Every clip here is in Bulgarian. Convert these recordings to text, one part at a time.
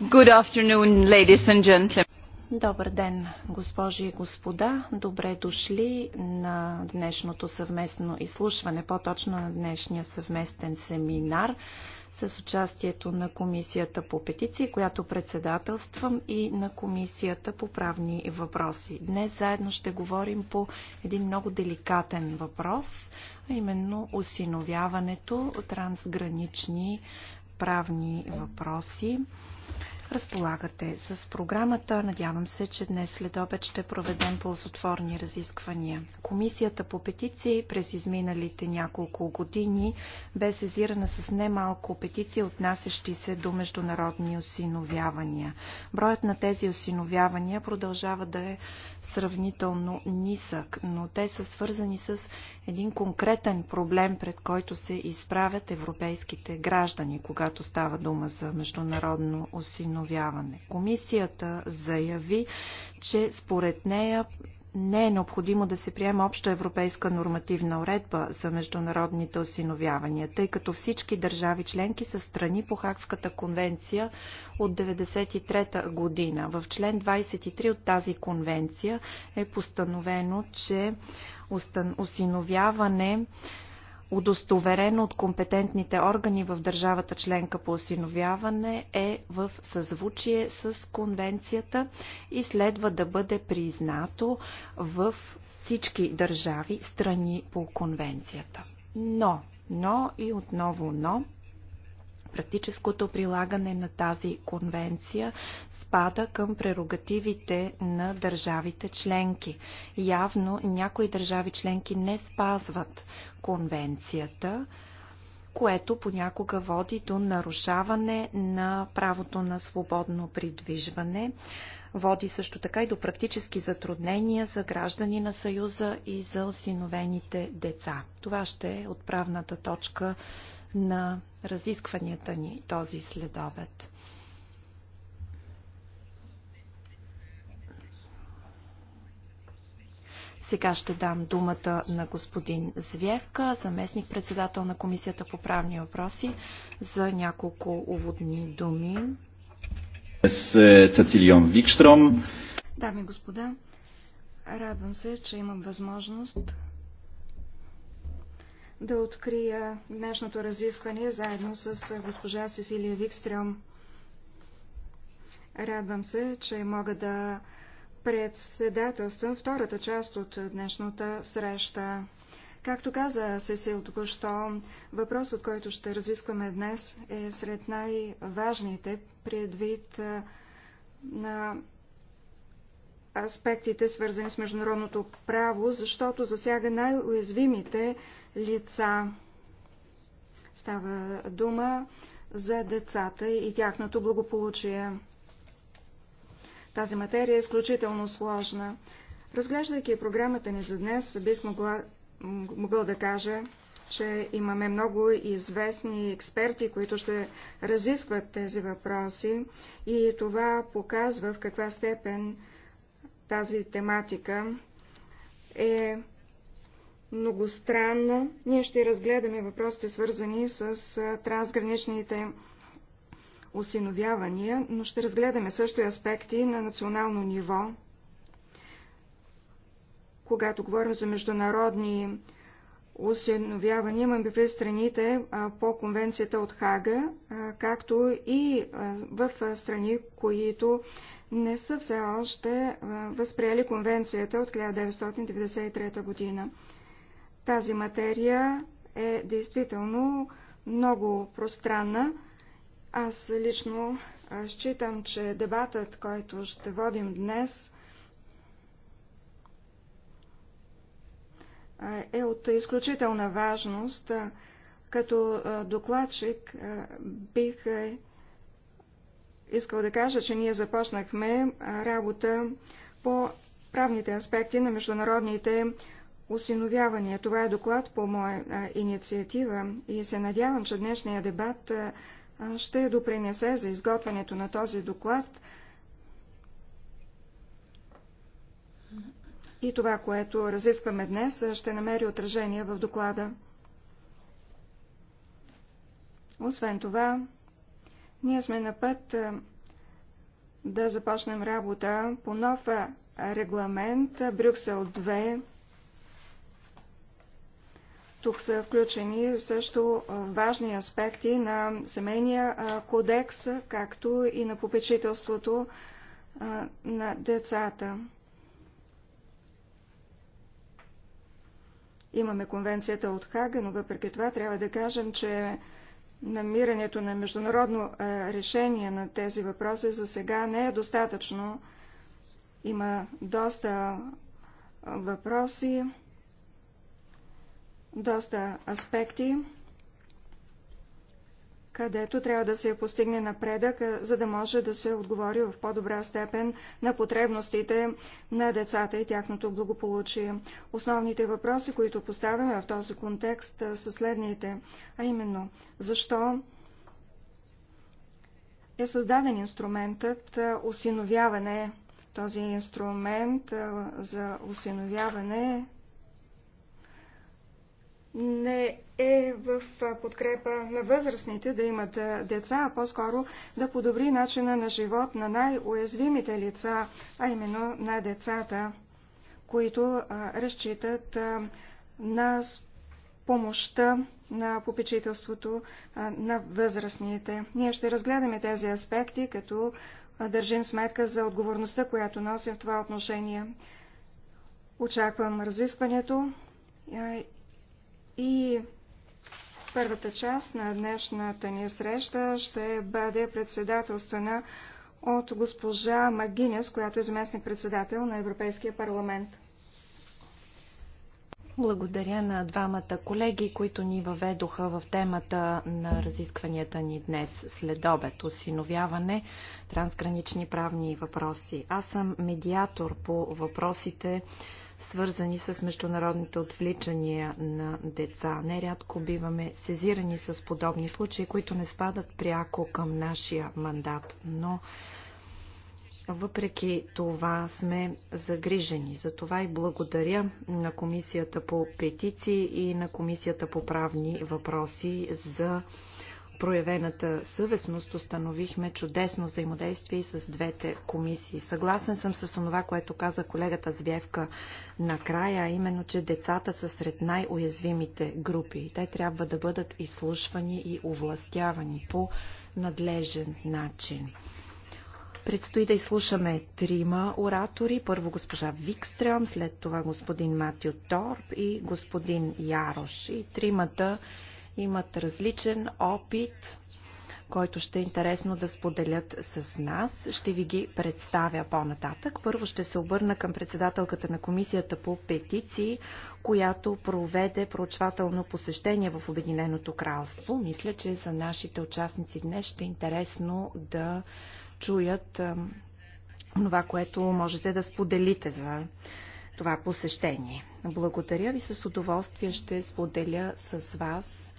Good afternoon, ladies and gentlemen. Добър ден, госпожи и господа. Добре дошли на днешното съвместно изслушване, по-точно на днешния съвместен семинар с участието на Комисията по петиции, която председателствам и на Комисията по правни въпроси. Днес заедно ще говорим по един много деликатен въпрос, а именно осиновяването трансгранични правни въпроси. Разполагате с програмата. Надявам се, че днес след обед ще проведем ползотворни разисквания. Комисията по петиции през изминалите няколко години бе сезирана с немалко петиции, отнасящи се до международни осиновявания. Броят на тези осиновявания продължава да е сравнително нисък, но те са свързани с един конкретен проблем, пред който се изправят европейските граждани, когато става дума за международно осиновяване възстановяване. Комисията заяви, че според нея не е необходимо да се приема обща европейска нормативна уредба за международните осиновявания, тъй като всички държави членки са страни по Хакската конвенция от 1993 година. В член 23 от тази конвенция е постановено, че осиновяване удостоверено от компетентните органи в държавата членка по осиновяване, е в съзвучие с конвенцията и следва да бъде признато в всички държави страни по конвенцията. Но, но и отново но, Практическото прилагане на тази конвенция спада към прерогативите на държавите членки. Явно някои държави членки не спазват конвенцията което понякога води до нарушаване на правото на свободно придвижване. Води също така и до практически затруднения за граждани на Съюза и за осиновените деца. Това ще е отправната точка на разискванията ни този следобед. Сега ще дам думата на господин Звевка, заместник председател на Комисията по правни въпроси, за няколко уводни думи. С е, Цецилион Викштром. Дами и господа, радвам се, че имам възможност да открия днешното разискване заедно с госпожа Сесилия Викстрем. Радвам се, че мога да председателствам втората част от днешната среща. Както каза Сесил току-що, въпросът, който ще разискваме днес, е сред най-важните предвид на аспектите, свързани с международното право, защото засяга най-уязвимите лица. Става дума за децата и тяхното благополучие. Тази материя е изключително сложна. Разглеждайки програмата ни за днес, бих могла, могъл да кажа, че имаме много известни експерти, които ще разискват тези въпроси и това показва в каква степен тази тематика е многостранна. Ние ще разгледаме въпросите, свързани с трансграничните осиновявания, но ще разгледаме също и аспекти на национално ниво. Когато говорим за международни осиновявания, имаме при страните по конвенцията от Хага, както и в страни, които не са все още възприели конвенцията от 1993 година. Тази материя е действително много пространна. Аз лично считам, че дебатът, който ще водим днес, е от изключителна важност. Като докладчик бих искал да кажа, че ние започнахме работа по правните аспекти на международните осиновявания. Това е доклад по моя инициатива и се надявам, че днешния дебат ще допринесе за изготвянето на този доклад и това, което разискваме днес, ще намери отражение в доклада. Освен това, ние сме на път да започнем работа по нов регламент Брюксел 2 тук са включени също важни аспекти на семейния кодекс, както и на попечителството на децата. Имаме конвенцията от Хага, но въпреки това трябва да кажем, че намирането на международно решение на тези въпроси за сега не е достатъчно. Има доста въпроси доста аспекти, където трябва да се постигне напредък, за да може да се отговори в по-добра степен на потребностите на децата и тяхното благополучие. Основните въпроси, които поставяме в този контекст, са следните, а именно защо е създаден инструментът осиновяване. Този инструмент за осиновяване не е в подкрепа на възрастните да имат деца, а по-скоро да подобри начина на живот на най-уязвимите лица, а именно на децата, които разчитат на помощта на попечителството на възрастните. Ние ще разгледаме тези аспекти, като държим сметка за отговорността, която носим в това отношение. Очаквам разискването и първата част на днешната ни среща ще бъде председателствена от госпожа Магинес, която е заместник председател на Европейския парламент. Благодаря на двамата колеги, които ни въведоха в темата на разискванията ни днес след обед. Осиновяване, трансгранични правни въпроси. Аз съм медиатор по въпросите свързани с международните отвличания на деца. Нерядко биваме сезирани с подобни случаи, които не спадат пряко към нашия мандат, но въпреки това сме загрижени. За това и благодаря на Комисията по петиции и на Комисията по правни въпроси за проявената съвестност установихме чудесно взаимодействие и с двете комисии. Съгласен съм с това, което каза колегата Звевка накрая, а именно, че децата са сред най-уязвимите групи. Те трябва да бъдат изслушвани и овластявани по надлежен начин. Предстои да изслушаме трима оратори. Първо госпожа Викстрем, след това господин Матио Торп и господин Ярош. И тримата имат различен опит, който ще е интересно да споделят с нас. Ще ви ги представя по-нататък. Първо ще се обърна към председателката на Комисията по петиции, която проведе проучвателно посещение в Обединеното кралство. Мисля, че за нашите участници днес ще е интересно да чуят това, което можете да споделите за това посещение. Благодаря ви с удоволствие ще споделя с вас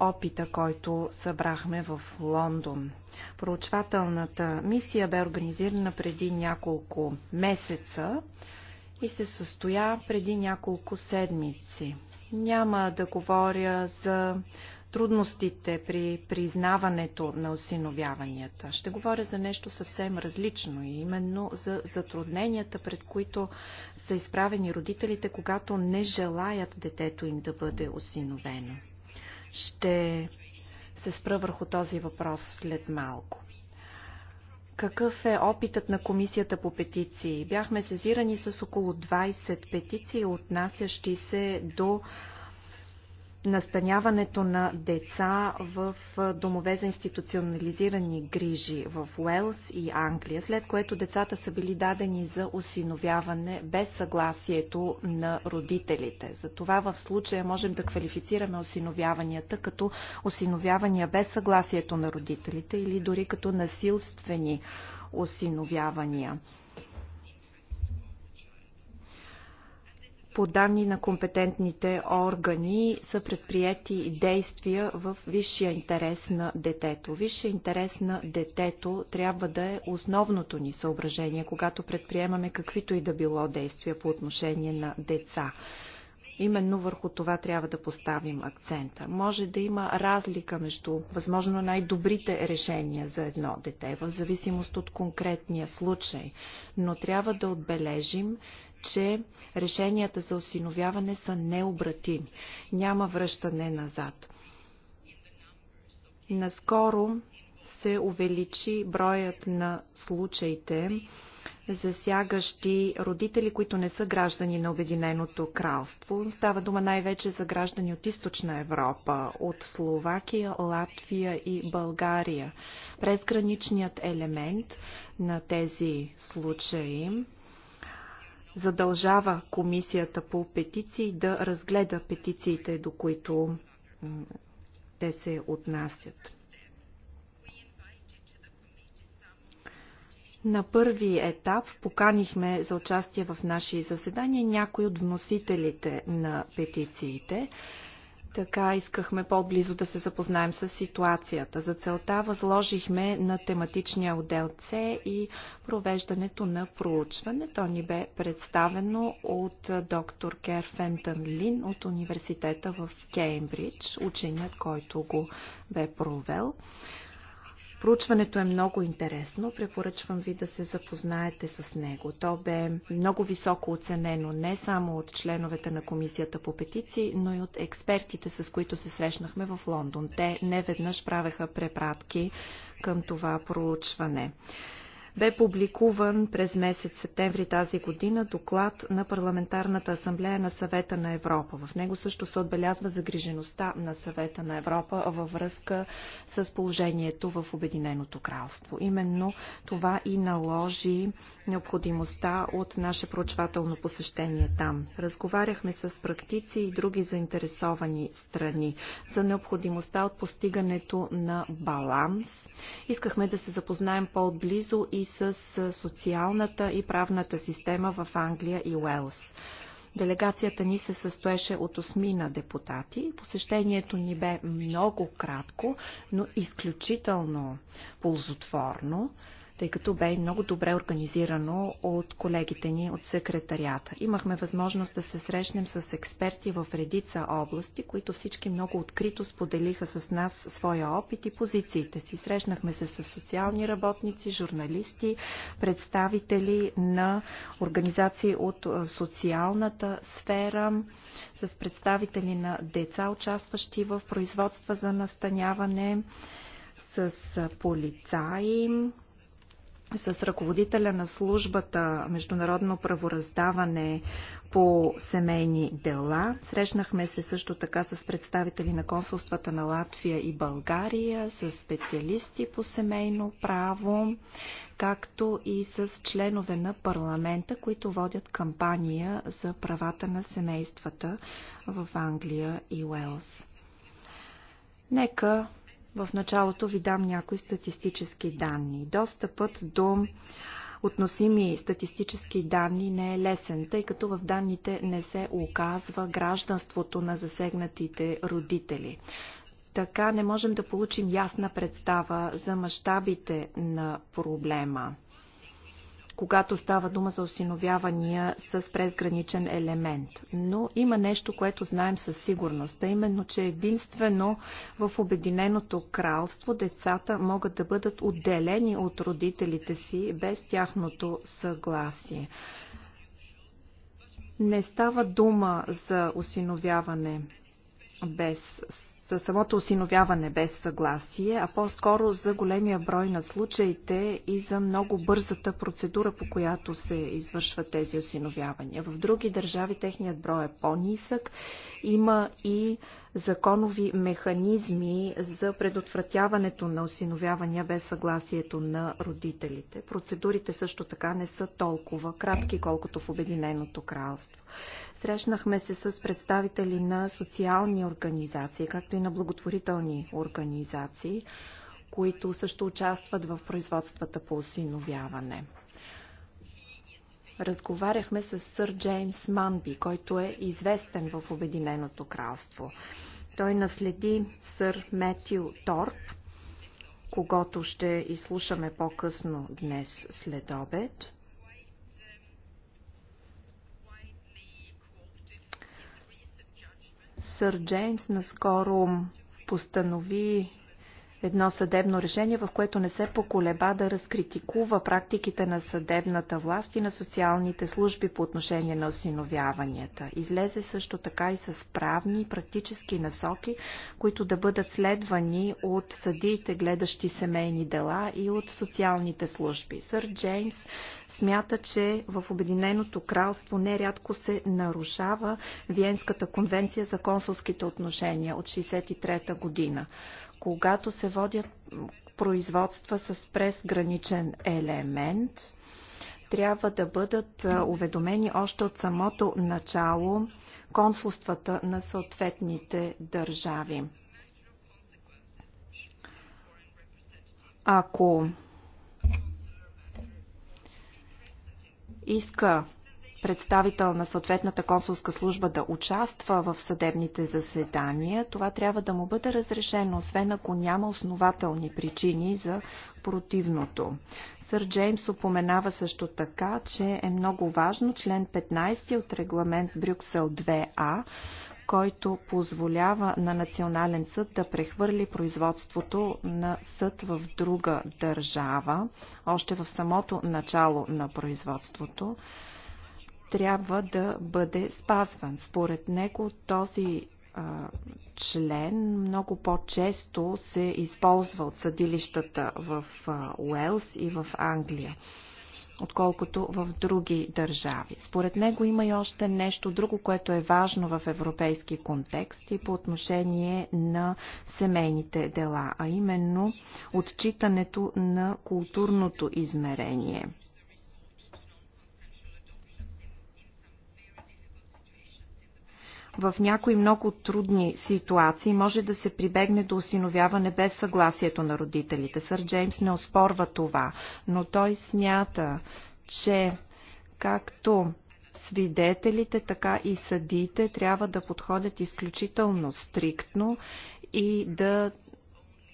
опита, който събрахме в Лондон. Проучвателната мисия бе организирана преди няколко месеца и се състоя преди няколко седмици. Няма да говоря за трудностите при признаването на осиновяванията. Ще говоря за нещо съвсем различно и именно за затрудненията, пред които са изправени родителите, когато не желаят детето им да бъде осиновено. Ще се спра върху този въпрос след малко. Какъв е опитът на Комисията по петиции? Бяхме сезирани с около 20 петиции, отнасящи се до настаняването на деца в домове за институционализирани грижи в Уелс и Англия, след което децата са били дадени за осиновяване без съгласието на родителите. За това в случая можем да квалифицираме осиновяванията като осиновявания без съгласието на родителите или дори като насилствени осиновявания. по данни на компетентните органи са предприяти действия в висшия интерес на детето. Висшия интерес на детето трябва да е основното ни съображение, когато предприемаме каквито и да било действия по отношение на деца. Именно върху това трябва да поставим акцента. Може да има разлика между възможно най-добрите решения за едно дете, в зависимост от конкретния случай, но трябва да отбележим, че решенията за осиновяване са необратими. Няма връщане назад. Наскоро се увеличи броят на случаите, засягащи родители, които не са граждани на Обединеното кралство. Става дума най-вече за граждани от Източна Европа, от Словакия, Латвия и България. Презграничният елемент на тези случаи задължава комисията по петиции да разгледа петициите, до които те се отнасят. На първи етап поканихме за участие в наши заседания някои от вносителите на петициите. Така искахме по-близо да се запознаем с ситуацията. За целта възложихме на тематичния отдел С и провеждането на проучване. То ни бе представено от доктор Кер Фентън Лин от университета в Кеймбридж, ученият, който го бе провел. Проучването е много интересно. Препоръчвам ви да се запознаете с него. То бе много високо оценено не само от членовете на Комисията по петиции, но и от експертите, с които се срещнахме в Лондон. Те неведнъж правеха препратки към това проучване бе публикуван през месец септември тази година доклад на Парламентарната асамблея на Съвета на Европа. В него също се отбелязва загрижеността на Съвета на Европа във връзка с положението в Обединеното кралство. Именно това и наложи необходимостта от наше проучвателно посещение там. Разговаряхме с практици и други заинтересовани страни за необходимостта от постигането на баланс. Искахме да се запознаем по-отблизо и и с социалната и правната система в Англия и Уелс. Делегацията ни се състоеше от осмина депутати. Посещението ни бе много кратко, но изключително ползотворно тъй като бе много добре организирано от колегите ни от секретарията. Имахме възможност да се срещнем с експерти в редица области, които всички много открито споделиха с нас своя опит и позициите си. Срещнахме се с социални работници, журналисти, представители на организации от социалната сфера, с представители на деца, участващи в производства за настаняване, с полицаи, с ръководителя на службата Международно правораздаване по семейни дела. Срещнахме се също така с представители на консулствата на Латвия и България, с специалисти по семейно право, както и с членове на парламента, които водят кампания за правата на семействата в Англия и Уелс. Нека в началото ви дам някои статистически данни. Достъпът до относими статистически данни не е лесен, тъй като в данните не се оказва гражданството на засегнатите родители. Така не можем да получим ясна представа за мащабите на проблема когато става дума за осиновявания с презграничен елемент. Но има нещо, което знаем със сигурност, а именно, че единствено в Обединеното кралство децата могат да бъдат отделени от родителите си без тяхното съгласие. Не става дума за осиновяване без самото осиновяване без съгласие, а по-скоро за големия брой на случаите и за много бързата процедура, по която се извършват тези осиновявания. В други държави техният брой е по-нисък. Има и законови механизми за предотвратяването на осиновявания без съгласието на родителите. Процедурите също така не са толкова кратки, колкото в Обединеното кралство. Срещнахме се с представители на социални организации, както и на благотворителни организации, които също участват в производствата по осиновяване. Разговаряхме с сър Джеймс Манби, който е известен в Обединеното кралство. Той наследи сър Метю Торп, когато ще изслушаме по-късно днес след обед. Сър Джеймс наскоро постанови едно съдебно решение, в което не се поколеба да разкритикува практиките на съдебната власт и на социалните служби по отношение на осиновяванията. Излезе също така и с правни и практически насоки, които да бъдат следвани от съдиите, гледащи семейни дела и от социалните служби. Сър Джеймс смята, че в Обединеното кралство нерядко се нарушава Виенската конвенция за консулските отношения от 1963 година. Когато се водят производства с презграничен елемент, трябва да бъдат уведомени още от самото начало консулствата на съответните държави. Ако иска представител на съответната консулска служба да участва в съдебните заседания, това трябва да му бъде разрешено, освен ако няма основателни причини за противното. Сър Джеймс упоменава също така, че е много важно член 15 от регламент Брюксел 2А, който позволява на Национален съд да прехвърли производството на съд в друга държава, още в самото начало на производството трябва да бъде спазван. Според него този а, член много по-често се използва от съдилищата в а, Уелс и в Англия отколкото в други държави. Според него има и още нещо друго, което е важно в европейски контекст и по отношение на семейните дела, а именно отчитането на културното измерение – в някои много трудни ситуации може да се прибегне до осиновяване без съгласието на родителите. Сър Джеймс не оспорва това, но той смята, че както свидетелите, така и съдите, трябва да подходят изключително стриктно и да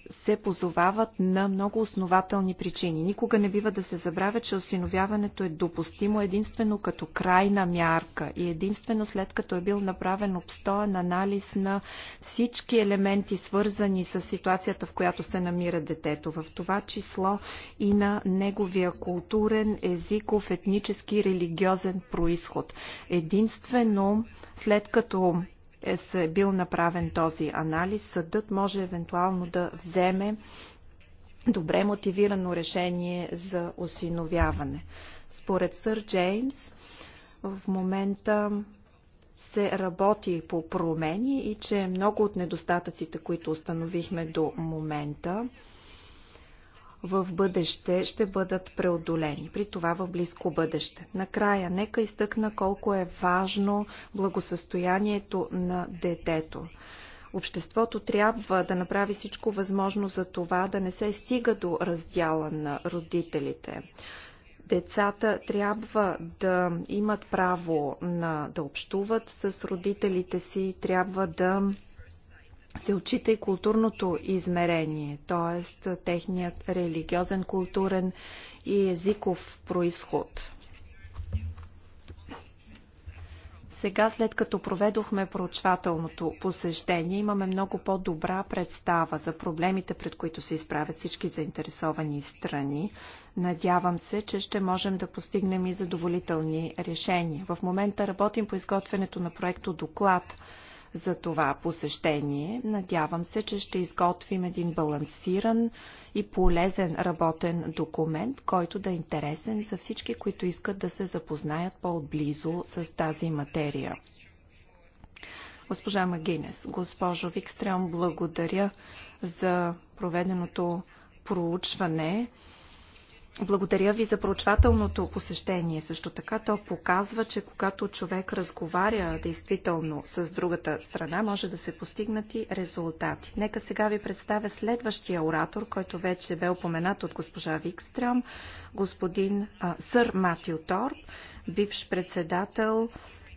се позовават на много основателни причини. Никога не бива да се забравя, че осиновяването е допустимо единствено като крайна мярка и единствено след като е бил направен обстоен анализ на всички елементи, свързани с ситуацията, в която се намира детето, в това число и на неговия културен, езиков, етнически, религиозен происход. Единствено след като е бил направен този анализ, съдът може евентуално да вземе добре мотивирано решение за осиновяване. Според сър Джеймс, в момента се работи по промени и че много от недостатъците, които установихме до момента, в бъдеще ще бъдат преодолени, при това в близко бъдеще. Накрая, нека изтъкна колко е важно благосъстоянието на детето. Обществото трябва да направи всичко възможно за това да не се стига до раздяла на родителите децата трябва да имат право на, да общуват с родителите си, трябва да се отчита и културното измерение, т.е. техният религиозен, културен и езиков происход. Сега, след като проведохме проучвателното посещение, имаме много по-добра представа за проблемите, пред които се изправят всички заинтересовани страни. Надявам се, че ще можем да постигнем и задоволителни решения. В момента работим по изготвянето на проекто доклад за това посещение. Надявам се, че ще изготвим един балансиран и полезен работен документ, който да е интересен за всички, които искат да се запознаят по-близо с тази материя. Госпожа Магинес, госпожо Викстрем, благодаря за проведеното проучване. Благодаря ви за проучвателното посещение. Също така то показва, че когато човек разговаря действително с другата страна, може да се постигнат и резултати. Нека сега ви представя следващия оратор, който вече бе упоменат от госпожа Викстрем, господин а, сър Матио Торп, бивш председател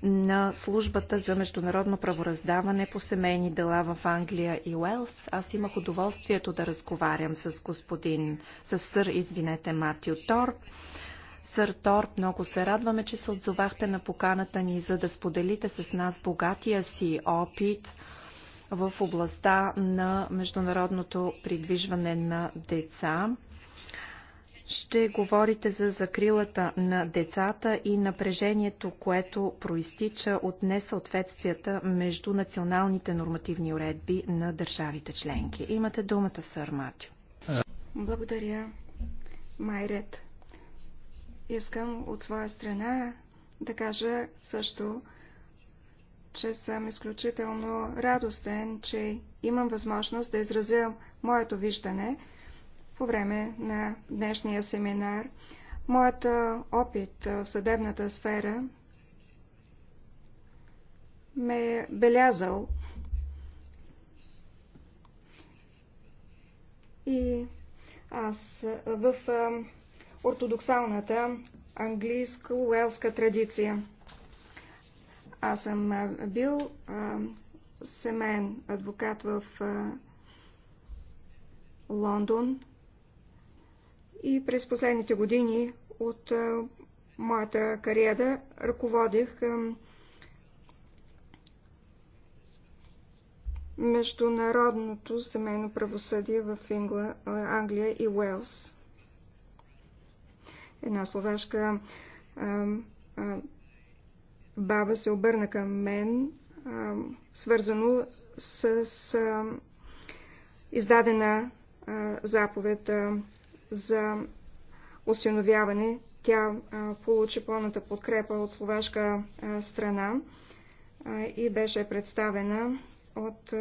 на службата за международно правораздаване по семейни дела в Англия и Уелс. Аз имах удоволствието да разговарям с господин, с сър, извинете, Матио Торп. Сър Торп, много се радваме, че се отзовахте на поканата ни, за да споделите с нас богатия си опит в областта на международното придвижване на деца ще говорите за закрилата на децата и напрежението, което проистича от несъответствията между националните нормативни уредби на държавите членки. Имате думата, сър Матю. Благодаря, Майрет. Искам от своя страна да кажа също, че съм изключително радостен, че имам възможност да изразя моето виждане – по време на днешния семинар. Моят опит в съдебната сфера ме е белязал и аз в ортодоксалната английско-уелска традиция. Аз съм бил семейен адвокат в Лондон и през последните години от моята кариера ръководих международното семейно правосъдие в Ингла, Англия и Уелс. Една словашка баба се обърна към мен, свързано с издадена заповед за осиновяване. Тя получи пълната подкрепа от словашка страна и беше представена от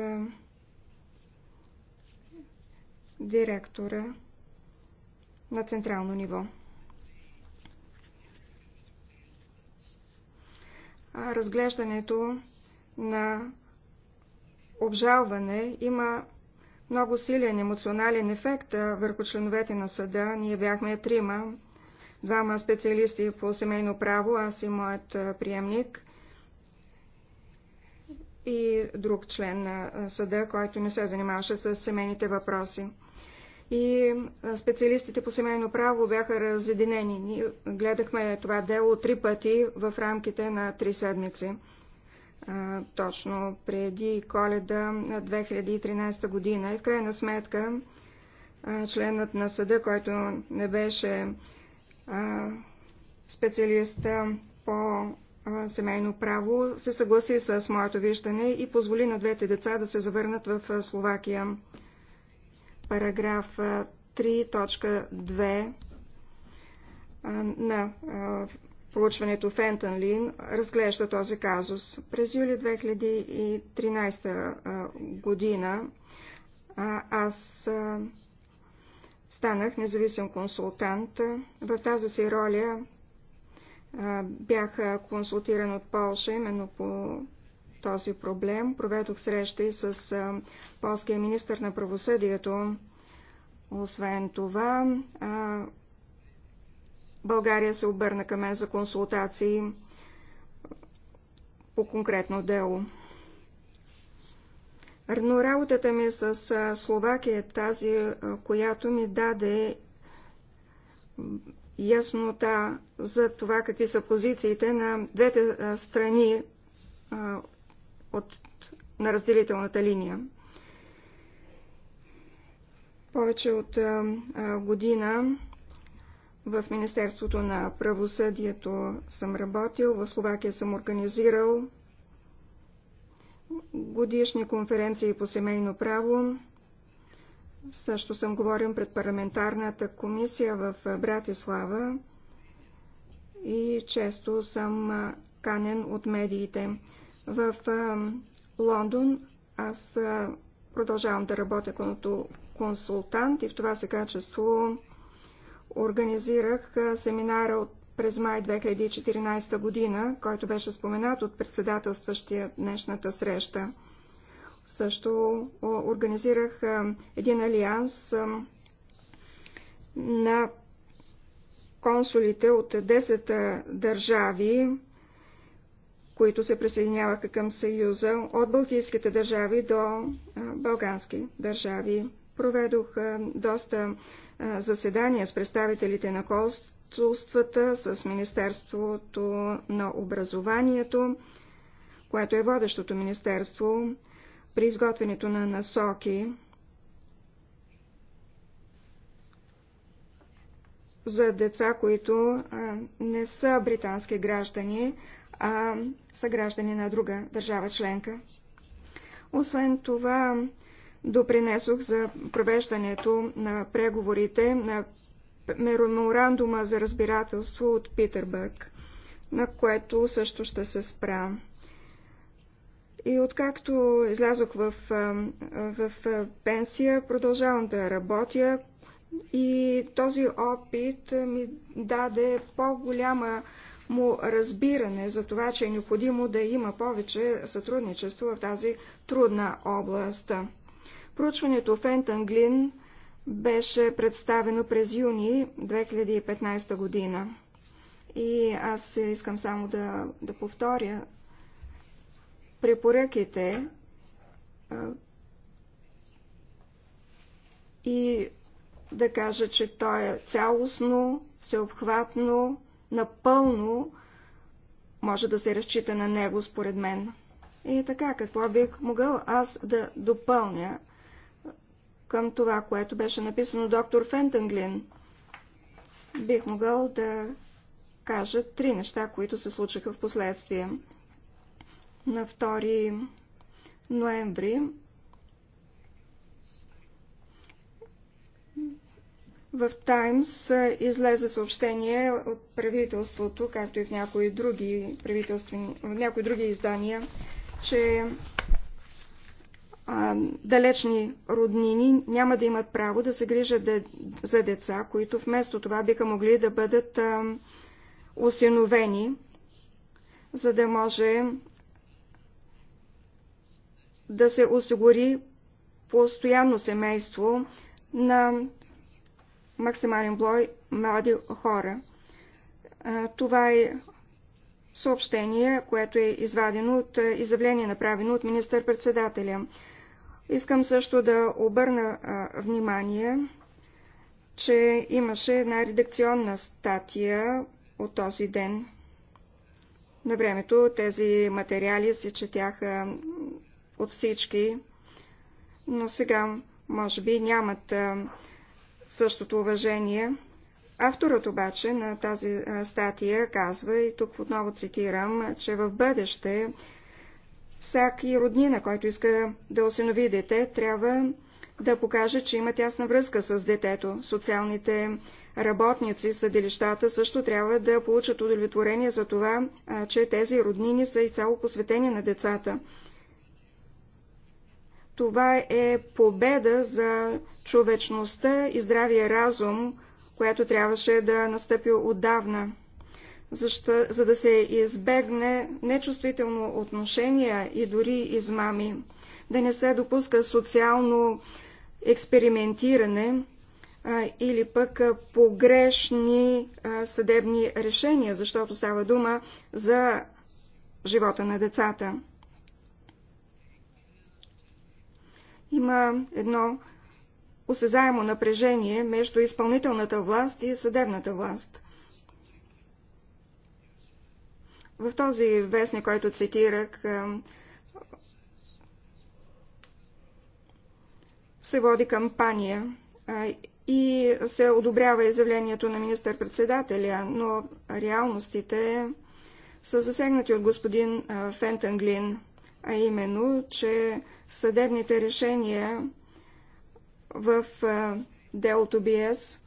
директора на централно ниво. Разглеждането на обжалване има много силен емоционален ефект върху членовете на съда. Ние бяхме трима, двама специалисти по семейно право, аз и моят приемник и друг член на съда, който не се занимаваше с семейните въпроси. И специалистите по семейно право бяха разединени. Ние гледахме това дело три пъти в рамките на три седмици точно преди коледа 2013 година. И в крайна сметка членът на съда, който не беше специалист по семейно право, се съгласи с моето виждане и позволи на двете деца да се завърнат в Словакия. Параграф 3.2 на Проучването Фентън Лин разглежда този казус. През юли 2013 година аз станах независим консултант. В тази си роля бях консултиран от Полша именно по този проблем. Проведох срещи с полския министр на правосъдието. Освен това, България се обърна към мен за консултации по конкретно дело. Но работата ми с Словакия е тази, която ми даде яснота за това какви са позициите на двете страни от, на разделителната линия. Повече от година в Министерството на правосъдието съм работил, в Словакия съм организирал годишни конференции по семейно право. Също съм говорил пред парламентарната комисия в Братислава и често съм канен от медиите. В Лондон аз продължавам да работя като консултант и в това се качество организирах семинара от през май 2014 година, който беше споменат от председателстващия днешната среща. Също организирах един алианс на консулите от 10 държави, които се присъединяваха към Съюза, от балтийските държави до балгански държави. Проведох доста заседания с представителите на консулствата, с Министерството на образованието, което е водещото министерство при изготвянето на насоки за деца, които не са британски граждани, а са граждани на друга държава членка. Освен това, допринесох за провеждането на преговорите на меморандума за разбирателство от Питербърг, на което също ще се спра. И откакто излязох в, в пенсия, продължавам да работя и този опит ми даде по-голяма му разбиране за това, че е необходимо да има повече сътрудничество в тази трудна област. Проучването Фентън Глин беше представено през юни 2015 година. И аз искам само да, да повторя препоръките и да кажа, че то е цялостно, всеобхватно, напълно може да се разчита на него, според мен. И така, какво бих могъл аз да допълня към това, което беше написано доктор Фентенглин. Бих могъл да кажа три неща, които се случиха в последствие. На 2 ноември В Таймс излезе съобщение от правителството, както и в някои други, правителствени, в някои други издания, че далечни роднини няма да имат право да се грижат за деца, които вместо това биха могли да бъдат осиновени, за да може да се осигури постоянно семейство на максимален блой млади хора. Това е съобщение, което е извадено от изявление, направено от министър-председателя. Искам също да обърна внимание, че имаше една редакционна статия от този ден. На времето тези материали се четяха от всички, но сега може би нямат същото уважение. Авторът обаче на тази статия казва, и тук отново цитирам, че в бъдеще Всяки роднина, който иска да осинови дете, трябва да покаже, че има тясна връзка с детето. Социалните работници, съдилищата също трябва да получат удовлетворение за това, че тези роднини са изцяло посветени на децата. Това е победа за човечността и здравия разум, която трябваше да настъпи отдавна защо, за да се избегне нечувствително отношение и дори измами, да не се допуска социално експериментиране а, или пък погрешни а, съдебни решения, защото става дума за живота на децата. Има едно осезаемо напрежение между изпълнителната власт и съдебната власт – В този вестник, който цитирах, се води кампания и се одобрява изявлението на министър-председателя, но реалностите са засегнати от господин Фентенглин, а именно, че съдебните решения в делото БИЕС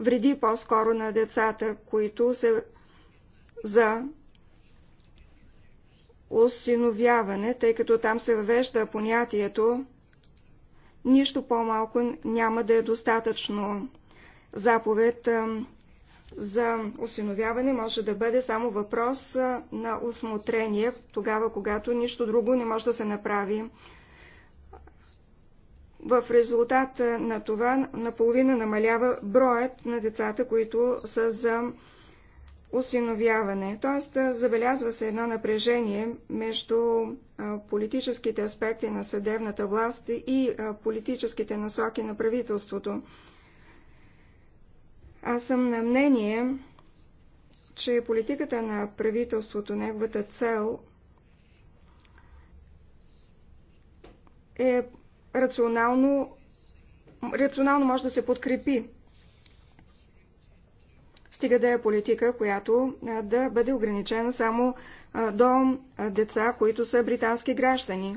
вреди по-скоро на децата, които се за осиновяване, тъй като там се въвежда понятието нищо по-малко няма да е достатъчно. Заповед за осиновяване може да бъде само въпрос на осмотрение, тогава когато нищо друго не може да се направи. В резултат на това наполовина намалява броят на децата, които са за осиновяване. т.е. забелязва се едно напрежение между политическите аспекти на съдебната власт и политическите насоки на правителството. Аз съм на мнение, че политиката на правителството, неговата цел е рационално, рационално може да се подкрепи стига да е политика, която да бъде ограничена само до деца, които са британски граждани.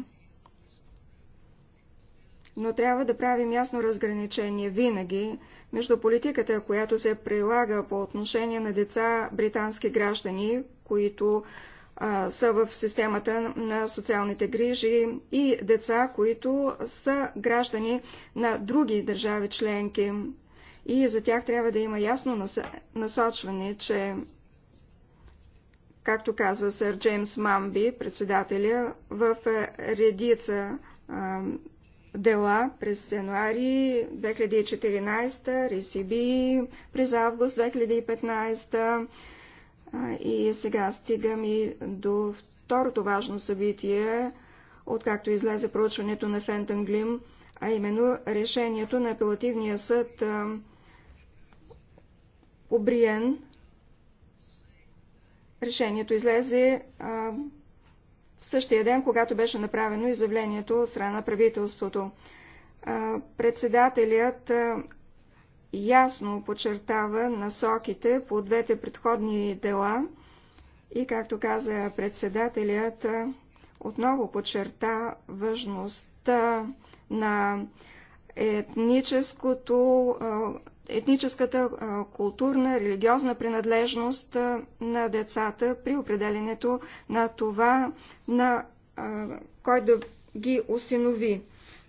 Но трябва да правим ясно разграничение винаги между политиката, която се прилага по отношение на деца британски граждани, които са в системата на социалните грижи и деца, които са граждани на други държави членки и за тях трябва да има ясно насочване, че, както каза сър Джеймс Мамби, председателя, в е, редица дела през януари 2014, РСБ през август 2015 и сега стигам и до второто важно събитие, откакто излезе проучването на Фентън Глим, а именно решението на апелативния съд а, Обриен. Решението излезе а, в същия ден, когато беше направено изявлението от страна на правителството. А, председателят а, ясно подчертава насоките по двете предходни дела и, както каза председателят, отново подчерта важността на етническото етническата, културна, религиозна принадлежност на децата при определенето на това, на кой да ги осинови,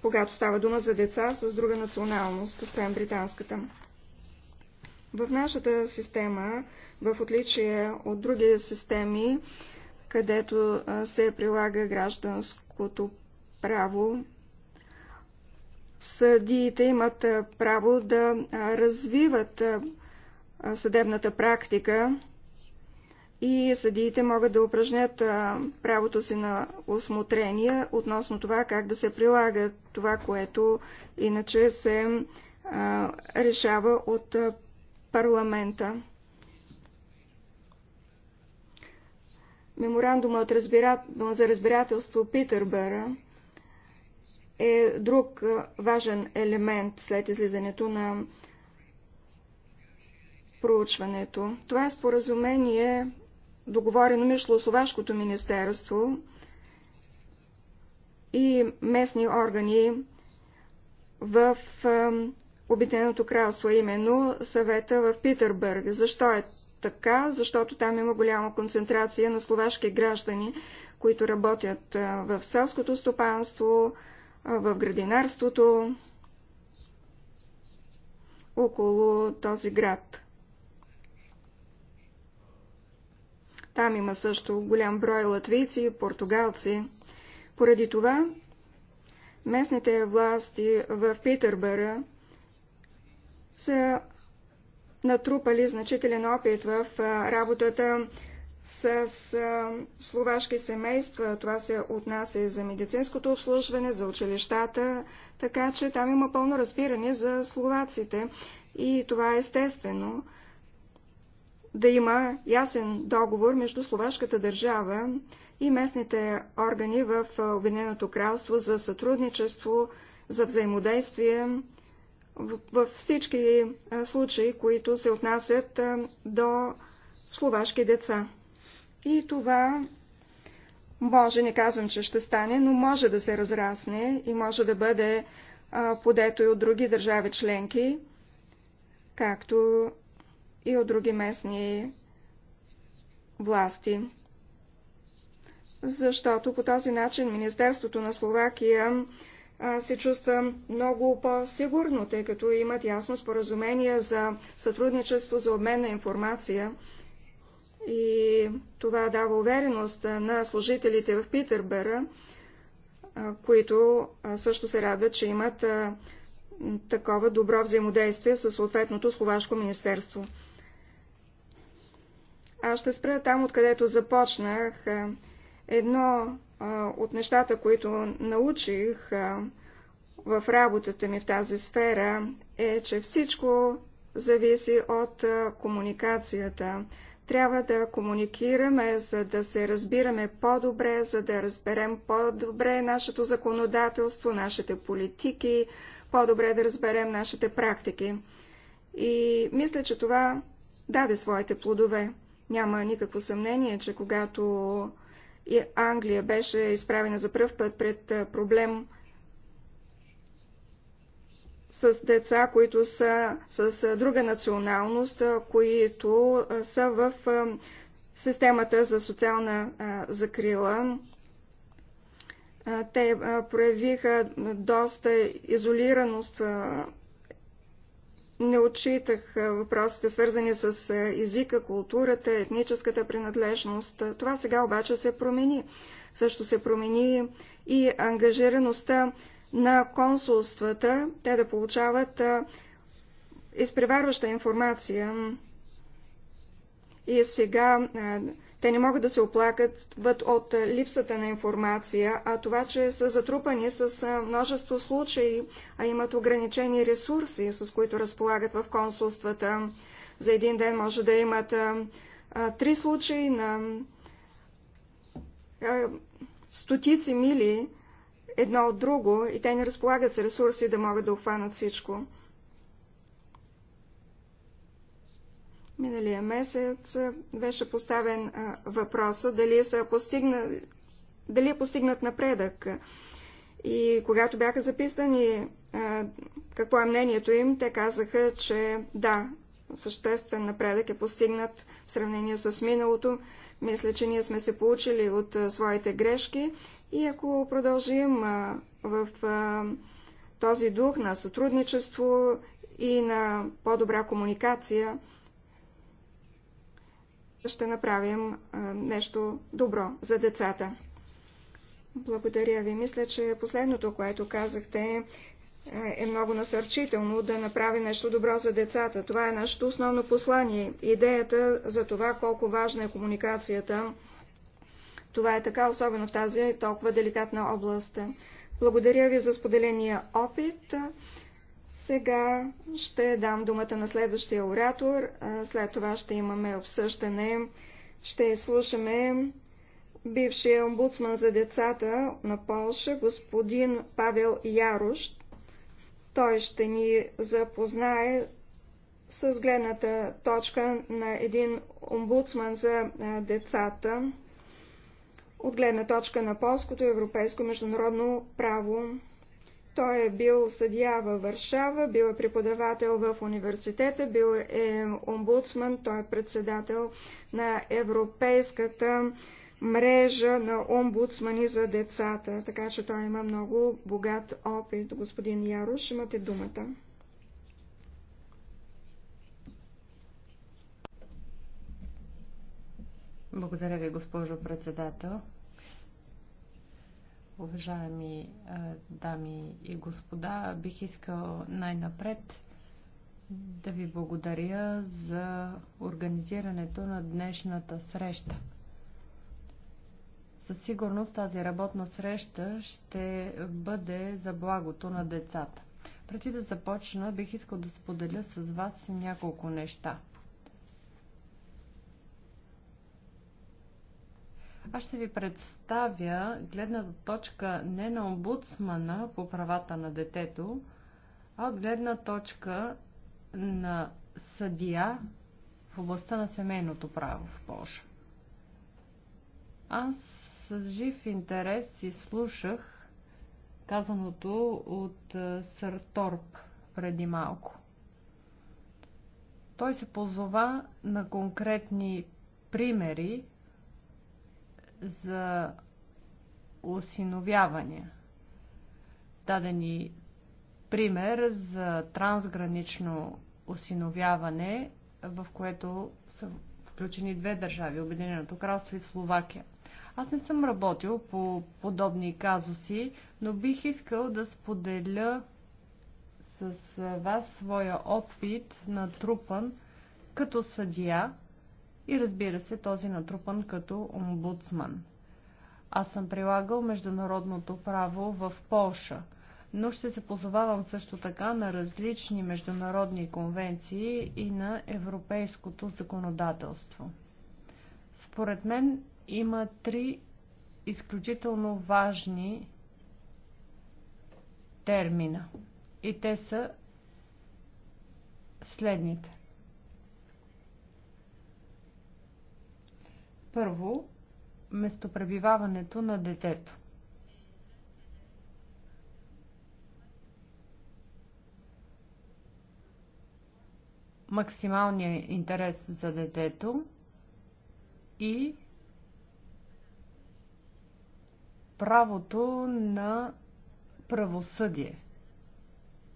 когато става дума за деца с друга националност, освен британската. В нашата система, в отличие от други системи, където се прилага гражданското право, съдиите имат право да развиват съдебната практика и съдиите могат да упражнят правото си на осмотрение относно това как да се прилага това, което иначе се решава от парламента. Меморандумът за разбирателство Питърбъра е друг е, важен елемент след излизането на проучването. Това е споразумение, договорено между Словашкото министерство и местни органи в е, Обединеното кралство, именно съвета в Питърбърг. Защо е така? Защото там има голяма концентрация на словашки граждани, които работят е, в селското стопанство, в градинарството около този град. Там има също голям брой латвийци и португалци. Поради това местните власти в Питърбъра са натрупали значителен опит в работата с словашки семейства. Това се отнася и за медицинското обслужване, за училищата, така че там има пълно разбиране за словаците и това е естествено да има ясен договор между словашката държава и местните органи в Обединеното кралство за сътрудничество, за взаимодействие във всички случаи, които се отнасят до словашки деца. И това може, не казвам, че ще стане, но може да се разрасне и може да бъде подето и от други държави членки, както и от други местни власти. Защото по този начин Министерството на Словакия се чувства много по-сигурно, тъй като имат ясно споразумение за сътрудничество, за обмен на информация и това дава увереност на служителите в Питърбъра, които също се радват, че имат такова добро взаимодействие с съответното словашко министерство. Аз ще спра там, откъдето започнах. Едно от нещата, които научих в работата ми в тази сфера, е, че всичко зависи от комуникацията, трябва да комуникираме, за да се разбираме по-добре, за да разберем по-добре нашето законодателство, нашите политики, по-добре да разберем нашите практики. И мисля, че това даде своите плодове. Няма никакво съмнение, че когато Англия беше изправена за пръв път пред проблем с деца, които са с друга националност, които са в системата за социална закрила. Те проявиха доста изолираност, не отчитах въпросите, свързани с езика, културата, етническата принадлежност. Това сега обаче се промени. Също се промени и ангажираността на консулствата, те да получават изпреварваща информация. И сега те не могат да се оплакат от липсата на информация, а това, че са затрупани с множество случаи, а имат ограничени ресурси, с които разполагат в консулствата. За един ден може да имат три случаи на стотици мили едно от друго и те не разполагат с ресурси да могат да обхванат всичко. Миналия месец беше поставен въпроса дали, са постигна... дали е постигнат напредък. И когато бяха записани какво е мнението им, те казаха, че да, съществен напредък е постигнат в сравнение с миналото. Мисля, че ние сме се получили от своите грешки и ако продължим в този дух на сътрудничество и на по-добра комуникация, ще направим нещо добро за децата. Благодаря ви. Мисля, че последното, което казахте, е, е много насърчително да направи нещо добро за децата. Това е нашето основно послание. Идеята за това колко важна е комуникацията това е така, особено в тази толкова деликатна област. Благодаря ви за споделения опит. Сега ще дам думата на следващия оратор. След това ще имаме обсъждане. Ще слушаме бившия омбудсман за децата на Полша, господин Павел Ярош. Той ще ни запознае с гледната точка на един омбудсман за децата от гледна точка на полското европейско международно право. Той е бил съдия във Варшава, бил е преподавател в университета, бил е омбудсман, той е председател на Европейската мрежа на омбудсмани за децата, така че той има много богат опит. Господин Ярош, имате думата. Благодаря ви, госпожо председател. Уважаеми дами и господа, бих искал най-напред да ви благодаря за организирането на днешната среща. Със сигурност тази работна среща ще бъде за благото на децата. Преди да започна, бих искал да споделя с вас няколко неща – Аз ще ви представя гледната точка не на омбудсмана по правата на детето, а от гледна точка на съдия в областта на семейното право в Польша. Аз с жив интерес си слушах казаното от е, сър Торп преди малко. Той се позова на конкретни примери, за осиновявания. Дадени пример за трансгранично осиновяване, в което са включени две държави Обединеното кралство и Словакия. Аз не съм работил по подобни казуси, но бих искал да споделя с вас своя опит натрупан като съдия и разбира се този натрупан като омбудсман. Аз съм прилагал международното право в Полша, но ще се позовавам също така на различни международни конвенции и на европейското законодателство. Според мен има три изключително важни термина и те са следните. Първо, местопребиваването на детето. Максималния интерес за детето и правото на правосъдие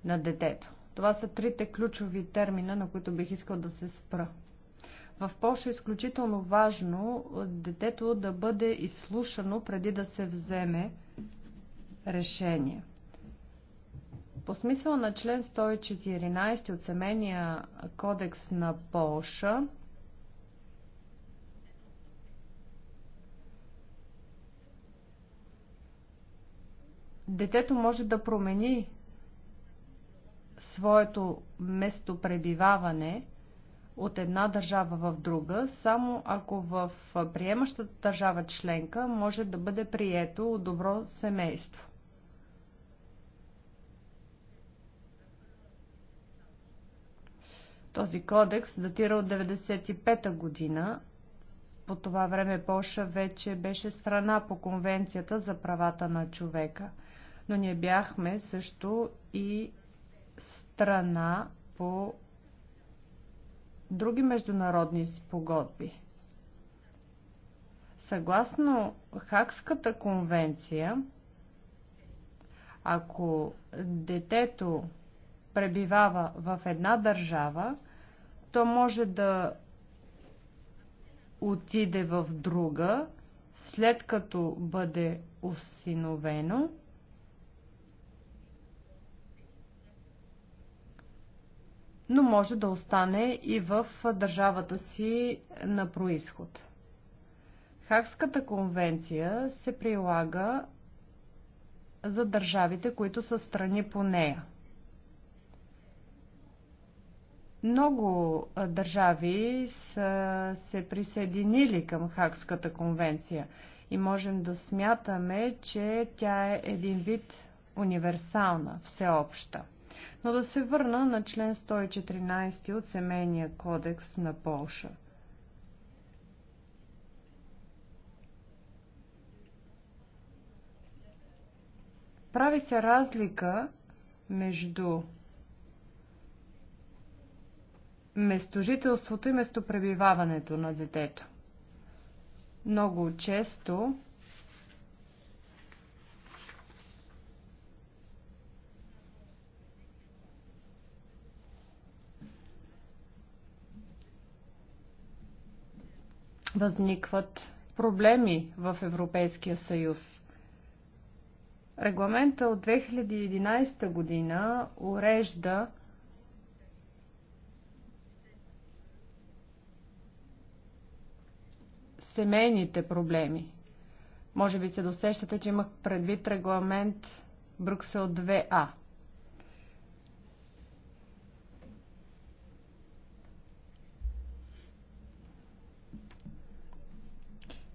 на детето. Това са трите ключови термина, на които бих искал да се спра. В Польша е изключително важно детето да бъде изслушано преди да се вземе решение. По смисъл на член 114 от Семейния кодекс на Полша, детето може да промени своето местопребиваване от една държава в друга, само ако в приемащата държава членка може да бъде прието от добро семейство. Този кодекс датира от 1995 та година. По това време Польша вече беше страна по Конвенцията за правата на човека, но ние бяхме също и страна по други международни спогодби. Съгласно Хакската конвенция, ако детето пребивава в една държава, то може да отиде в друга, след като бъде осиновено – но може да остане и в държавата си на происход. Хакската конвенция се прилага за държавите, които са страни по нея. Много държави са се присъединили към Хакската конвенция и можем да смятаме, че тя е един вид универсална, всеобща. Но да се върна на член 114 от Семейния кодекс на Полша. Прави се разлика между местожителството и местопребиваването на детето. Много често възникват проблеми в Европейския съюз. Регламента от 2011 година урежда семейните проблеми. Може би се досещате, че имах предвид регламент Брюксел 2А.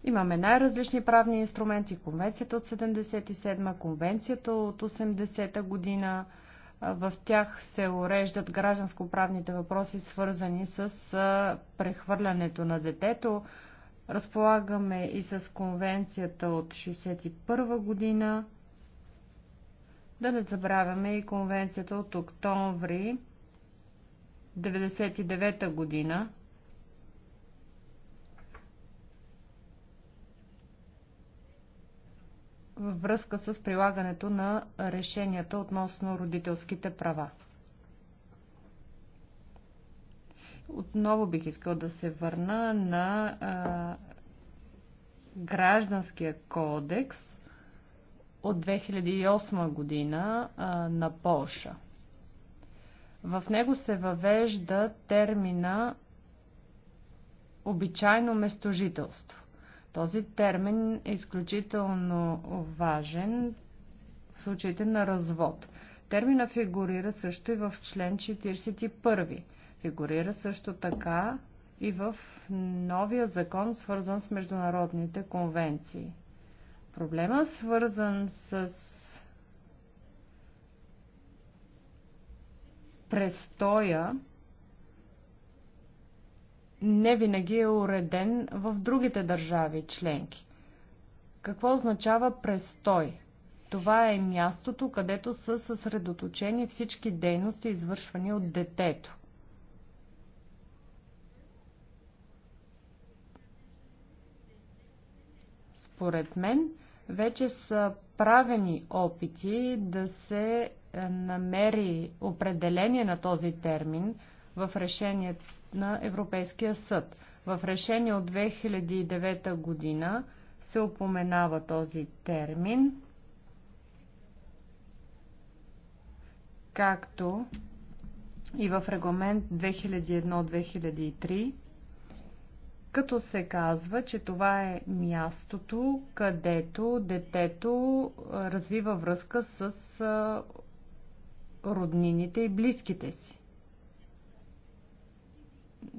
Имаме най-различни правни инструменти. Конвенцията от 77-ма, конвенцията от 80-та година. В тях се уреждат гражданско-правните въпроси, свързани с прехвърлянето на детето. Разполагаме и с конвенцията от 61-а година. Да не забравяме и конвенцията от октомври 99-та година, във връзка с прилагането на решенията относно родителските права. Отново бих искал да се върна на а, гражданския кодекс от 2008 година а, на Полша. В него се въвежда термина обичайно местожителство. Този термин е изключително важен в случаите на развод. Термина фигурира също и в член 41. Фигурира също така и в новия закон, свързан с международните конвенции. Проблема, свързан с престоя не винаги е уреден в другите държави членки. Какво означава престой? Това е мястото, където са съсредоточени всички дейности, извършвани от детето. Според мен, вече са правени опити да се е, намери определение на този термин в решението на Европейския съд. В решение от 2009 година се упоменава този термин, както и в регламент 2001-2003, като се казва, че това е мястото, където детето развива връзка с роднините и близките си.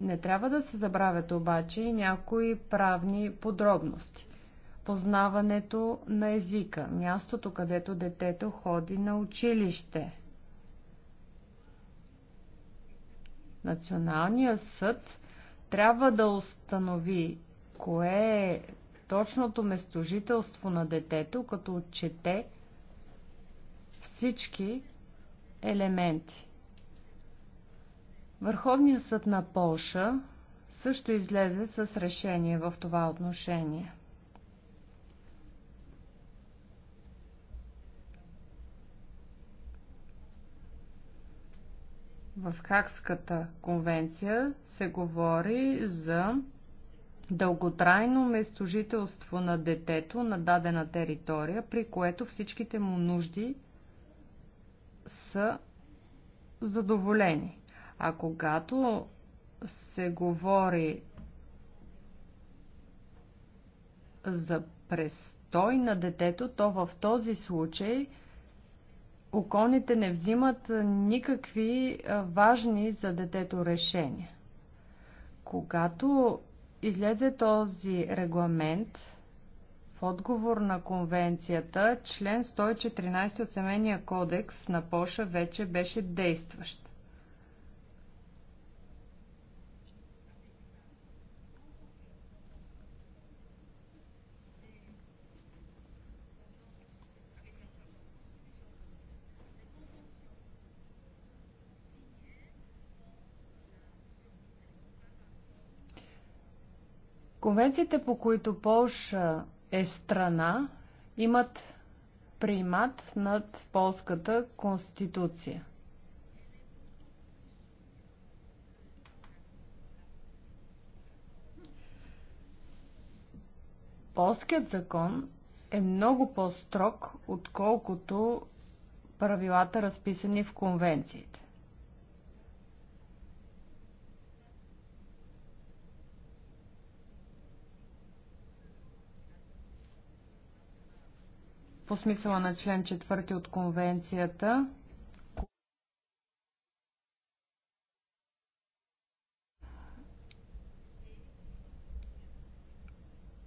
Не трябва да се забравят обаче и някои правни подробности. Познаването на езика, мястото, където детето ходи на училище. Националният съд трябва да установи кое е точното местожителство на детето, като отчете всички елементи. Върховният съд на Полша също излезе с решение в това отношение. В Хакската конвенция се говори за дълготрайно местожителство на детето на дадена територия, при което всичките му нужди са задоволени. А когато се говори за престой на детето, то в този случай оконите не взимат никакви важни за детето решения. Когато излезе този регламент, в отговор на конвенцията, член 114 от Семейния кодекс на Поша вече беше действащ. Конвенциите, по които Полша е страна, имат примат над полската конституция. Полският закон е много по-строг, отколкото правилата разписани в конвенциите. по смисъла на член 4 от конвенцията.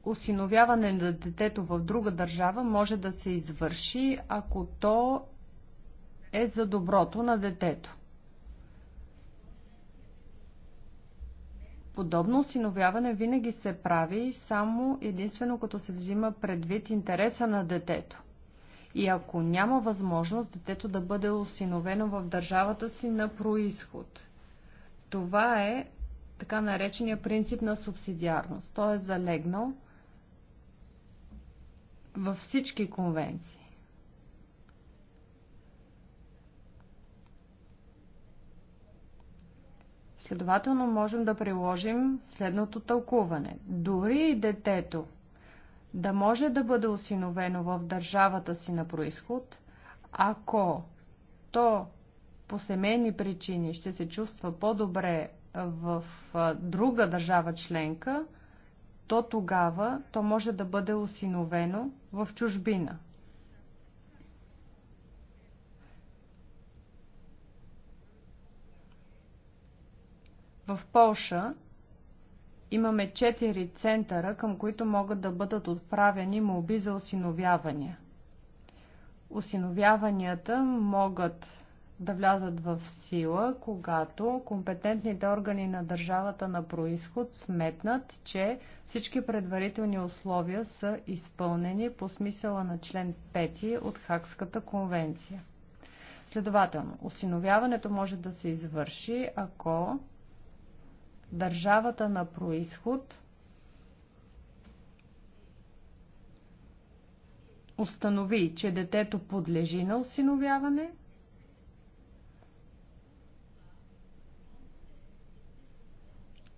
Осиновяване на детето в друга държава може да се извърши, ако то е за доброто на детето. Подобно осиновяване винаги се прави само единствено като се взима предвид интереса на детето и ако няма възможност детето да бъде осиновено в държавата си на происход. Това е така наречения принцип на субсидиарност. Той е залегнал във всички конвенции. Следователно можем да приложим следното тълкуване. Дори детето да може да бъде осиновено в държавата си на происход, ако то по семейни причини ще се чувства по-добре в друга държава членка, то тогава то може да бъде осиновено в чужбина. В Полша имаме 4 центъра, към които могат да бъдат отправени молби за осиновявания. Осиновяванията могат да влязат в сила, когато компетентните органи на държавата на происход сметнат, че всички предварителни условия са изпълнени по смисъла на член 5 от Хакската конвенция. Следователно, осиновяването може да се извърши, ако държавата на происход установи, че детето подлежи на осиновяване,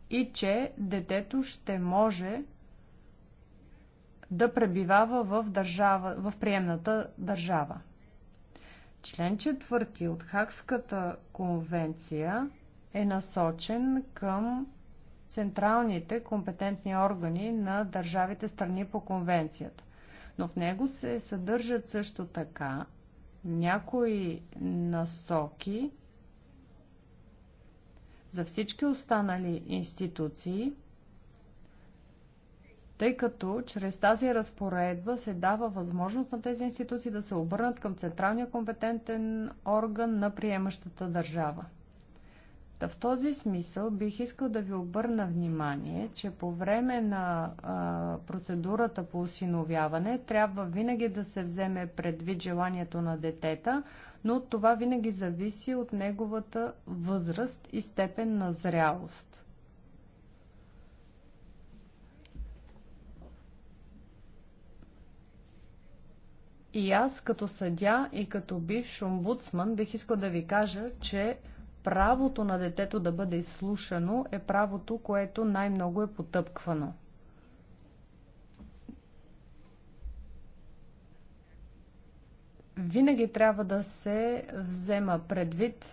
и че детето ще може да пребивава в, държава, в приемната държава. Член 4 от Хакската конвенция е насочен към централните компетентни органи на държавите страни по конвенцията. Но в него се съдържат също така някои насоки за всички останали институции, тъй като чрез тази разпоредба се дава възможност на тези институции да се обърнат към централния компетентен орган на приемащата държава. Та в този смисъл бих искал да ви обърна внимание, че по време на а, процедурата по осиновяване трябва винаги да се вземе предвид желанието на детета, но това винаги зависи от неговата възраст и степен на зрялост. И аз като съдя и като бивш омбудсман бих искал да ви кажа, че правото на детето да бъде изслушано е правото, което най-много е потъпквано. Винаги трябва да се взема предвид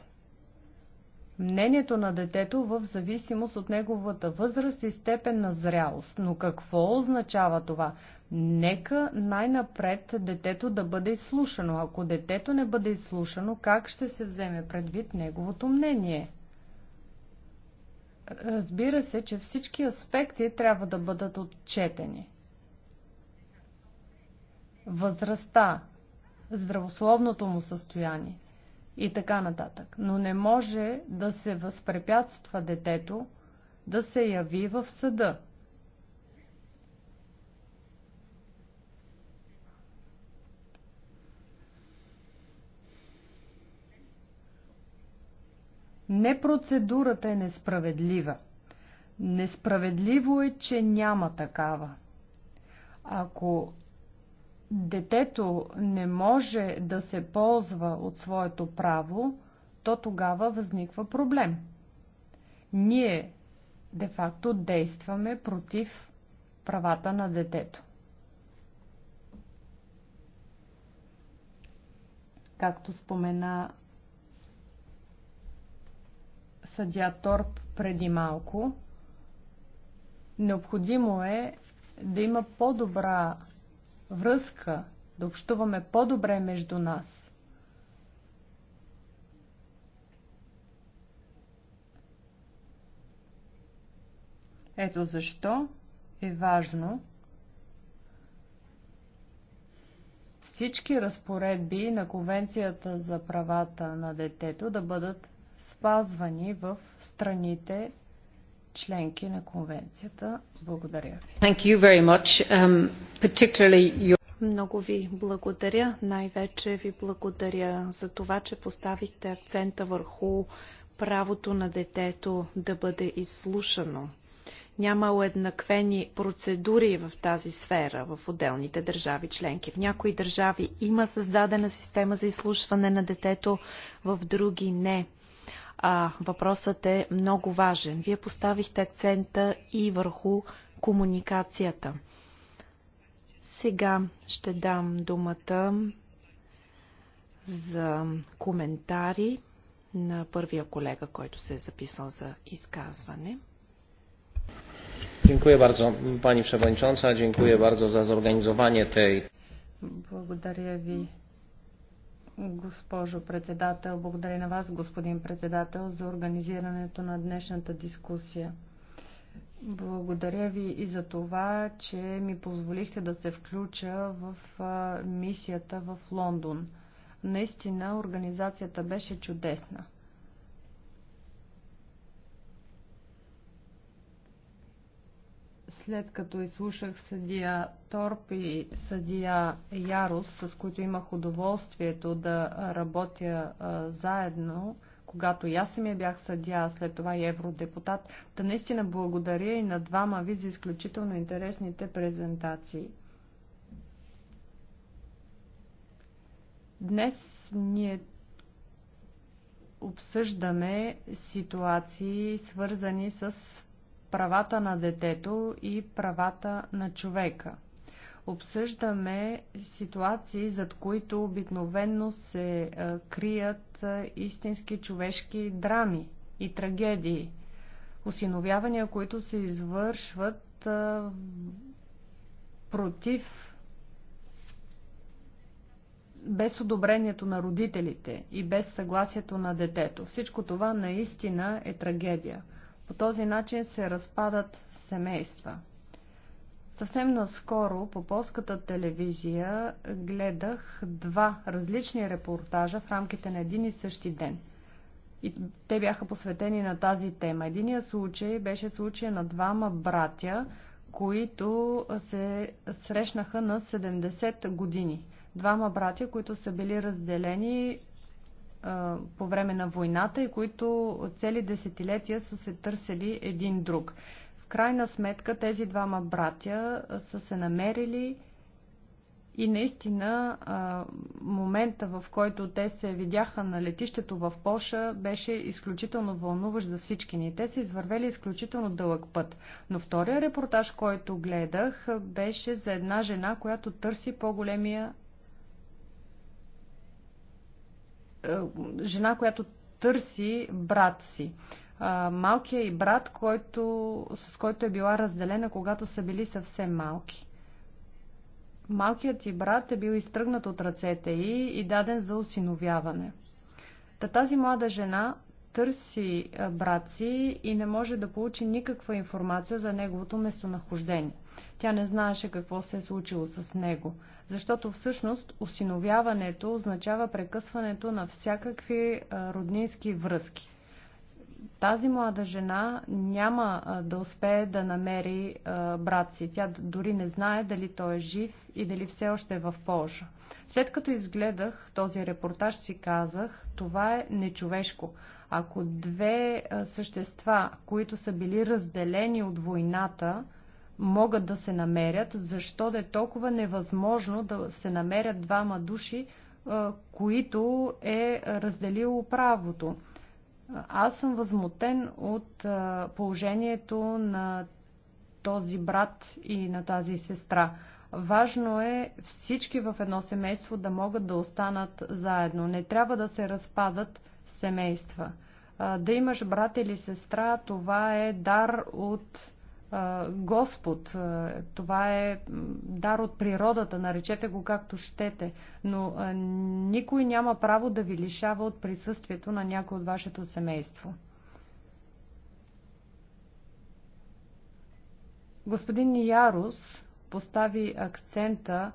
мнението на детето в зависимост от неговата възраст и степен на зрялост. Но какво означава това? Нека най-напред детето да бъде изслушано. Ако детето не бъде изслушано, как ще се вземе предвид неговото мнение? Разбира се, че всички аспекти трябва да бъдат отчетени. Възрастта, здравословното му състояние, и така нататък. Но не може да се възпрепятства детето да се яви в съда. Не процедурата е несправедлива. Несправедливо е, че няма такава. Ако детето не може да се ползва от своето право, то тогава възниква проблем. Ние де-факто действаме против правата на детето. Както спомена съдя Торп преди малко, необходимо е да има по-добра връзка, да общуваме по-добре между нас. Ето защо е важно всички разпоредби на Конвенцията за правата на детето да бъдат спазвани в страните членки на конвенцията. Благодаря ви. Thank you very much, um, particularly your... Много ви благодаря. Най-вече ви благодаря за това, че поставихте акцента върху правото на детето да бъде изслушано. Няма уеднаквени процедури в тази сфера в отделните държави членки. В някои държави има създадена система за изслушване на детето, в други не а въпросът е много важен. Вие поставихте акцента и върху комуникацията. Сега ще дам думата за коментари на първия колега, който се е записал за изказване. Dziękuję bardzo Pani Przewodnicząca, dziękuję bardzo za zorganizowanie tej. Благодаря Ви, госпожо председател. Благодаря на вас, господин председател, за организирането на днешната дискусия. Благодаря ви и за това, че ми позволихте да се включа в мисията в Лондон. Наистина, организацията беше чудесна. след като изслушах съдия Торп и съдия Ярус, с които имах удоволствието да работя а, заедно, когато и аз самия бях съдия, а след това и евродепутат, да наистина благодаря и на двама ви за изключително интересните презентации. Днес ние обсъждаме ситуации, свързани с правата на детето и правата на човека. Обсъждаме ситуации, зад които обикновенно се е, крият е, истински човешки драми и трагедии. Осиновявания, които се извършват е, против без одобрението на родителите и без съгласието на детето. Всичко това наистина е трагедия. По този начин се разпадат семейства. Съвсем наскоро по полската телевизия гледах два различни репортажа в рамките на един и същи ден. И те бяха посветени на тази тема. Единият случай беше случай на двама братя, които се срещнаха на 70 години. Двама братя, които са били разделени по време на войната и които цели десетилетия са се търсили един друг. В крайна сметка тези двама братя са се намерили и наистина момента, в който те се видяха на летището в Поша, беше изключително вълнуващ за всички ни. Те са извървели изключително дълъг път. Но втория репортаж, който гледах, беше за една жена, която търси по-големия Е, жена, която търси брат си. Малкия и брат, който, с който е била разделена, когато са били съвсем малки. Малкият и брат е бил изтръгнат от ръцете й и даден за осиновяване. Та тази млада жена търси брат си и не може да получи никаква информация за неговото местонахождение. Тя не знаеше какво се е случило с него, защото всъщност осиновяването означава прекъсването на всякакви роднински връзки. Тази млада жена няма да успее да намери брат си. Тя дори не знае дали той е жив и дали все още е в Польша. След като изгледах този репортаж, си казах, това е нечовешко. Ако две същества, които са били разделени от войната, могат да се намерят, защо да е толкова невъзможно да се намерят двама души, които е разделило правото. Аз съм възмутен от положението на този брат и на тази сестра. Важно е всички в едно семейство да могат да останат заедно. Не трябва да се разпадат семейства. Да имаш брат или сестра, това е дар от Господ. Това е дар от природата, наречете го както щете, но никой няма право да ви лишава от присъствието на някой от вашето семейство. Господин Ярус постави акцента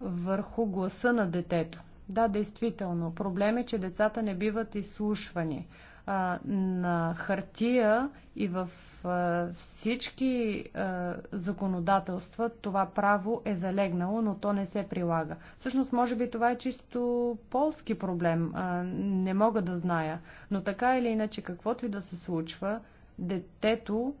върху гласа на детето. Да, действително. Проблем е, че децата не биват изслушвани. А, на хартия и в а, всички а, законодателства това право е залегнало, но то не се прилага. Всъщност, може би това е чисто полски проблем. А, не мога да зная. Но така или иначе, каквото и да се случва, детето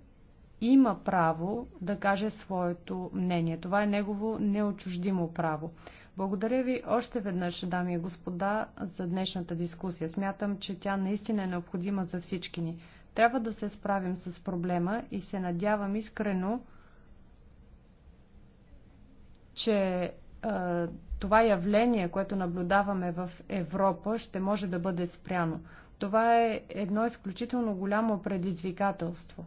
има право да каже своето мнение. Това е негово неочуждимо право. Благодаря ви още веднъж, дами и господа, за днешната дискусия. Смятам, че тя наистина е необходима за всички ни. Трябва да се справим с проблема и се надявам искрено, че това явление, което наблюдаваме в Европа, ще може да бъде спряно. Това е едно изключително голямо предизвикателство.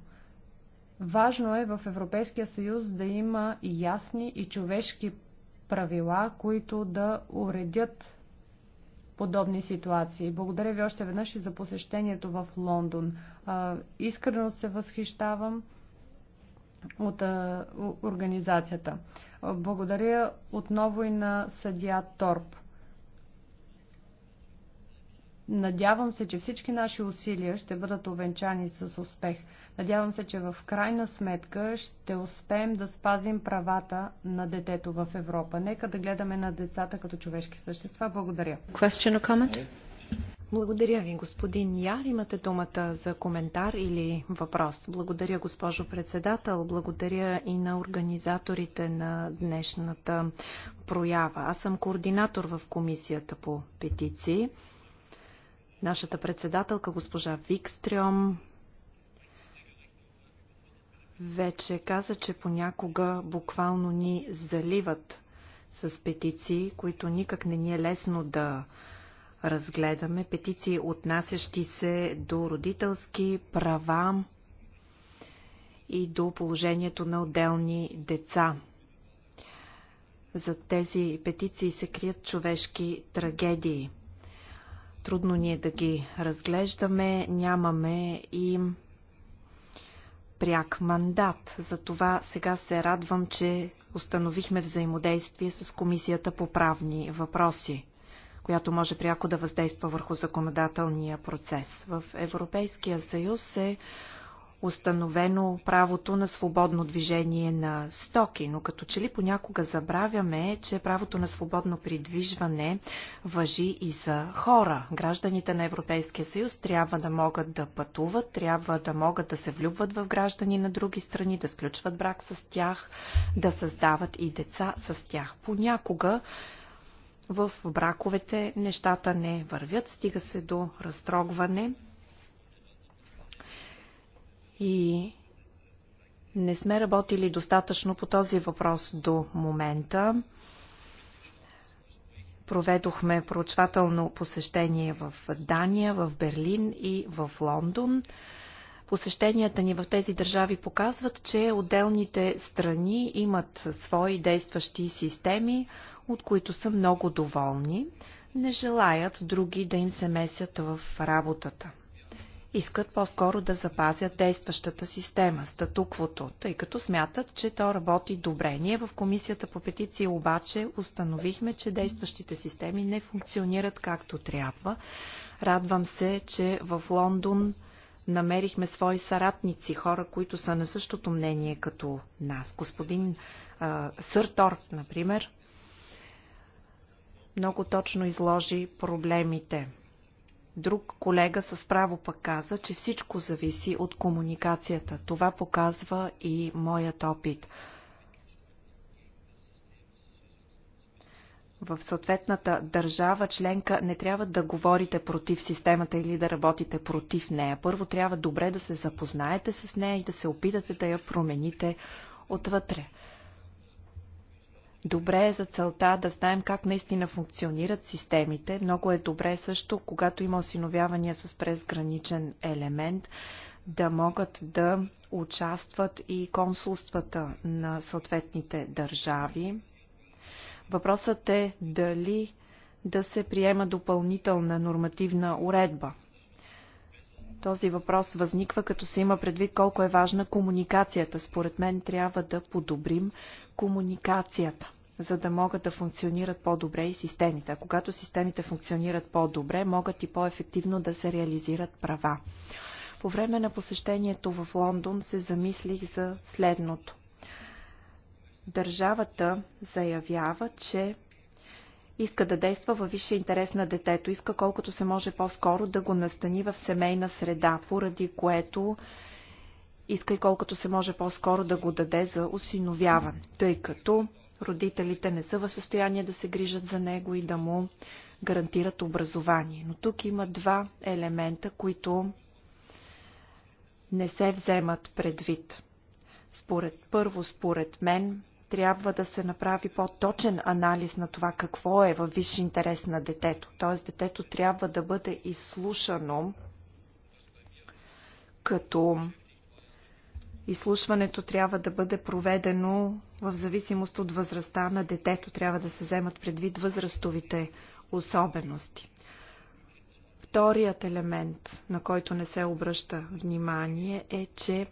Важно е в Европейския съюз да има и ясни и човешки правила, които да уредят подобни ситуации. Благодаря ви още веднъж и за посещението в Лондон. Искрено се възхищавам от организацията. Благодаря отново и на съдия Торп. Надявам се, че всички наши усилия ще бъдат овенчани с успех. Надявам се, че в крайна сметка ще успеем да спазим правата на детето в Европа. Нека да гледаме на децата като човешки същества. Благодаря. Question or comment? Благодаря ви, господин Яр. Имате думата за коментар или въпрос. Благодаря, госпожо председател. Благодаря и на организаторите на днешната проява. Аз съм координатор в комисията по петиции. Нашата председателка госпожа Викстрем вече каза, че понякога буквално ни заливат с петиции, които никак не ни е лесно да разгледаме. Петиции, отнасящи се до родителски права и до положението на отделни деца. За тези петиции се крият човешки трагедии – Трудно ни е да ги разглеждаме, нямаме и пряк мандат. Затова сега се радвам, че установихме взаимодействие с Комисията по правни въпроси, която може пряко да въздейства върху законодателния процес. В Европейския съюз се установено правото на свободно движение на стоки, но като че ли понякога забравяме, че правото на свободно придвижване въжи и за хора. Гражданите на Европейския съюз трябва да могат да пътуват, трябва да могат да се влюбват в граждани на други страни, да сключват брак с тях, да създават и деца с тях. Понякога в браковете нещата не вървят, стига се до разтрогване, и не сме работили достатъчно по този въпрос до момента. Проведохме проучвателно посещение в Дания, в Берлин и в Лондон. Посещенията ни в тези държави показват, че отделните страни имат свои действащи системи, от които са много доволни. Не желаят други да им се месят в работата искат по-скоро да запазят действащата система, статуквото, тъй като смятат, че то работи добре. Ние в Комисията по петиции обаче установихме, че действащите системи не функционират както трябва. Радвам се, че в Лондон намерихме свои саратници, хора, които са на същото мнение като нас. Господин а, Сър Тор, например, много точно изложи проблемите – Друг колега с право пък каза, че всичко зависи от комуникацията. Това показва и моят опит. в съответната държава членка не трябва да говорите против системата или да работите против нея. Първо трябва добре да се запознаете с нея и да се опитате да я промените отвътре. Добре е за целта да знаем как наистина функционират системите. Много е добре също, когато има осиновявания с презграничен елемент, да могат да участват и консулствата на съответните държави. Въпросът е дали да се приема допълнителна нормативна уредба този въпрос възниква, като се има предвид колко е важна комуникацията. Според мен трябва да подобрим комуникацията за да могат да функционират по-добре и системите. А когато системите функционират по-добре, могат и по-ефективно да се реализират права. По време на посещението в Лондон се замислих за следното. Държавата заявява, че иска да действа във висше интерес на детето, иска колкото се може по-скоро да го настани в семейна среда, поради което иска и колкото се може по-скоро да го даде за осиновяване, тъй като родителите не са в състояние да се грижат за него и да му гарантират образование. Но тук има два елемента, които не се вземат предвид. Според първо, според мен, трябва да се направи по-точен анализ на това какво е във висш интерес на детето. Т.е. детето трябва да бъде изслушано като изслушването трябва да бъде проведено в зависимост от възрастта на детето. Трябва да се вземат предвид възрастовите особености. Вторият елемент, на който не се обръща внимание, е, че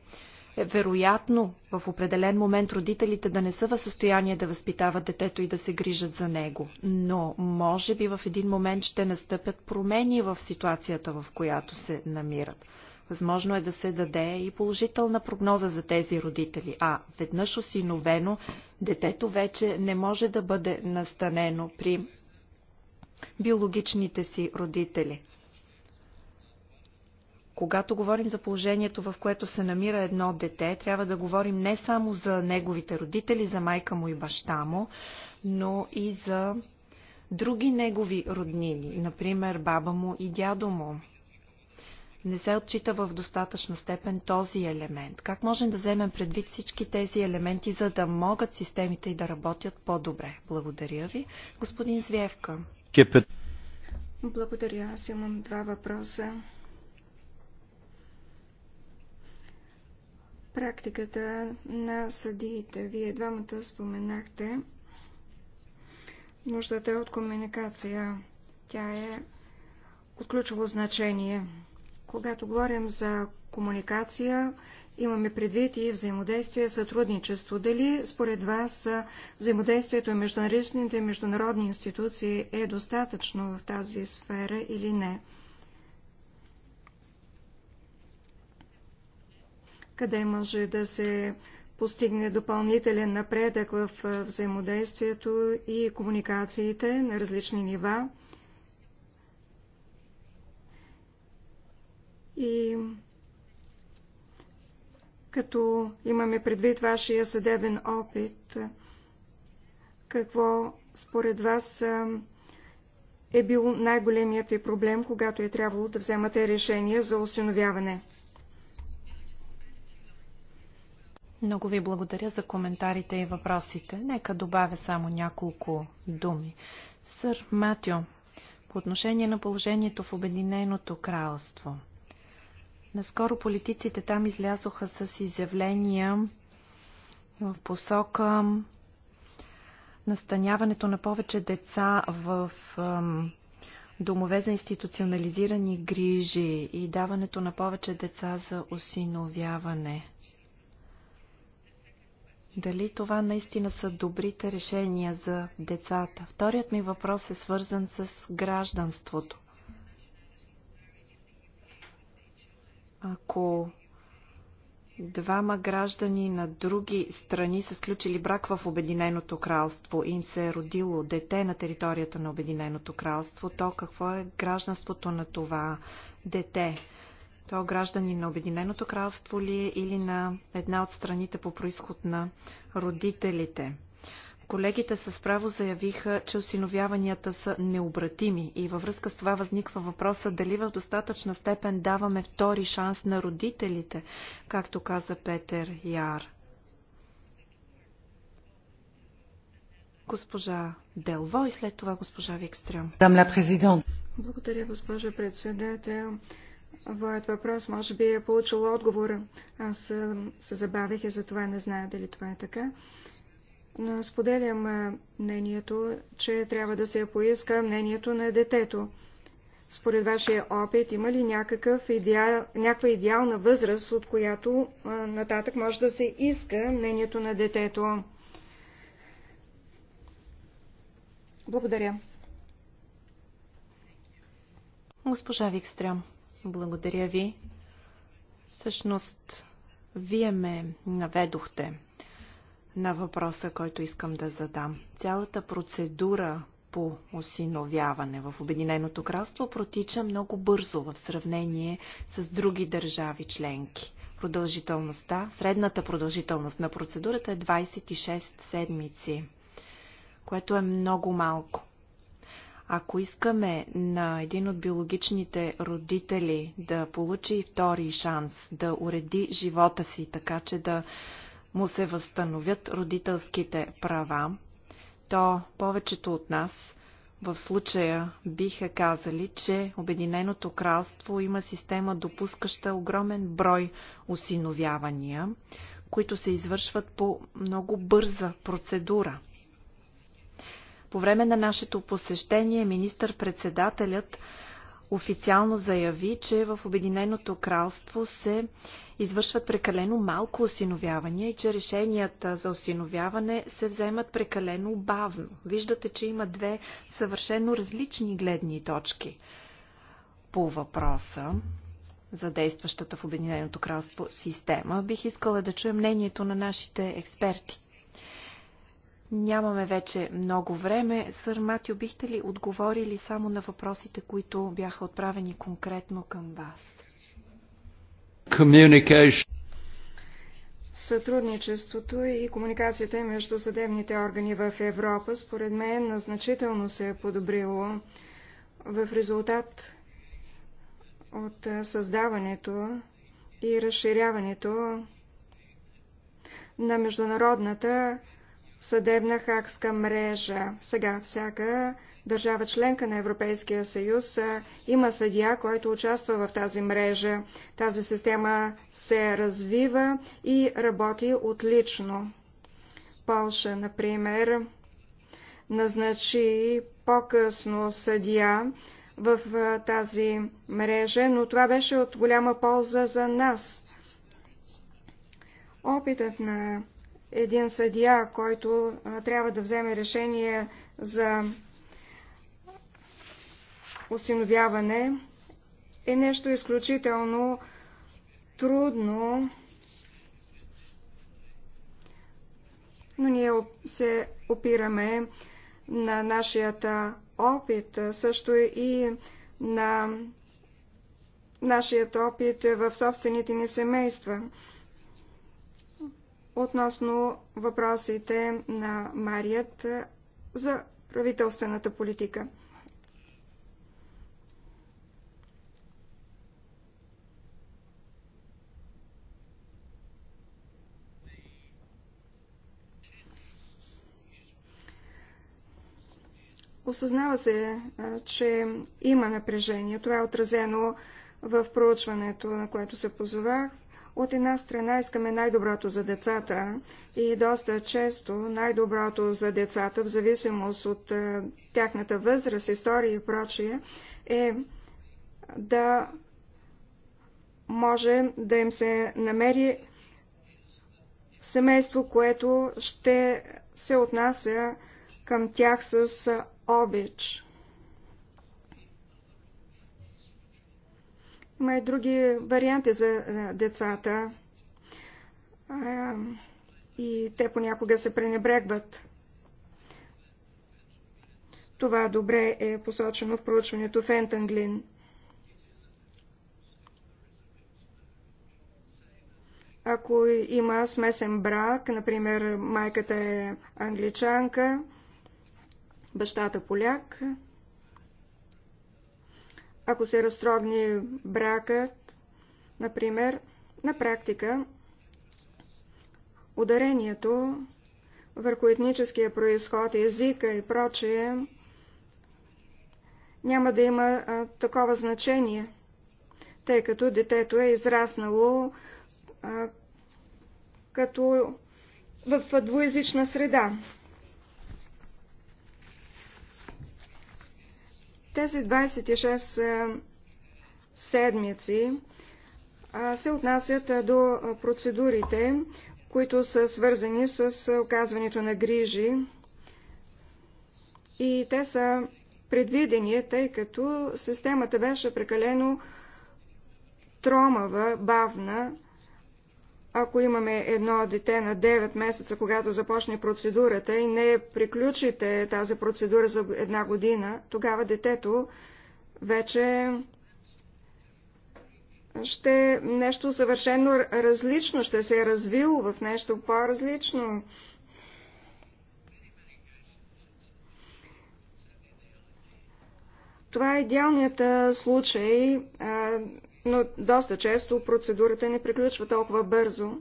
е вероятно в определен момент родителите да не са в състояние да възпитават детето и да се грижат за него. Но може би в един момент ще настъпят промени в ситуацията, в която се намират. Възможно е да се даде и положителна прогноза за тези родители, а веднъж осиновено, детето вече не може да бъде настанено при биологичните си родители. Когато говорим за положението, в което се намира едно дете, трябва да говорим не само за неговите родители, за майка му и баща му, но и за други негови роднини, например баба му и дядо му. Не се отчита в достатъчна степен този елемент. Как можем да вземем предвид всички тези елементи, за да могат системите и да работят по-добре? Благодаря ви. Господин Звевка. Благодаря. Аз имам два въпроса. практиката на съдиите. Вие двамата споменахте нуждата от комуникация. Тя е от ключово значение. Когато говорим за комуникация, имаме предвид и взаимодействие, сътрудничество. Дали според вас взаимодействието между наричните международни институции е достатъчно в тази сфера или не? къде може да се постигне допълнителен напредък в взаимодействието и комуникациите на различни нива. И като имаме предвид вашия съдебен опит, какво според вас е бил най-големият ви проблем, когато е трябвало да вземате решение за осиновяване? Много ви благодаря за коментарите и въпросите. Нека добавя само няколко думи. Сър Матио, по отношение на положението в Обединеното кралство. Наскоро политиците там излязоха с изявления в посока настаняването на повече деца в домове за институционализирани грижи и даването на повече деца за осиновяване. Дали това наистина са добрите решения за децата? Вторият ми въпрос е свързан с гражданството. Ако двама граждани на други страни са сключили брак в Обединеното кралство и им се е родило дете на територията на Обединеното кралство, то какво е гражданството на това дете? То граждани на Обединеното кралство ли е или на една от страните по происход на родителите? Колегите с право заявиха, че осиновяванията са необратими и във връзка с това възниква въпроса дали в достатъчна степен даваме втори шанс на родителите, както каза Петър Яр. Госпожа Делво и след това госпожа Викстрем. Благодаря, госпожа председател. Моят въпрос може би е получил отговор. Аз се забавих и затова не зная дали това е така. Но споделям мнението, че трябва да се поиска мнението на детето. Според вашия опит, има ли някакъв идеал, някаква идеална възраст, от която нататък може да се иска мнението на детето? Благодаря. Госпожа Викстрям. Благодаря ви. Всъщност, вие ме наведохте на въпроса, който искам да задам. Цялата процедура по осиновяване в Обединеното кралство протича много бързо в сравнение с други държави членки. Продължителността, средната продължителност на процедурата е 26 седмици, което е много малко. Ако искаме на един от биологичните родители да получи втори шанс, да уреди живота си, така че да му се възстановят родителските права, то повечето от нас в случая биха казали, че Обединеното кралство има система допускаща огромен брой осиновявания, които се извършват по много бърза процедура – по време на нашето посещение министър-председателят официално заяви, че в Обединеното кралство се извършват прекалено малко осиновявания и че решенията за осиновяване се вземат прекалено бавно. Виждате, че има две съвършено различни гледни точки по въпроса за действащата в Обединеното кралство система. Бих искала да чуя мнението на нашите експерти. Нямаме вече много време. Сър Матио, бихте ли отговорили само на въпросите, които бяха отправени конкретно към вас? Сътрудничеството и комуникацията между съдебните органи в Европа, според мен, значително се е подобрило в резултат от създаването и разширяването на международната съдебна хакска мрежа. Сега всяка държава членка на Европейския съюз има съдия, който участва в тази мрежа. Тази система се развива и работи отлично. Полша, например, назначи по-късно съдия в тази мрежа, но това беше от голяма полза за нас. Опитът на един съдия, който трябва да вземе решение за осиновяване, е нещо изключително трудно, но ние се опираме на нашията опит, също и на нашият опит в собствените ни семейства относно въпросите на Марият за правителствената политика. Осъзнава се, че има напрежение. Това е отразено в проучването, на което се позовах, от една страна искаме най-доброто за децата и доста често най-доброто за децата, в зависимост от е, тяхната възраст, история и прочие, е да може да им се намери семейство, което ще се отнася към тях с е, обич. Има и други варианти за е, децата. И те понякога се пренебрегват. Това добре е посочено в проучването Фентанглин. Ако има смесен брак, например, майката е англичанка, бащата поляк, ако се разтрогне бракът, например, на практика ударението върху етническия происход, езика и прочее няма да има а, такова значение, тъй като детето е израснало а, като в двуязична среда. Тези 26 седмици се отнасят до процедурите, които са свързани с оказването на грижи. И те са предвидени, тъй като системата беше прекалено тромава, бавна, ако имаме едно дете на 9 месеца, когато започне процедурата и не приключите тази процедура за една година, тогава детето вече ще нещо съвършено различно, ще се е развило в нещо по-различно. Това е идеалният случай но доста често процедурата не приключва толкова бързо.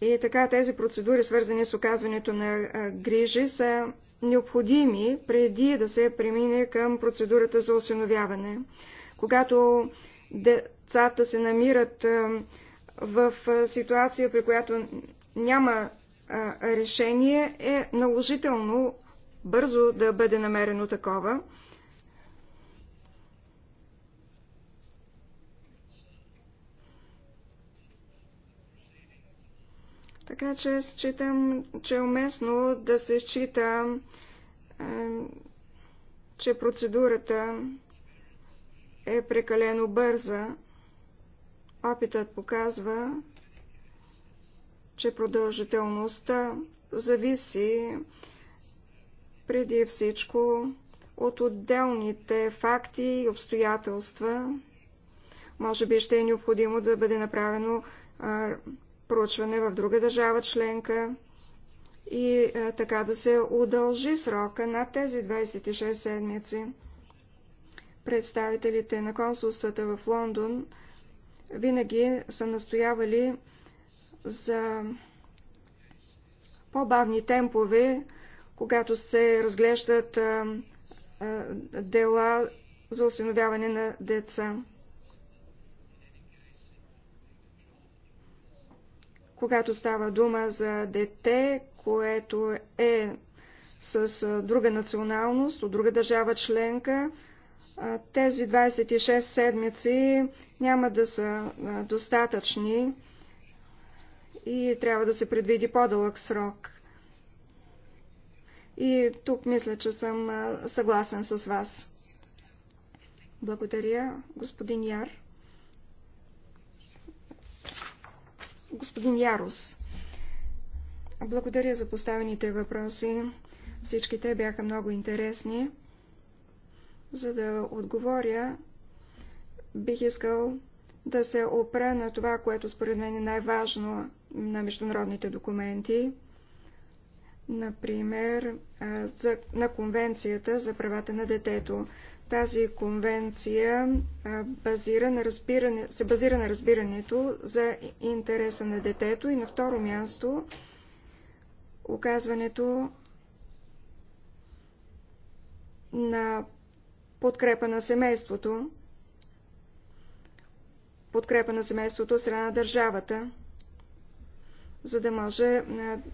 И така тези процедури, свързани с оказването на грижи, са необходими преди да се премине към процедурата за осиновяване. Когато децата се намират в ситуация, при която няма решение, е наложително бързо да бъде намерено такова. Така че считам, че е уместно да се счита, че процедурата е прекалено бърза. Опитът показва, че продължителността зависи преди всичко от отделните факти и обстоятелства. Може би ще е необходимо да бъде направено проучване в друга държава членка и а, е, така да се удължи срока на тези 26 седмици. Представителите на консулствата в Лондон винаги са настоявали за по-бавни темпове, когато се разглеждат а, е, а, е, дела за осиновяване на деца. когато става дума за дете, което е с друга националност, от друга държава членка, тези 26 седмици няма да са достатъчни и трябва да се предвиди по-дълъг срок. И тук мисля, че съм съгласен с вас. Благодаря, господин Яр. Господин Ярус, благодаря за поставените въпроси. Всички те бяха много интересни. За да отговоря, бих искал да се опра на това, което според мен е най-важно на международните документи, например, за, на Конвенцията за правата на детето. Тази конвенция базира на разбиране, се базира на разбирането за интереса на детето и на второ място оказването на подкрепа на семейството, подкрепа на семейството страна на държавата, за да може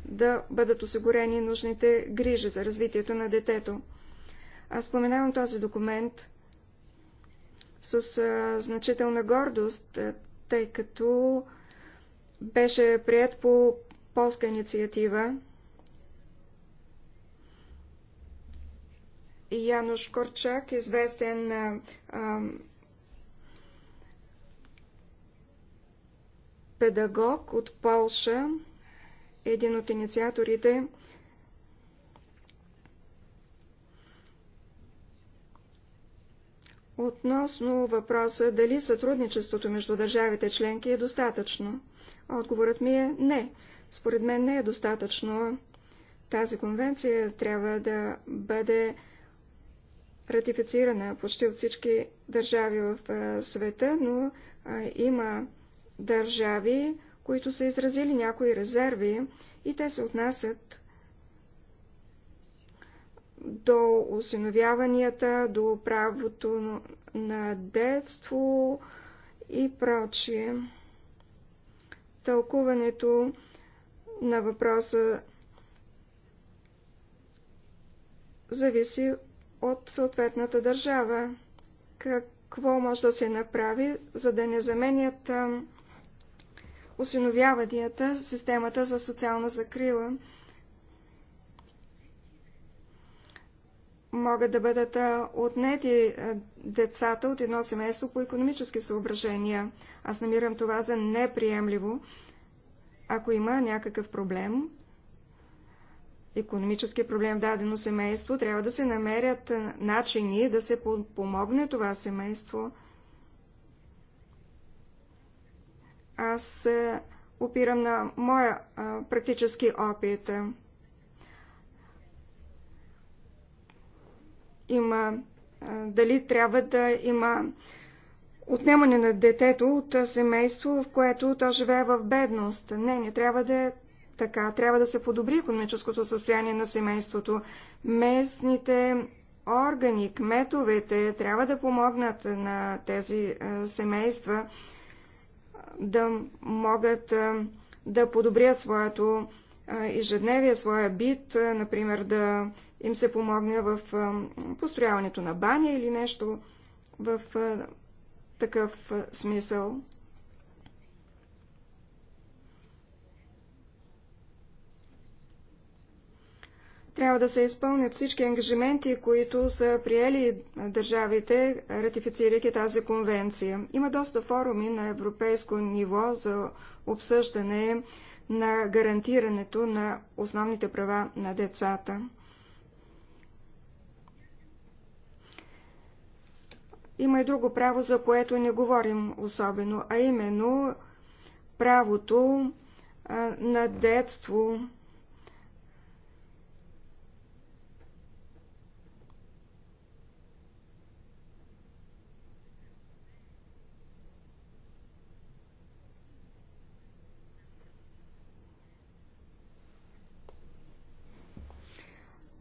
да бъдат осигурени нужните грижи за развитието на детето. Аз споменавам този документ с а, значителна гордост, тъй като беше прият по полска инициатива. Януш Корчак, известен а, педагог от Полша, един от инициаторите Относно въпроса дали сътрудничеството между държавите членки е достатъчно, отговорът ми е не. Според мен не е достатъчно. Тази конвенция трябва да бъде ратифицирана почти от всички държави в света, но има държави, които са изразили някои резерви и те се отнасят до осиновяванията, до правото на детство и прочие. Тълкуването на въпроса зависи от съответната държава. Какво може да се направи, за да не заменят осиновяванията системата за социална закрила? могат да бъдат отнети децата от едно семейство по економически съображения. Аз намирам това за неприемливо. Ако има някакъв проблем, економически проблем в дадено семейство, трябва да се намерят начини да се помогне това семейство. Аз опирам на моя практически опит. има, дали трябва да има отнемане на детето от семейство, в което то живее в бедност. Не, не трябва да е така. Трябва да се подобри економическото състояние на семейството. Местните органи, кметовете трябва да помогнат на тези семейства да могат да подобрят своето ежедневие, своя бит, например да им се помогне в построяването на баня или нещо в такъв смисъл. Трябва да се изпълнят всички ангажименти, които са приели държавите, ратифицирайки тази конвенция. Има доста форуми на европейско ниво за обсъждане на гарантирането на основните права на децата. Има и друго право, за което не говорим особено, а именно правото на детство,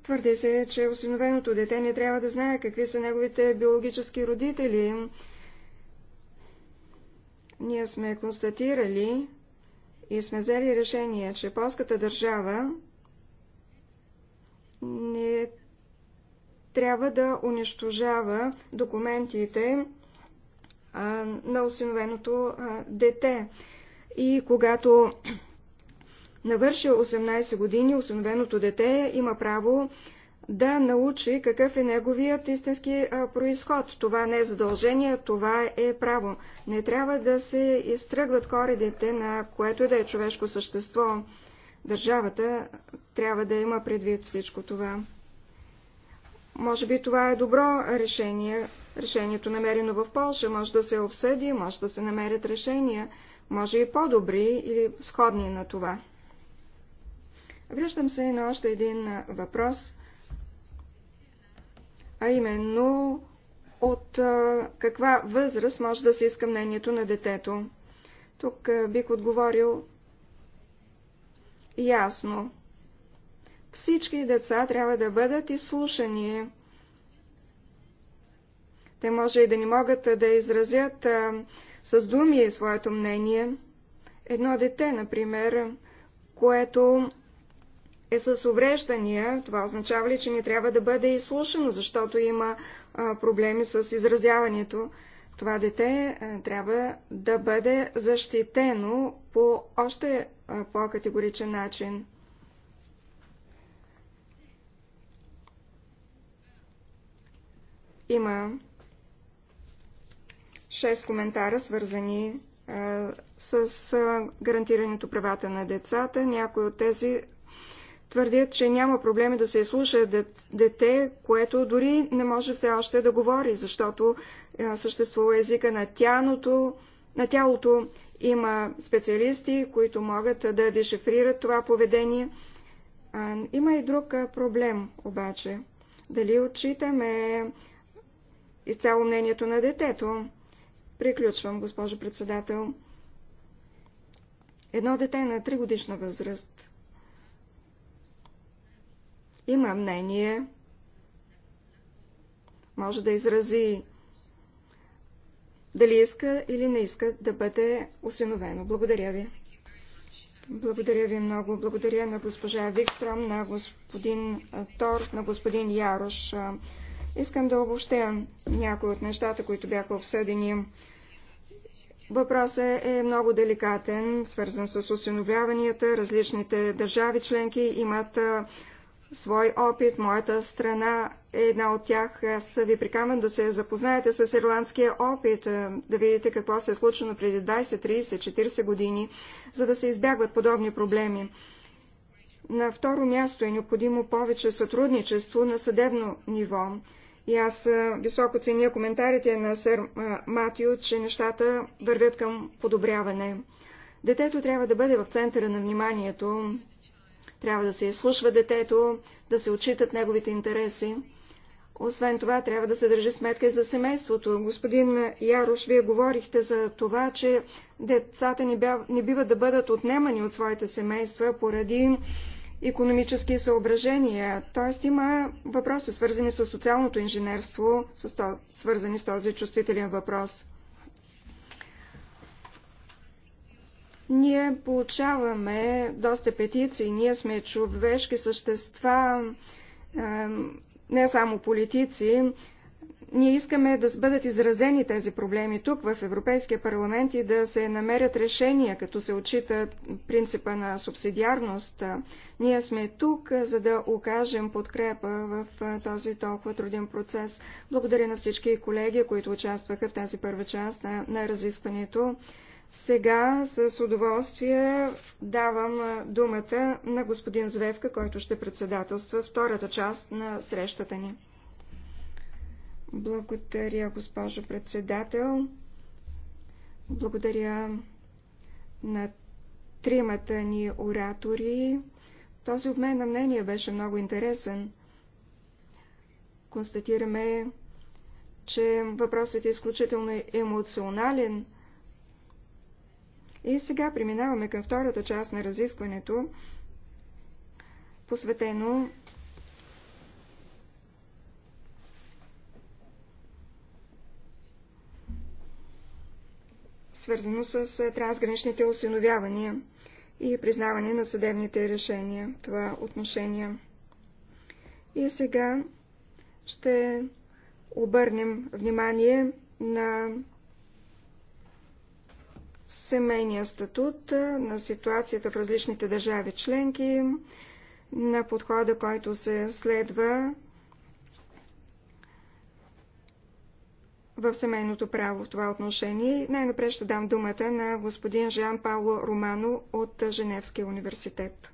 Твърди се, че осиновеното дете не трябва да знае какви са неговите биологически родители. Ние сме констатирали и сме взели решение, че полската държава не трябва да унищожава документите а, на осиновеното а, дете. И когато навърши 18 години, осиновеното дете има право да научи какъв е неговият истински происход. Това не е задължение, това е право. Не трябва да се изтръгват коридите на което и да е човешко същество. Държавата трябва да има предвид всичко това. Може би това е добро решение. Решението намерено в Польша може да се обсъди, може да се намерят решения, може и по-добри или сходни на това. Връщам се и на още един въпрос, а именно от каква възраст може да се иска мнението на детето. Тук бих отговорил ясно. Всички деца трябва да бъдат изслушани. Те може и да не могат да изразят а, с думи своето мнение. Едно дете, например, което е с увреждания, това означава ли, че не трябва да бъде изслушано, защото има а, проблеми с изразяването. Това дете а, трябва да бъде защитено по още по-категоричен начин. Има 6 коментара, свързани а, с гарантирането правата на децата. Някои от тези твърдят, че няма проблеми да се слуша дете, което дори не може все още да говори, защото съществува езика на, тяното, на тялото. Има специалисти, които могат да дешифрират това поведение. Има и друг проблем обаче. Дали отчитаме изцяло мнението на детето? Приключвам, госпожо председател. Едно дете на 3 годишна възраст има мнение, може да изрази дали иска или не иска да бъде осиновено. Благодаря ви. Благодаря ви много. Благодаря на госпожа Викстром, на господин Тор, на господин Ярош. Искам да обобщя някои от нещата, които бяха обсъдени. Въпросът е много деликатен, свързан с осиновяванията. Различните държави членки имат свой опит. Моята страна е една от тях. Аз ви прикамвам да се запознаете с ирландския опит, е, да видите какво се е случило преди 20, 30, 40 години, за да се избягват подобни проблеми. На второ място е необходимо повече сътрудничество на съдебно ниво. И аз е, високо ценя коментарите на сър е, Матио, че нещата вървят към подобряване. Детето трябва да бъде в центъра на вниманието, трябва да се изслушва детето, да се отчитат неговите интереси. Освен това, трябва да се държи сметка и за семейството. Господин Ярош, вие говорихте за това, че децата не, биват не да бъдат отнемани от своите семейства поради економически съображения. Тоест има въпроси, свързани с социалното инженерство, свързани с този чувствителен въпрос. Ние получаваме доста петиции, ние сме човешки същества, не само политици. Ние искаме да бъдат изразени тези проблеми тук в Европейския парламент и да се намерят решения, като се отчита принципа на субсидиарност. Ние сме тук, за да окажем подкрепа в този толкова труден процес. Благодаря на всички колеги, които участваха в тази първа част на, на разискването. Сега с удоволствие давам думата на господин Звевка, който ще председателства втората част на срещата ни. Благодаря, госпожо председател. Благодаря на тримата ни оратори. Този обмен на мнение беше много интересен. Констатираме, че въпросът е изключително емоционален – и сега преминаваме към втората част на разискването, посветено свързано с трансграничните осиновявания и признаване на съдебните решения, това отношение. И сега ще обърнем внимание на семейния статут, на ситуацията в различните държави членки, на подхода, който се следва в семейното право в това отношение. Най-напред ще дам думата на господин Жан Пауло Романо от Женевския университет.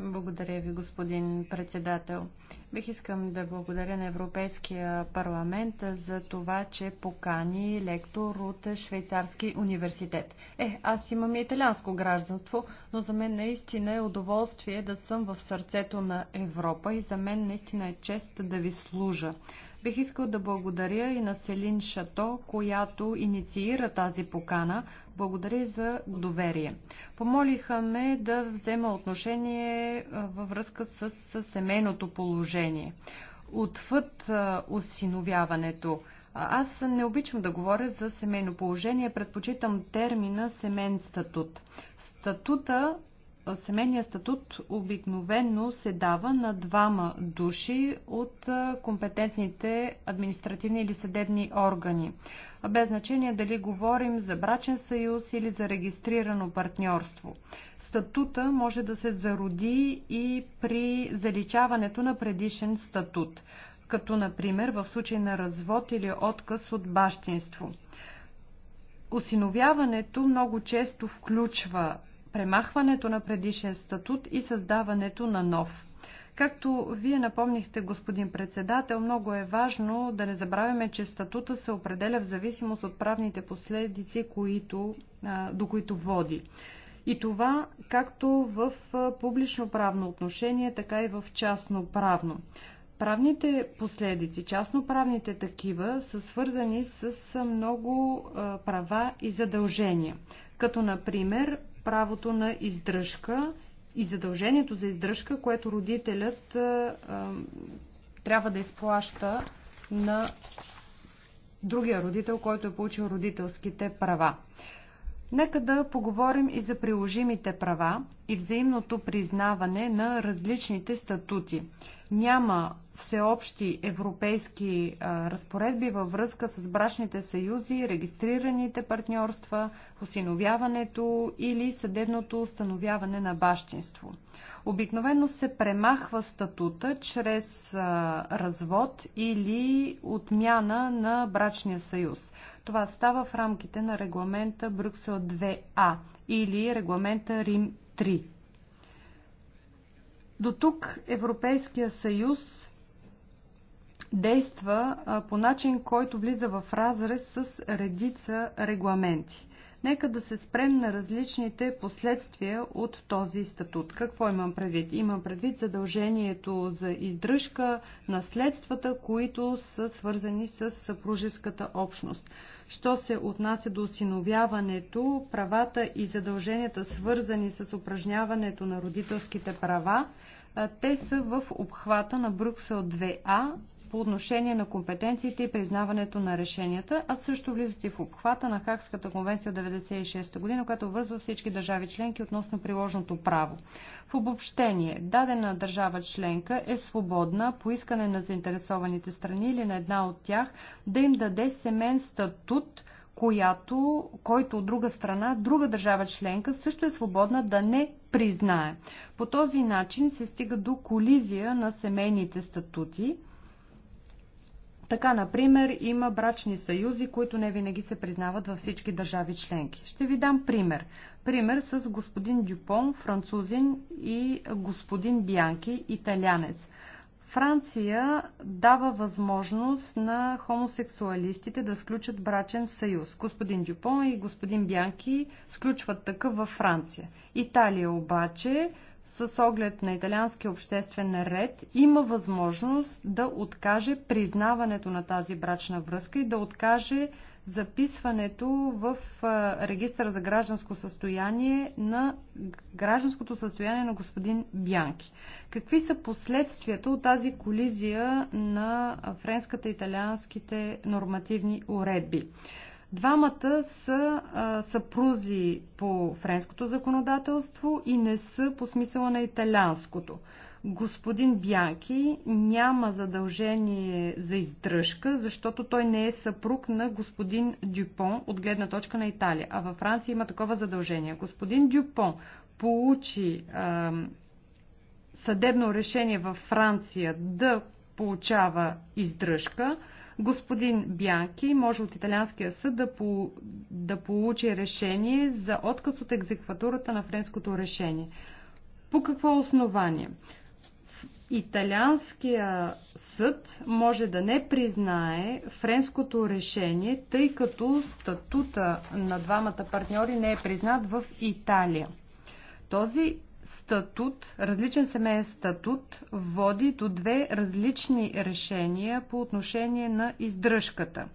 Благодаря ви, господин председател. Бих искам да благодаря на Европейския парламент за това, че покани лектор от Швейцарски университет. Е, аз имам и италианско гражданство, но за мен наистина е удоволствие да съм в сърцето на Европа и за мен наистина е чест да ви служа. Бих искал да благодаря и на Селин Шато, която инициира тази покана. Благодаря за доверие. Помолиха ме да взема отношение във връзка с семейното положение. Отвъд осиновяването. Аз не обичам да говоря за семейно положение, предпочитам термина семен статут. Статута семейният статут обикновенно се дава на двама души от компетентните административни или съдебни органи. Без значение дали говорим за брачен съюз или за регистрирано партньорство. Статута може да се зароди и при заличаването на предишен статут, като например в случай на развод или отказ от бащинство. Осиновяването много често включва премахването на предишен статут и създаването на нов. Както вие напомнихте, господин председател, много е важно да не забравяме, че статута се определя в зависимост от правните последици, които, до които води. И това както в публично-правно отношение, така и в частно-правно. Правните последици, частноправните такива, са свързани с много права и задължения, като например правото на издръжка и задължението за издръжка, което родителят а, а, трябва да изплаща на другия родител, който е получил родителските права. Нека да поговорим и за приложимите права и взаимното признаване на различните статути. Няма всеобщи европейски а, разпоредби във връзка с брачните съюзи, регистрираните партньорства, осиновяването или съдебното установяване на бащинство. Обикновено се премахва статута чрез а, развод или отмяна на брачния съюз. Това става в рамките на регламента Брюксел 2А или регламента Рим 3. До тук Европейския съюз действа по начин, който влиза в разрез с редица регламенти. Нека да се спрем на различните последствия от този статут. Какво имам предвид? Имам предвид задължението за издръжка, наследствата, които са свързани с съпружеската общност. Що се отнася до осиновяването, правата и задълженията, свързани с упражняването на родителските права, те са в обхвата на Брюксел 2А по отношение на компетенциите и признаването на решенията, а също влизат и в обхвата на Хакската конвенция от 1996 година, която вързва всички държави членки относно приложното право. В обобщение, дадена държава членка е свободна по искане на заинтересованите страни или на една от тях да им даде семен статут, която, който от друга страна, друга държава членка също е свободна да не признае. По този начин се стига до колизия на семейните статути, така, например, има брачни съюзи, които не винаги се признават във всички държави членки. Ще ви дам пример. Пример с господин Дюпон, французин, и господин Бянки, италянец. Франция дава възможност на хомосексуалистите да сключат брачен съюз. Господин Дюпон и господин Бянки сключват такъв във Франция. Италия обаче с оглед на италианския обществен ред, има възможност да откаже признаването на тази брачна връзка и да откаже записването в регистъра за гражданско състояние на гражданското състояние на господин Бянки. Какви са последствията от тази колизия на френската и италианските нормативни уредби? Двамата са а, съпрузи по френското законодателство и не са по смисъла на италянското. Господин Бянки няма задължение за издръжка, защото той не е съпруг на господин Дюпон от гледна точка на Италия, а във Франция има такова задължение. Господин Дюпон получи а, съдебно решение във Франция да получава издръжка, Господин Бянки може от Италианския съд да, по, да получи решение за отказ от екзекватурата на френското решение. По какво основание? Италианския съд може да не признае френското решение, тъй като статута на двамата партньори не е признат в Италия. Този статут, различен семейен статут води до две различни решения по отношение на издръжката.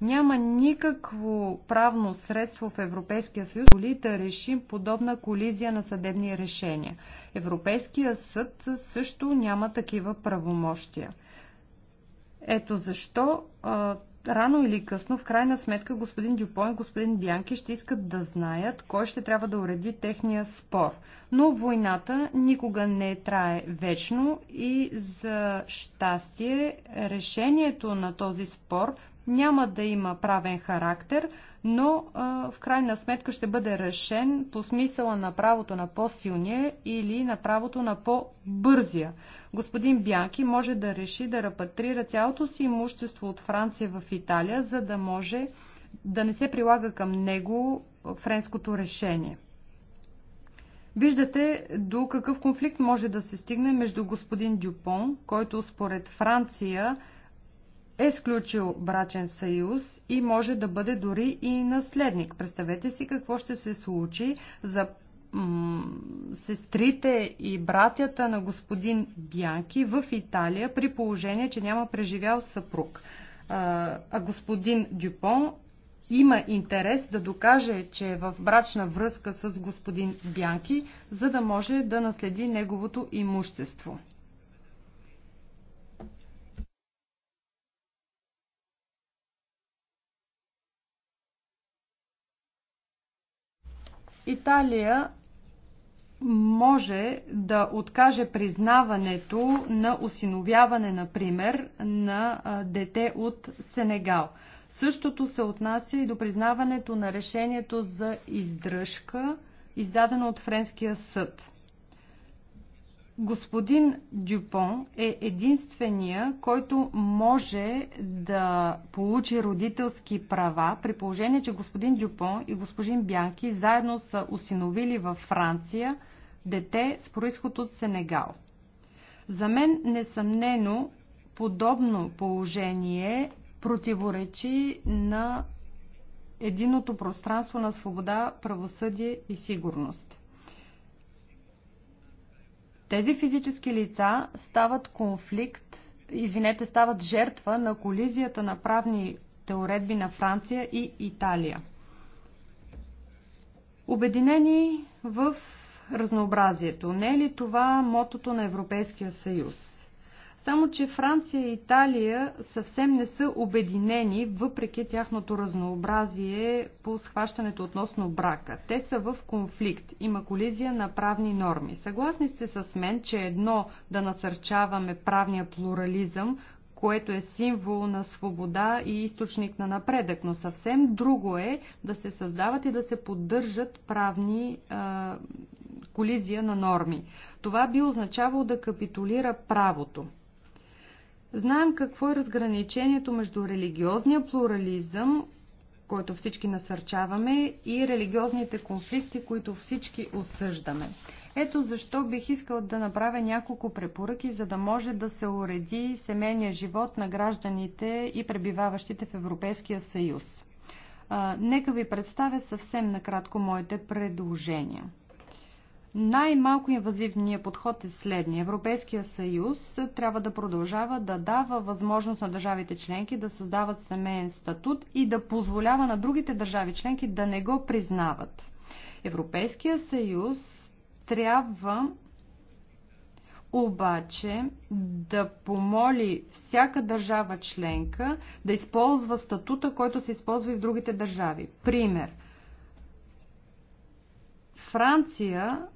Няма никакво правно средство в Европейския съюз, коли да решим подобна колизия на съдебни решения. Европейския съд също няма такива правомощия. Ето защо рано или късно, в крайна сметка, господин Дюпон и господин Бянки ще искат да знаят кой ще трябва да уреди техния спор. Но войната никога не трае вечно и за щастие решението на този спор няма да има правен характер, но а, в крайна сметка ще бъде решен по смисъла на правото на по-силния или на правото на по-бързия. Господин Бянки може да реши да репатрира цялото си имущество от Франция в Италия, за да може да не се прилага към него френското решение. Виждате до какъв конфликт може да се стигне между господин Дюпон, който според Франция е сключил брачен съюз и може да бъде дори и наследник. Представете си какво ще се случи за сестрите и братята на господин Бянки в Италия при положение, че няма преживял съпруг. А, а господин Дюпон има интерес да докаже, че е в брачна връзка с господин Бянки, за да може да наследи неговото имущество. Италия може да откаже признаването на осиновяване, например, на дете от Сенегал. Същото се отнася и до признаването на решението за издръжка, издадено от Френския съд. Господин Дюпон е единствения, който може да получи родителски права, при положение, че господин Дюпон и господин Бянки заедно са осиновили във Франция дете с происход от Сенегал. За мен несъмнено подобно положение противоречи на единото пространство на свобода, правосъдие и сигурност. Тези физически лица стават конфликт, извинете, стават жертва на колизията на правните уредби на Франция и Италия. Обединени в разнообразието. Не е ли това мотото на Европейския съюз? Само, че Франция и Италия съвсем не са обединени, въпреки тяхното разнообразие по схващането относно брака. Те са в конфликт. Има колизия на правни норми. Съгласни сте с мен, че е едно да насърчаваме правния плурализъм, което е символ на свобода и източник на напредък, но съвсем друго е да се създават и да се поддържат правни е, колизия на норми. Това би означавало да капитулира правото. Знаем какво е разграничението между религиозния плурализъм, който всички насърчаваме, и религиозните конфликти, които всички осъждаме. Ето защо бих искал да направя няколко препоръки, за да може да се уреди семейния живот на гражданите и пребиваващите в Европейския съюз. нека ви представя съвсем накратко моите предложения. Най-малко инвазивният подход е следния. Европейския съюз трябва да продължава да дава възможност на държавите членки да създават семейен статут и да позволява на другите държави членки да не го признават. Европейския съюз трябва обаче да помоли всяка държава членка да използва статута, който се използва и в другите държави. Пример. Франция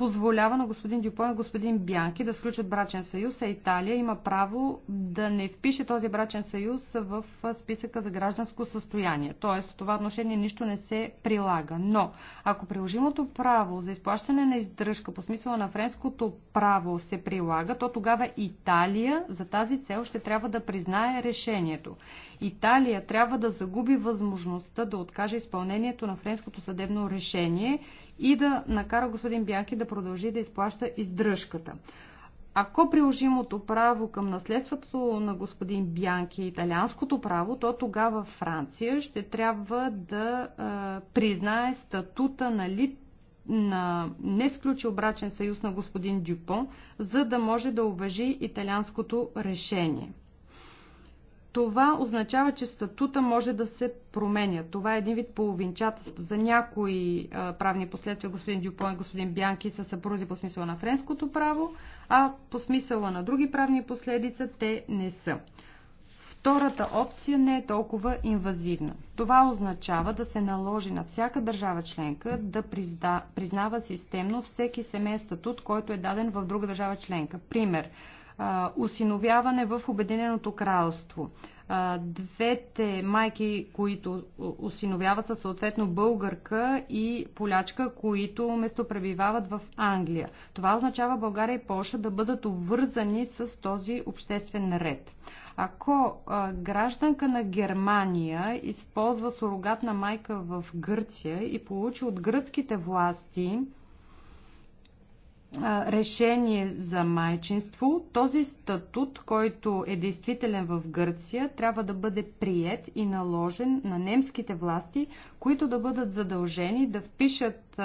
позволява на господин Дюпон и господин Бянки да сключат брачен съюз, а Италия има право да не впише този брачен съюз в списъка за гражданско състояние. Тоест, в това отношение нищо не се прилага. Но, ако приложимото право за изплащане на издръжка по смисъла на френското право се прилага, то тогава Италия за тази цел ще трябва да признае решението. Италия трябва да загуби възможността да откаже изпълнението на френското съдебно решение и да накара господин Бянки да продължи да изплаща издръжката. Ако приложимото право към наследството на господин Бянки е италианското право, то тогава Франция ще трябва да е, признае статута на лит на не сключил брачен съюз на господин Дюпон, за да може да уважи италианското решение това означава, че статута може да се променя. Това е един вид половинчатост. За някои а, правни последствия господин Дюпон и господин Бянки са съпрузи по смисъла на френското право, а по смисъла на други правни последица те не са. Втората опция не е толкова инвазивна. Това означава да се наложи на всяка държава членка да признава системно всеки семейен статут, който е даден в друга държава членка. Пример осиновяване в Обединеното кралство. Двете майки, които осиновяват са съответно българка и полячка, които пребивават в Англия. Това означава България и Польша да бъдат обвързани с този обществен ред. Ако гражданка на Германия използва сурогатна майка в Гърция и получи от гръцките власти решение за майчинство, този статут, който е действителен в Гърция, трябва да бъде прият и наложен на немските власти, които да бъдат задължени да впишат а,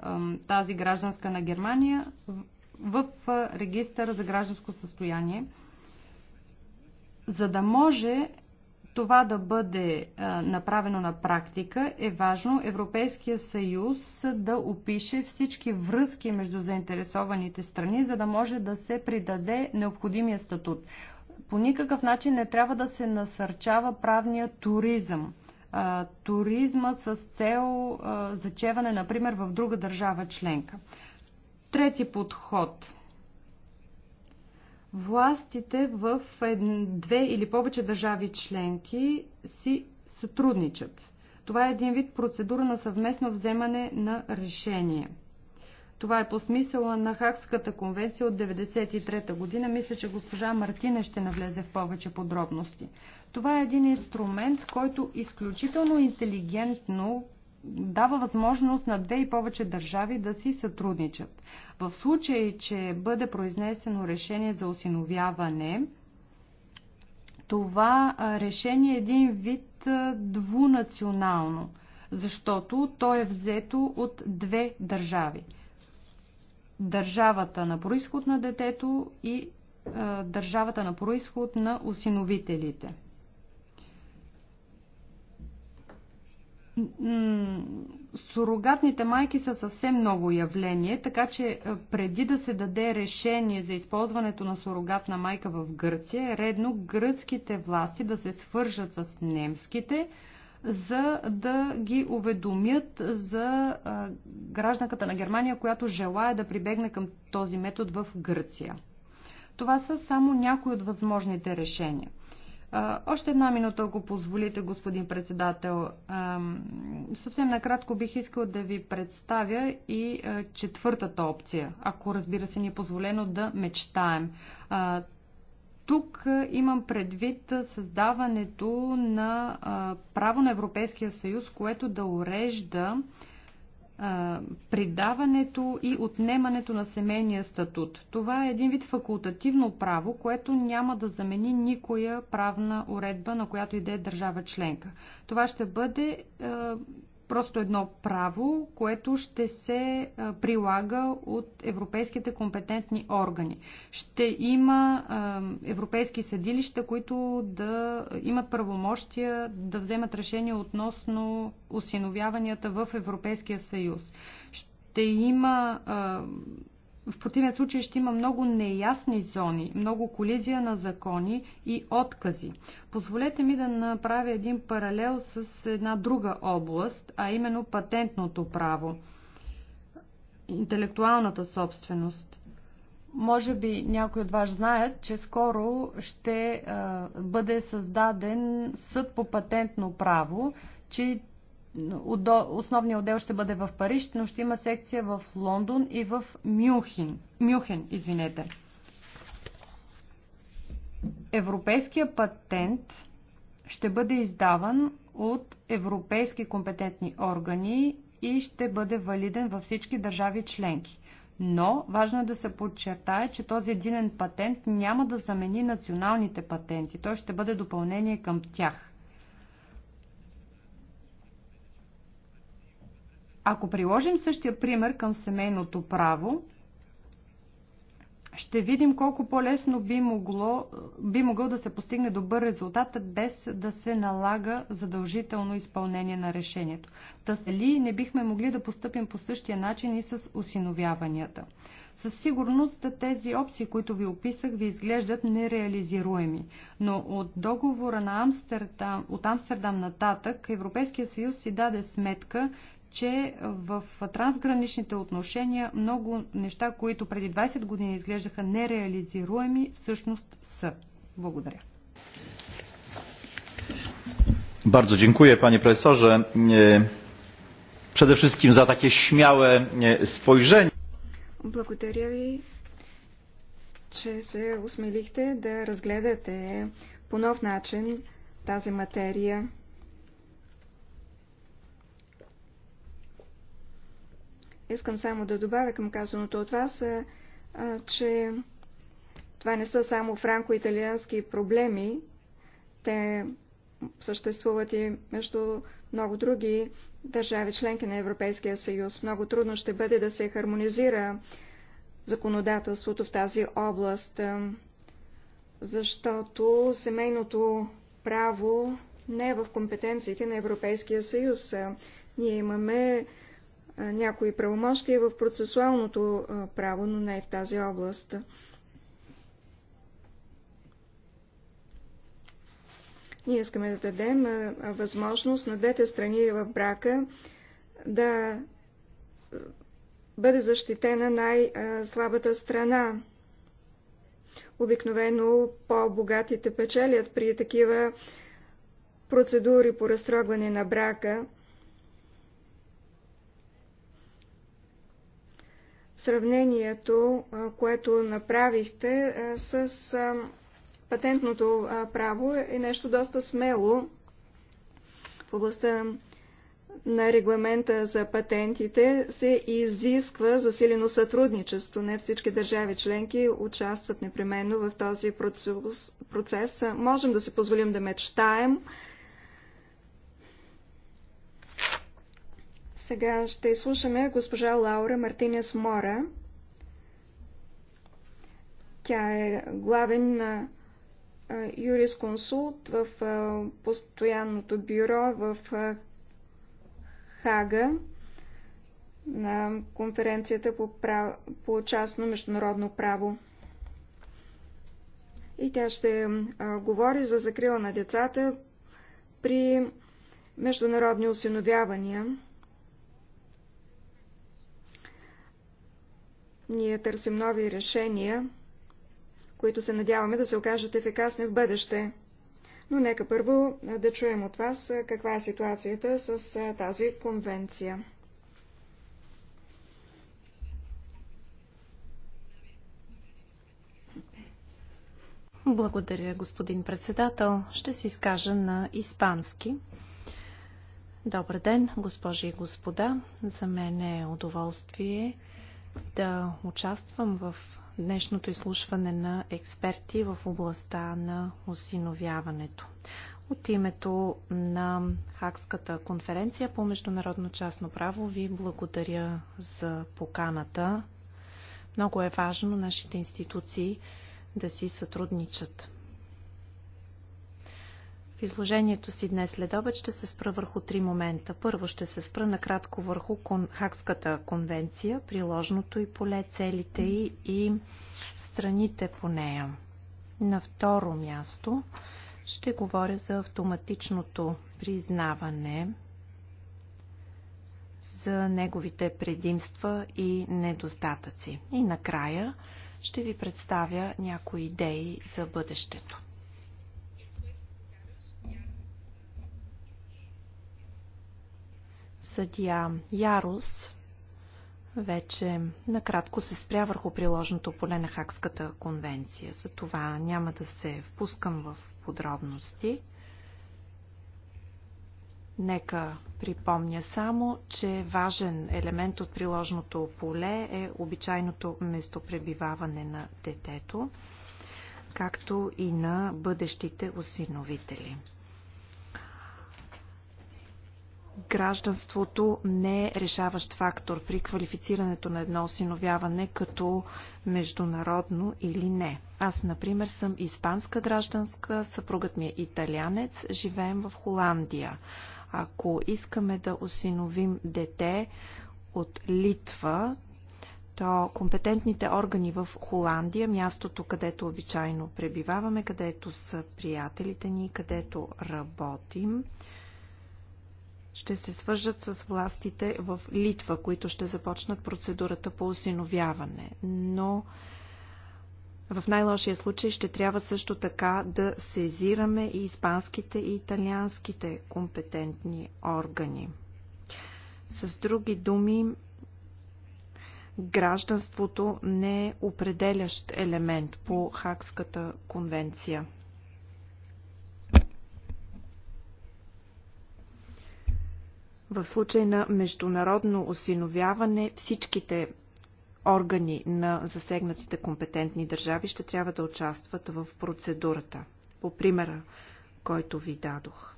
а, тази гражданска на Германия в, в регистъра за гражданско състояние, за да може това да бъде направено на практика, е важно Европейския съюз да опише всички връзки между заинтересованите страни, за да може да се придаде необходимия статут. По никакъв начин не трябва да се насърчава правния туризъм. Туризма с цел зачеване, например, в друга държава членка. Трети подход – Властите в две или повече държави членки си сътрудничат. Това е един вид процедура на съвместно вземане на решение. Това е по смисъла на Хакската конвенция от 1993 година. Мисля, че госпожа Мартина ще навлезе в повече подробности. Това е един инструмент, който изключително интелигентно дава възможност на две и повече държави да си сътрудничат. В случай, че бъде произнесено решение за осиновяване, това решение е един вид двунационално, защото то е взето от две държави. Държавата на происход на детето и държавата на происход на осиновителите. сурогатните майки са съвсем ново явление, така че е, преди да се даде решение за използването на сурогатна майка в Гърция, е редно гръцките власти да се свържат с немските, за да ги уведомят за е, гражданката на Германия, която желая да прибегне към този метод в Гърция. Това са само някои от възможните решения – още една минута, ако позволите, господин председател. Съвсем накратко бих искал да ви представя и четвъртата опция, ако разбира се ни е позволено да мечтаем. Тук имам предвид създаването на право на Европейския съюз, което да урежда придаването и отнемането на семейния статут. Това е един вид факултативно право, което няма да замени никоя правна уредба, на която иде държава членка. Това ще бъде просто едно право, което ще се прилага от европейските компетентни органи. Ще има европейски съдилища, които да имат правомощия да вземат решение относно осиновяванията в Европейския съюз. Ще има в противен случай ще има много неясни зони, много колизия на закони и откази. Позволете ми да направя един паралел с една друга област, а именно патентното право, интелектуалната собственост. Може би някои от вас знаят, че скоро ще а, бъде създаден съд по патентно право, че Основният отдел ще бъде в Париж, но ще има секция в Лондон и в Мюнхен. Мюхен, извинете. Европейския патент ще бъде издаван от европейски компетентни органи и ще бъде валиден във всички държави членки. Но важно е да се подчертае, че този единен патент няма да замени националните патенти. Той ще бъде допълнение към тях. Ако приложим същия пример към семейното право, ще видим колко по-лесно би, могло, би могъл да се постигне добър резултат, без да се налага задължително изпълнение на решението. Та се ли не бихме могли да поступим по същия начин и с осиновяванията? Със сигурност тези опции, които ви описах, ви изглеждат нереализируеми. Но от договора на Амстердам, от Амстердам нататък Европейския съюз си даде сметка, че в трансграничните отношения много неща, които преди 20 години изглеждаха нереализируеми, всъщност са. Благодаря. Bardzo dziękuję panie profesorze e, przede wszystkim za takie śmiałe e, spojrzenie. Благодаря ви, че се усмелихте да разгледате по нов начин тази материя. Искам само да добавя към казаното от вас, а, а, че това не са само франко-италиански проблеми. Те съществуват и между много други държави, членки на Европейския съюз. Много трудно ще бъде да се хармонизира законодателството в тази област, защото семейното право не е в компетенциите на Европейския съюз. Ние имаме някои правомощия в процесуалното право, но не и в тази област. Ние искаме да дадем възможност на двете страни в брака да бъде защитена най-слабата страна. Обикновено по-богатите печелят при такива процедури по разтрогване на брака, сравнението, което направихте с патентното право е нещо доста смело в областта на регламента за патентите се изисква засилено сътрудничество. Не всички държави членки участват непременно в този процес. Можем да си позволим да мечтаем, Сега ще изслушаме госпожа Лаура Мартинес Мора. Тя е главен юрисконсулт в постоянното бюро в Хага на конференцията по, прав... по частно международно право. И тя ще говори за закрила на децата при международни осиновявания. Ние търсим нови решения, които се надяваме да се окажат ефикасни в бъдеще. Но нека първо да чуем от вас каква е ситуацията с тази конвенция. Благодаря, господин председател. Ще се изкажа на испански. Добър ден, госпожи и господа. За мен е удоволствие да участвам в днешното изслушване на експерти в областта на осиновяването. От името на Хакската конференция по международно частно право ви благодаря за поканата. Много е важно нашите институции да си сътрудничат. В изложението си днес след обед ще се спра върху три момента. Първо ще се спра накратко върху кон... Хакската конвенция, приложното и поле, целите и, и страните по нея. На второ място ще говоря за автоматичното признаване, за неговите предимства и недостатъци. И накрая ще ви представя някои идеи за бъдещето. Съдия Ярус вече накратко се спря върху приложното поле на Хакската конвенция. За това няма да се впускам в подробности. Нека припомня само, че важен елемент от приложното поле е обичайното местопребиваване на детето, както и на бъдещите осиновители гражданството не е решаващ фактор при квалифицирането на едно осиновяване като международно или не. Аз, например, съм испанска гражданска, съпругът ми е италянец, живеем в Холандия. Ако искаме да осиновим дете от Литва, то компетентните органи в Холандия, мястото където обичайно пребиваваме, където са приятелите ни, където работим, ще се свържат с властите в Литва, които ще започнат процедурата по осиновяване. Но в най-лошия случай ще трябва също така да сезираме и испанските и италианските компетентни органи. С други думи, гражданството не е определящ елемент по Хакската конвенция. В случай на международно осиновяване всичките органи на засегнатите компетентни държави ще трябва да участват в процедурата. По примера, който ви дадох.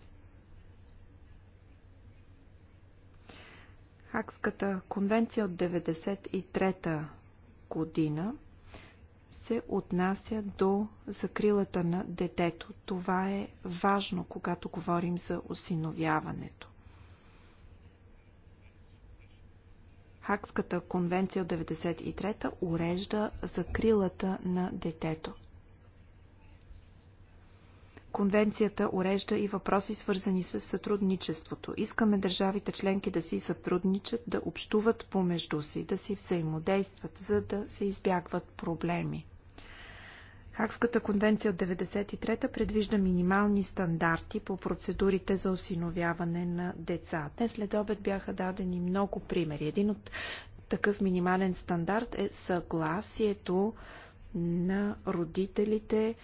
Хакската конвенция от 1993 година се отнася до закрилата на детето. Това е важно, когато говорим за осиновяването. Хакската конвенция от 1993 урежда закрилата на детето. Конвенцията урежда и въпроси, свързани с сътрудничеството. Искаме държавите членки да си сътрудничат, да общуват помежду си, да си взаимодействат, за да се избягват проблеми. Хакската конвенция от 1993 предвижда минимални стандарти по процедурите за осиновяване на деца. Днес след обед бяха дадени много примери. Един от такъв минимален стандарт е съгласието на родителите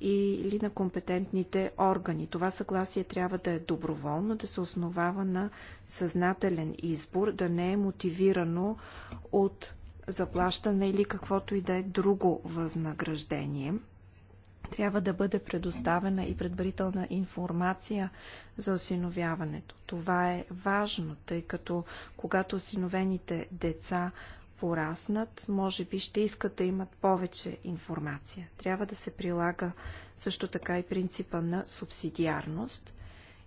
или на компетентните органи. Това съгласие трябва да е доброволно, да се основава на съзнателен избор, да не е мотивирано от заплащане или каквото и да е друго възнаграждение. Трябва да бъде предоставена и предварителна информация за осиновяването. Това е важно, тъй като когато осиновените деца пораснат, може би ще искат да имат повече информация. Трябва да се прилага също така и принципа на субсидиарност.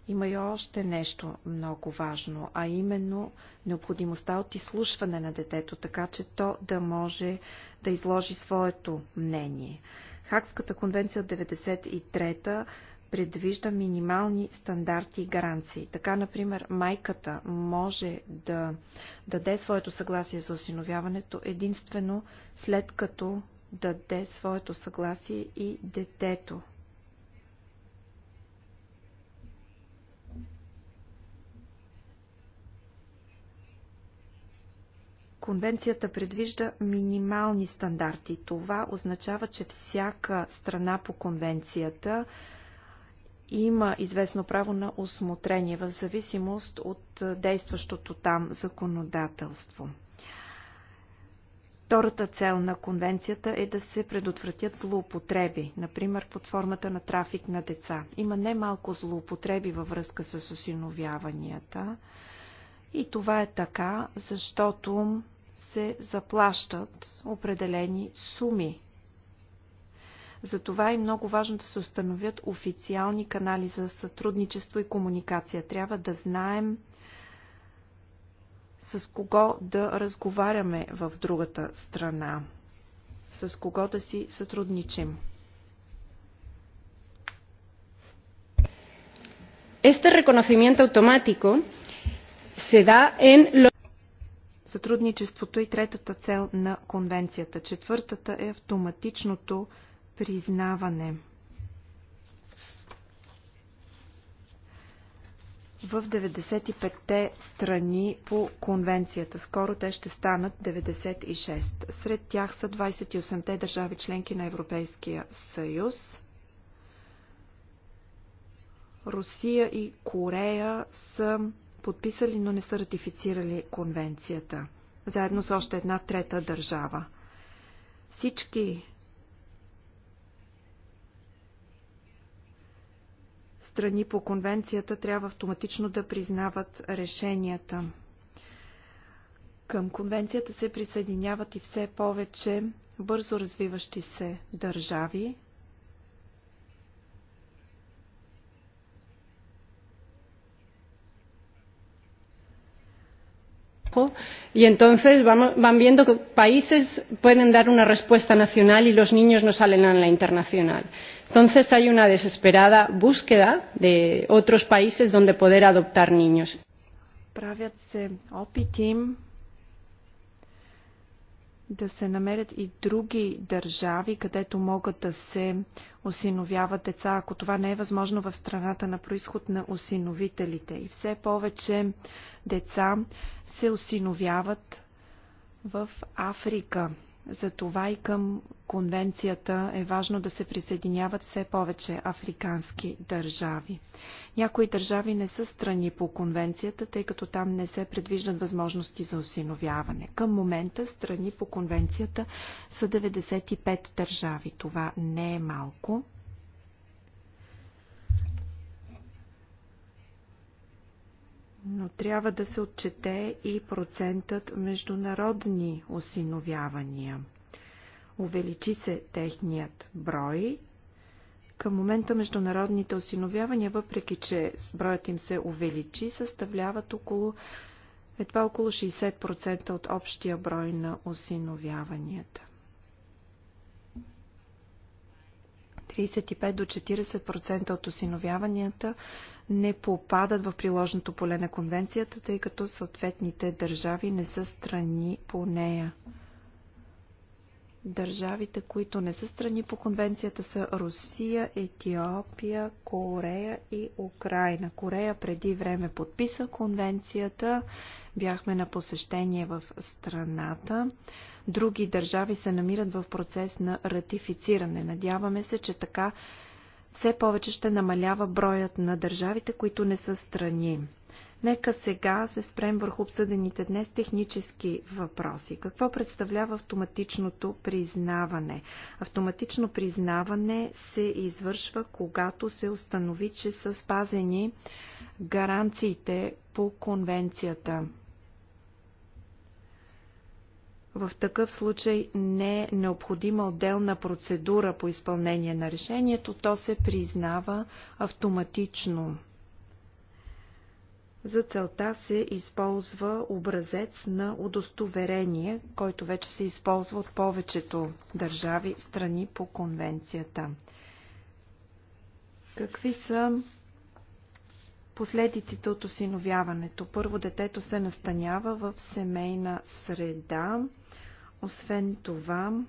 Има и още нещо много важно, а именно необходимостта от изслушване на детето, така че то да може да изложи своето мнение. Хакската конвенция от 93-та предвижда минимални стандарти и гаранции. Така, например, майката може да даде своето съгласие за осиновяването единствено след като даде своето съгласие и детето. Конвенцията предвижда минимални стандарти. Това означава, че всяка страна по конвенцията има известно право на осмотрение в зависимост от е, действащото там законодателство. Втората цел на конвенцията е да се предотвратят злоупотреби, например под формата на трафик на деца. Има немалко злоупотреби във връзка с осиновяванията. И това е така, защото се заплащат определени суми. Затова е много важно да се установят официални канали за сътрудничество и комуникация. Трябва да знаем с кого да разговаряме в другата страна, с кого да си сътрудничим. Este reconocimiento automático se da en Сътрудничеството и третата цел на конвенцията. Четвъртата е автоматичното признаване. в 95-те страни по конвенцията. Скоро те ще станат 96. Сред тях са 28-те държави членки на Европейския съюз. Русия и Корея са подписали, но не са ратифицирали конвенцията, заедно с още една трета държава. Всички страни по конвенцията трябва автоматично да признават решенията. Към конвенцията се присъединяват и все повече бързо развиващи се държави. y entonces van viendo que países pueden dar una respuesta nacional y los niños no salen a la internacional. entonces hay una desesperada búsqueda de otros países donde poder adoptar niños да се намерят и други държави, където могат да се осиновяват деца, ако това не е възможно в страната на происход на осиновителите. И все повече деца се осиновяват в Африка. За това и към конвенцията е важно да се присъединяват все повече африкански държави. Някои държави не са страни по конвенцията, тъй като там не се предвиждат възможности за осиновяване. Към момента страни по конвенцията са 95 държави. Това не е малко. но трябва да се отчете и процентът международни осиновявания. Увеличи се техният брой. Към момента международните осиновявания, въпреки че броят им се увеличи, съставляват около едва около 60% от общия брой на осиновяванията. 35 до 40% от осиновяванията не попадат в приложното поле на конвенцията, тъй като съответните държави не са страни по нея. Държавите, които не са страни по конвенцията са Русия, Етиопия, Корея и Украина. Корея преди време подписа конвенцията. Бяхме на посещение в страната. Други държави се намират в процес на ратифициране. Надяваме се, че така все повече ще намалява броят на държавите, които не са страни. Нека сега се спрем върху обсъдените днес технически въпроси. Какво представлява автоматичното признаване? Автоматично признаване се извършва, когато се установи, че са спазени гаранциите по конвенцията в такъв случай не е необходима отделна процедура по изпълнение на решението, то се признава автоматично. За целта се използва образец на удостоверение, който вече се използва от повечето държави страни по конвенцията. Какви са последиците от осиновяването? Първо детето се настанява в семейна среда. Освен това,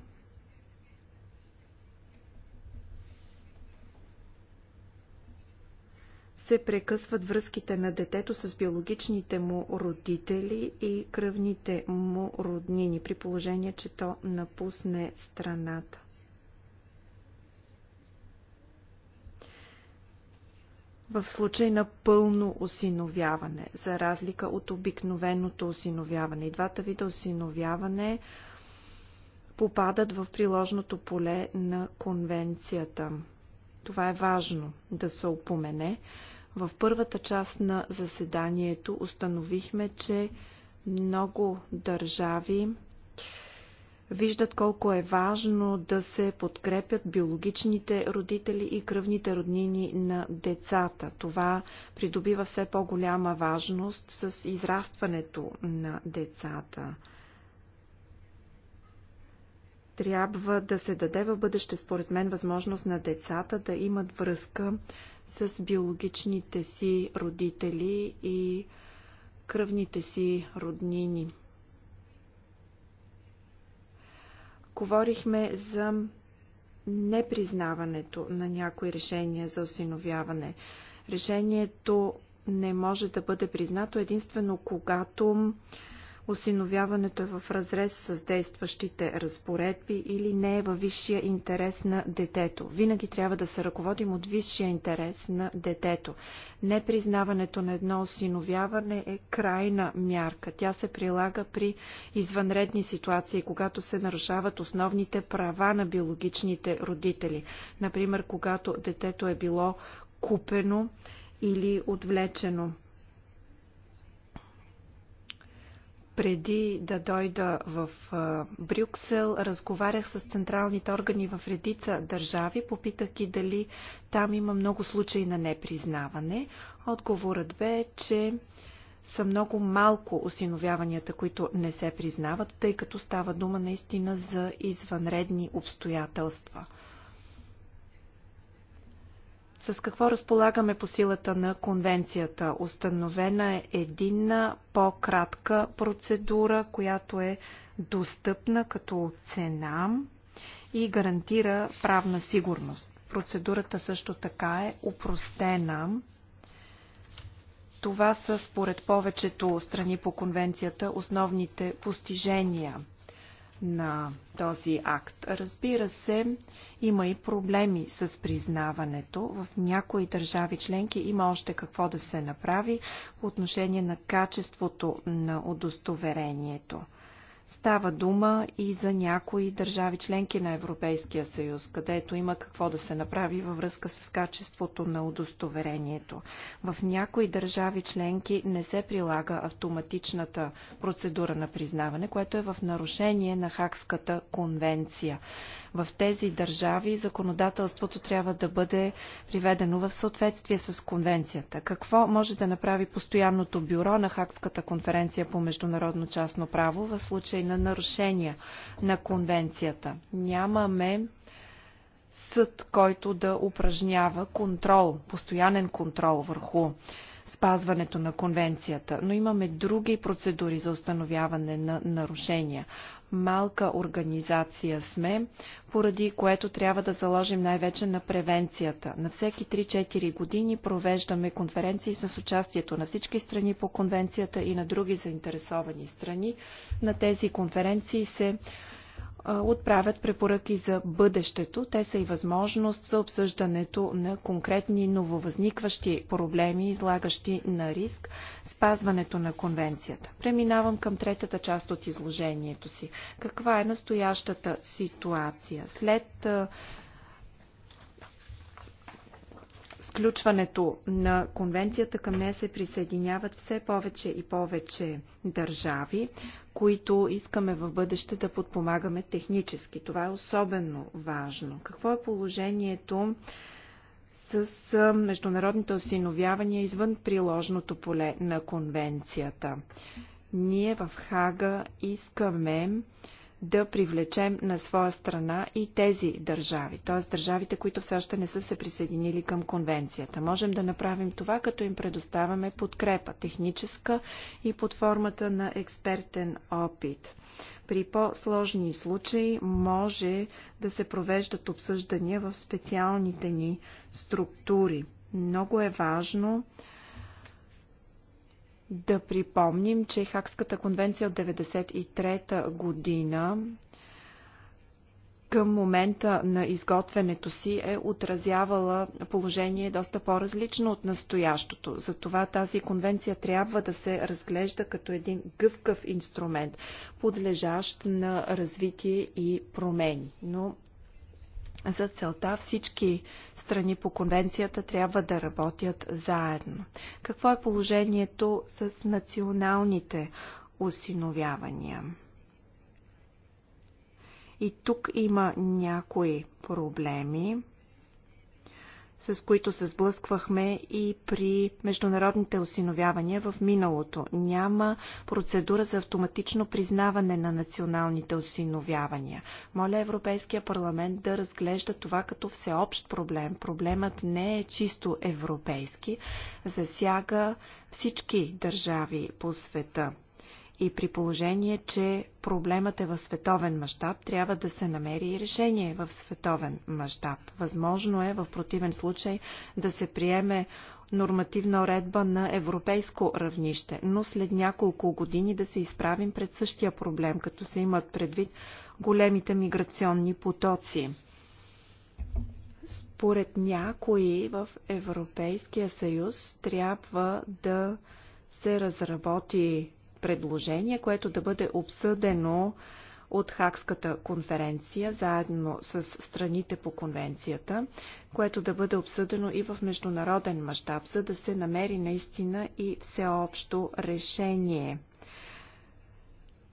се прекъсват връзките на детето с биологичните му родители и кръвните му роднини, при положение, че то напусне страната. в случай на пълно осиновяване, за разлика от обикновеното осиновяване. И двата вида осиновяване попадат в приложното поле на конвенцията. Това е важно да се упомене. В първата част на заседанието установихме, че много държави виждат колко е важно да се подкрепят биологичните родители и кръвните роднини на децата. Това придобива все по-голяма важност с израстването на децата трябва да се даде в бъдеще, според мен, възможност на децата да имат връзка с биологичните си родители и кръвните си роднини. Говорихме за непризнаването на някои решения за осиновяване. Решението не може да бъде признато единствено когато осиновяването е в разрез с действащите разпоредби или не е във висшия интерес на детето. Винаги трябва да се ръководим от висшия интерес на детето. Непризнаването на едно осиновяване е крайна мярка. Тя се прилага при извънредни ситуации, когато се нарушават основните права на биологичните родители. Например, когато детето е било купено или отвлечено. Преди да дойда в Брюксел, разговарях с централните органи в редица държави. Попитах и дали там има много случаи на непризнаване. Отговорът бе, че са много малко осиновяванията, които не се признават, тъй като става дума наистина за извънредни обстоятелства – с какво разполагаме по силата на конвенцията? Установена е единна по-кратка процедура, която е достъпна като цена и гарантира правна сигурност. Процедурата също така е упростена. Това са според повечето страни по конвенцията основните постижения – на този акт. Разбира се, има и проблеми с признаването. В някои държави членки има още какво да се направи по отношение на качеството на удостоверението. Става дума и за някои държави членки на Европейския съюз, където има какво да се направи във връзка с качеството на удостоверението. В някои държави членки не се прилага автоматичната процедура на признаване, което е в нарушение на Хакската конвенция. В тези държави законодателството трябва да бъде приведено в съответствие с конвенцията. Какво може да направи постоянното бюро на Хакската конференция по международно частно право в случай случай на нарушения на конвенцията. Нямаме съд, който да упражнява контрол, постоянен контрол върху спазването на конвенцията, но имаме други процедури за установяване на нарушения. Малка организация сме, поради което трябва да заложим най-вече на превенцията. На всеки 3-4 години провеждаме конференции с участието на всички страни по конвенцията и на други заинтересовани страни. На тези конференции се отправят препоръки за бъдещето. Те са и възможност за обсъждането на конкретни нововъзникващи проблеми, излагащи на риск спазването на конвенцията. Преминавам към третата част от изложението си. Каква е настоящата ситуация? След сключването на конвенцията към нея се присъединяват все повече и повече държави, които искаме в бъдеще да подпомагаме технически. Това е особено важно. Какво е положението с международните осиновявания извън приложното поле на конвенцията? Ние в Хага искаме да привлечем на своя страна и тези държави, т.е. държавите, които все още не са се присъединили към конвенцията. Можем да направим това, като им предоставяме подкрепа, техническа и под формата на експертен опит. При по-сложни случаи може да се провеждат обсъждания в специалните ни структури. Много е важно да припомним, че Хакската конвенция от 1993 година към момента на изготвянето си е отразявала положение доста по-различно от настоящото. Затова тази конвенция трябва да се разглежда като един гъвкав инструмент, подлежащ на развитие и промени. Но за целта всички страни по конвенцията трябва да работят заедно. Какво е положението с националните осиновявания? И тук има някои проблеми с които се сблъсквахме и при международните осиновявания в миналото. Няма процедура за автоматично признаване на националните осиновявания. Моля Европейския парламент да разглежда това като всеобщ проблем. Проблемът не е чисто европейски, засяга всички държави по света. И при положение, че проблемът е в световен мащаб, трябва да се намери и решение в световен мащаб. Възможно е в противен случай да се приеме нормативна редба на европейско равнище, но след няколко години да се изправим пред същия проблем, като се имат предвид големите миграционни потоци. Според някои в Европейския съюз трябва да се разработи предложение, което да бъде обсъдено от Хакската конференция, заедно с страните по конвенцията, което да бъде обсъдено и в международен мащаб, за да се намери наистина и всеобщо решение –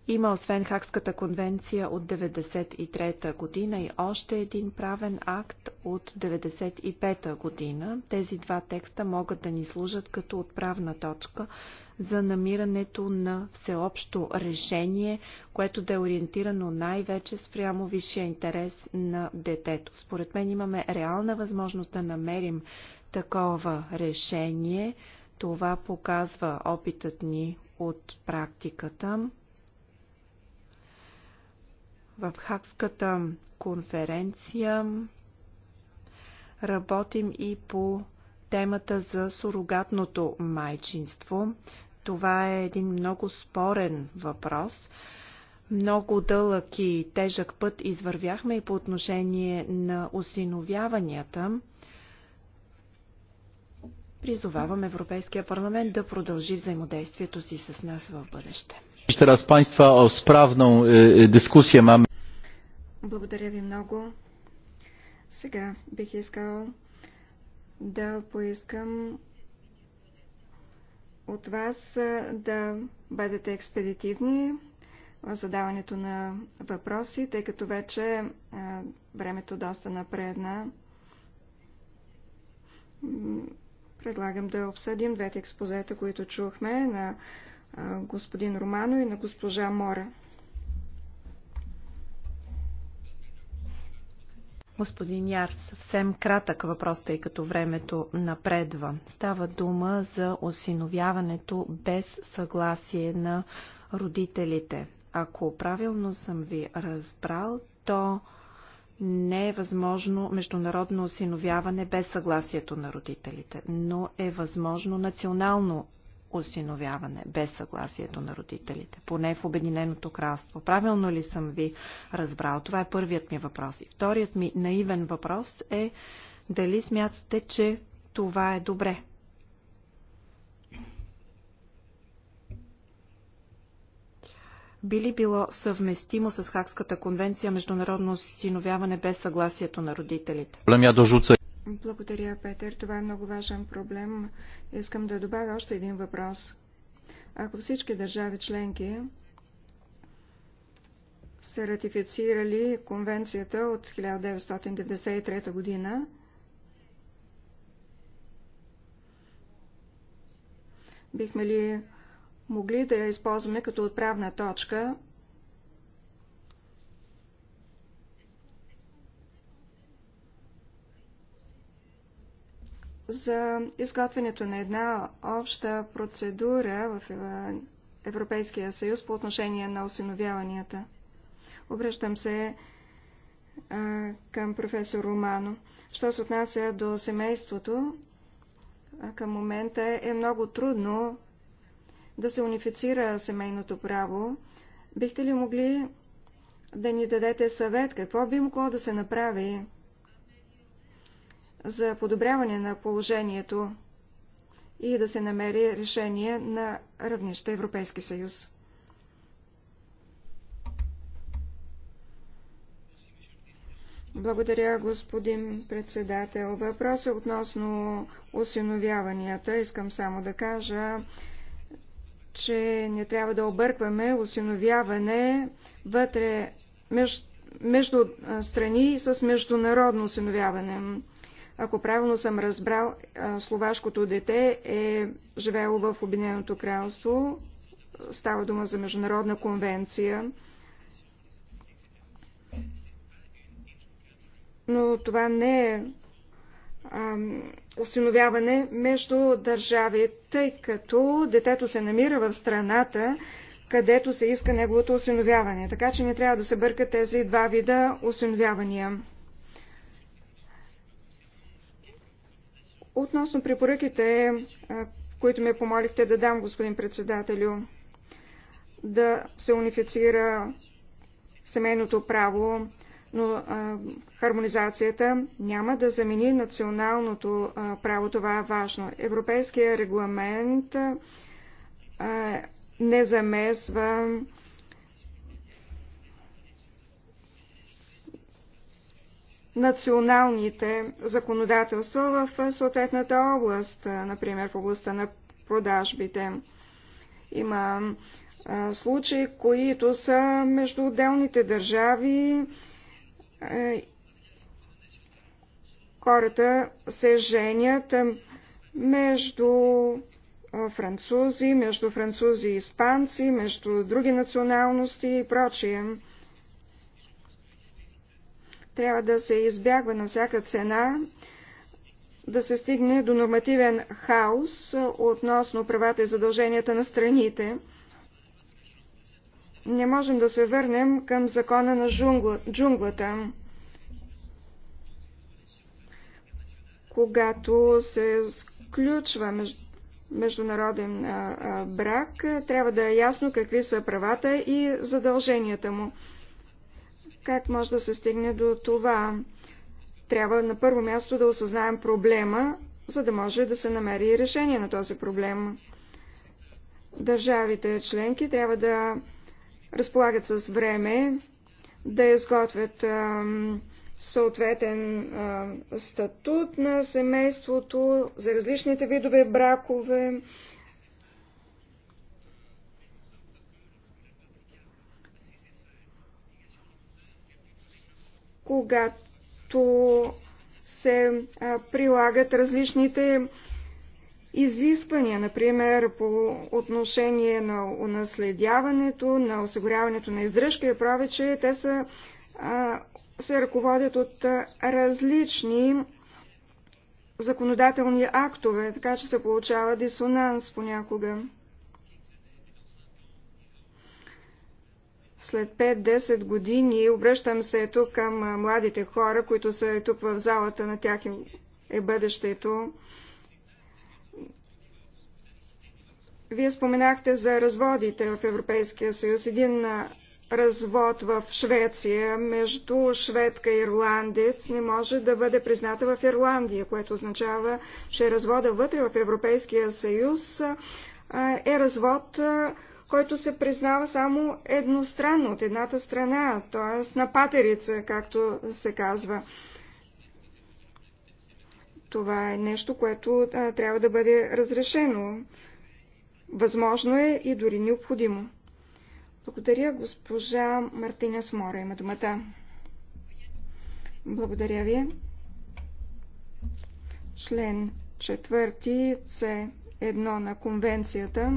има освен Хакската конвенция от 1993 година и още един правен акт от 1995 година. Тези два текста могат да ни служат като отправна точка за намирането на всеобщо решение, което да е ориентирано най-вече спрямо висшия интерес на детето. Според мен имаме реална възможност да намерим такова решение. Това показва опитът ни от практиката в Хакската конференция работим и по темата за сурогатното майчинство. Това е един много спорен въпрос. Много дълъг и тежък път извървяхме и по отношение на осиновяванията. Призовавам Европейския парламент да продължи взаимодействието си с нас в бъдеще. Ще Państwa o справна дискусия mamy. Благодаря ви много. Сега бих искал да поискам от вас да бъдете експедитивни в задаването на въпроси, тъй като вече времето доста напредна. Предлагам да обсъдим двете експозета, които чухме на господин Романо и на госпожа Мора. Господин Яр, съвсем кратък въпрос, тъй като времето напредва. Става дума за осиновяването без съгласие на родителите. Ако правилно съм ви разбрал, то не е възможно международно осиновяване без съгласието на родителите, но е възможно национално осиновяване без съгласието на родителите, поне в Обединеното кралство. Правилно ли съм ви разбрал? Това е първият ми въпрос. И вторият ми наивен въпрос е дали смятате, че това е добре? би ли било съвместимо с Хакската конвенция международно осиновяване без съгласието на родителите? Благодаря, Петър. Това е много важен проблем. Искам да добавя още един въпрос. Ако всички държави членки са ратифицирали конвенцията от 1993 година, бихме ли могли да я използваме като отправна точка за изготвянето на една обща процедура в е, Европейския съюз по отношение на осиновяванията. Обръщам се е, към професор Романо. Що се отнася до семейството, е, към момента е много трудно да се унифицира семейното право. Бихте ли могли да ни дадете съвет какво би могло да се направи за подобряване на положението и да се намери решение на равнище Европейски съюз. Благодаря, господин председател. въпроса относно осиновяванията. Искам само да кажа, че не трябва да объркваме осиновяване вътре между, между страни с международно осиновяване. Ако правилно съм разбрал, словашкото дете е живело в Обединеното кралство. Става дума за международна конвенция. Но това не е осиновяване между държави, тъй като детето се намира в страната, където се иска неговото осиновяване. Така че не трябва да се бъркат тези два вида осиновявания. Относно препоръките, е, които ме помолихте да дам, господин председателю, да се унифицира семейното право, но а, хармонизацията няма да замени националното а, право. Това е важно. Европейския регламент а, не замесва националните законодателства в съответната област, например в областта на продажбите. Има случаи, които са между отделните държави. хората се женят между французи, между французи и испанци, между други националности и прочие трябва да се избягва на всяка цена да се стигне до нормативен хаос относно правата и задълженията на страните. Не можем да се върнем към закона на джунгла, джунглата. Когато се сключва международен брак, трябва да е ясно какви са правата и задълженията му. Как може да се стигне до това? Трябва на първо място да осъзнаем проблема, за да може да се намери решение на този проблем. Държавите членки трябва да разполагат с време, да изготвят съответен а, статут на семейството, за различните видове бракове, когато се прилагат различните изисквания, например по отношение на унаследяването, на осигуряването на издръжка и прочее, те са, се ръководят от различни законодателни актове, така че се получава дисонанс понякога. След 5-10 години обръщам се тук към младите хора, които са тук в залата, на тях е бъдещето. Вие споменахте за разводите в Европейския съюз. Един развод в Швеция между шведка и ирландец не може да бъде призната в Ирландия, което означава, че развода вътре в Европейския съюз е развод който се признава само едностранно от едната страна, т.е. на патерица, както се казва. Това е нещо, което а, трябва да бъде разрешено. Възможно е и дори необходимо. Благодаря, госпожа Мартиня Смора. Има думата. Благодаря ви. Член четвърти С1 на конвенцията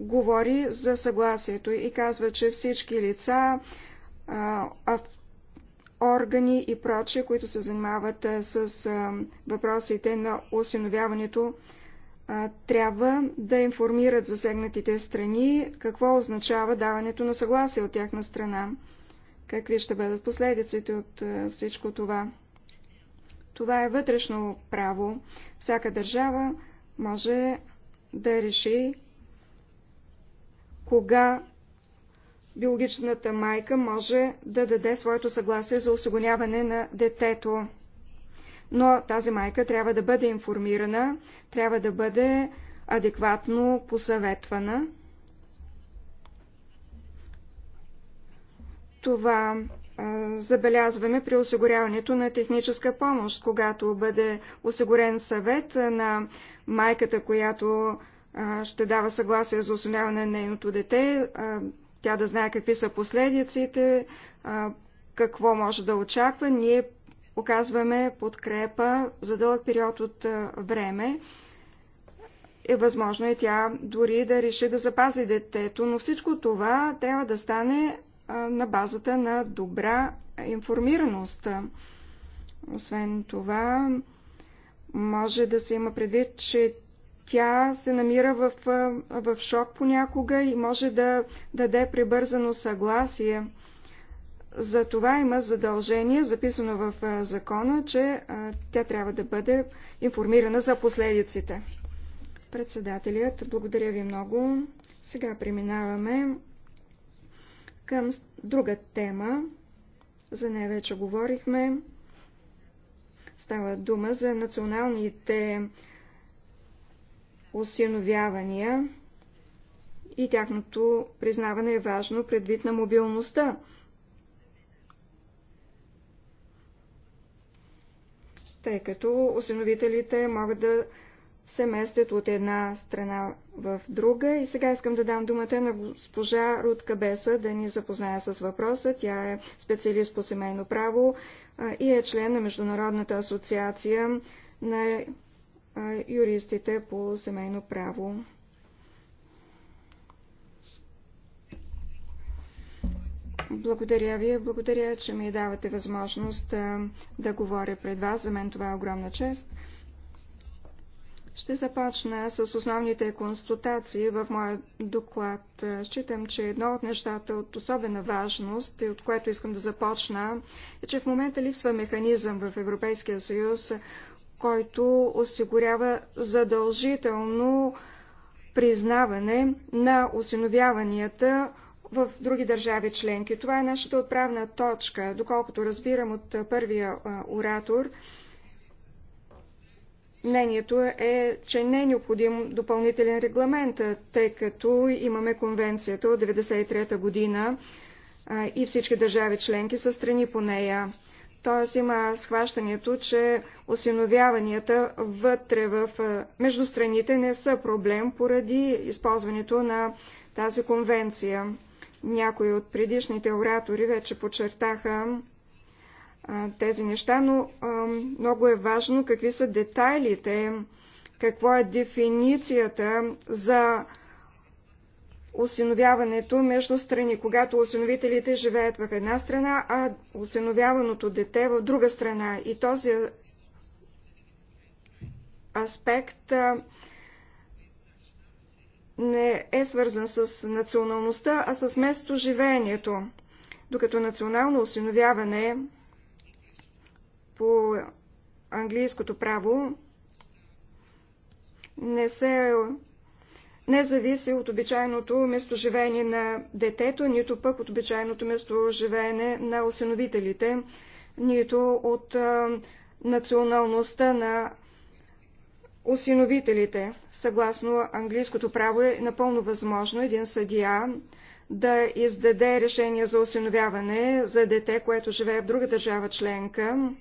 говори за съгласието и казва, че всички лица, органи и прочие, които се занимават с въпросите на осиновяването, трябва да информират засегнатите страни какво означава даването на съгласие от тяхна страна. Какви ще бъдат последиците от всичко това? Това е вътрешно право. Всяка държава може да реши кога биологичната майка може да даде своето съгласие за осигуряване на детето. Но тази майка трябва да бъде информирана, трябва да бъде адекватно посъветвана. Това е, забелязваме при осигуряването на техническа помощ, когато бъде осигурен съвет на майката, която ще дава съгласие за осъняване на нейното дете, тя да знае какви са последиците, какво може да очаква. Ние оказваме подкрепа за дълъг период от време. Е възможно и е тя дори да реши да запази детето, но всичко това трябва да стане на базата на добра информираност. Освен това, може да се има предвид, че тя се намира в, в шок понякога и може да даде прибързано съгласие. За това има задължение, записано в закона, че тя трябва да бъде информирана за последиците. Председателят, благодаря ви много. Сега преминаваме към друга тема. За нея вече говорихме. Става дума за националните осиновявания и тяхното признаване е важно предвид на мобилността. Тъй като осиновителите могат да се местят от една страна в друга. И сега искам да дам думата на госпожа Рут Кабеса да ни запознае с въпроса. Тя е специалист по семейно право и е член на Международната асоциация на юристите по семейно право. Благодаря ви. Благодаря, че ми давате възможност да говоря пред вас. За мен това е огромна чест. Ще започна с основните констатации в моя доклад. Считам, че едно от нещата от особена важност и от което искам да започна е, че в момента липсва механизъм в Европейския съюз, който осигурява задължително признаване на осиновяванията в други държави членки. Това е нашата отправна точка, доколкото разбирам от първия оратор. Мнението е, че не е необходим допълнителен регламент, тъй като имаме конвенцията от 1993 година и всички държави членки са страни по нея т.е. има схващането, че осиновяванията вътре в, между страните не са проблем поради използването на тази конвенция. Някои от предишните оратори вече подчертаха тези неща, но много е важно какви са детайлите, какво е дефиницията за осиновяването между страни, когато осиновителите живеят в една страна, а осиновяваното дете в друга страна. И този аспект не е свързан с националността, а с живеението. Докато национално осиновяване по английското право не се не зависи от обичайното местоживеене на детето, нито пък от обичайното местоживеене на осиновителите, нито от а, националността на осиновителите. Съгласно английското право е напълно възможно един съдия да издаде решение за осиновяване за дете, което живее в друга държава членка,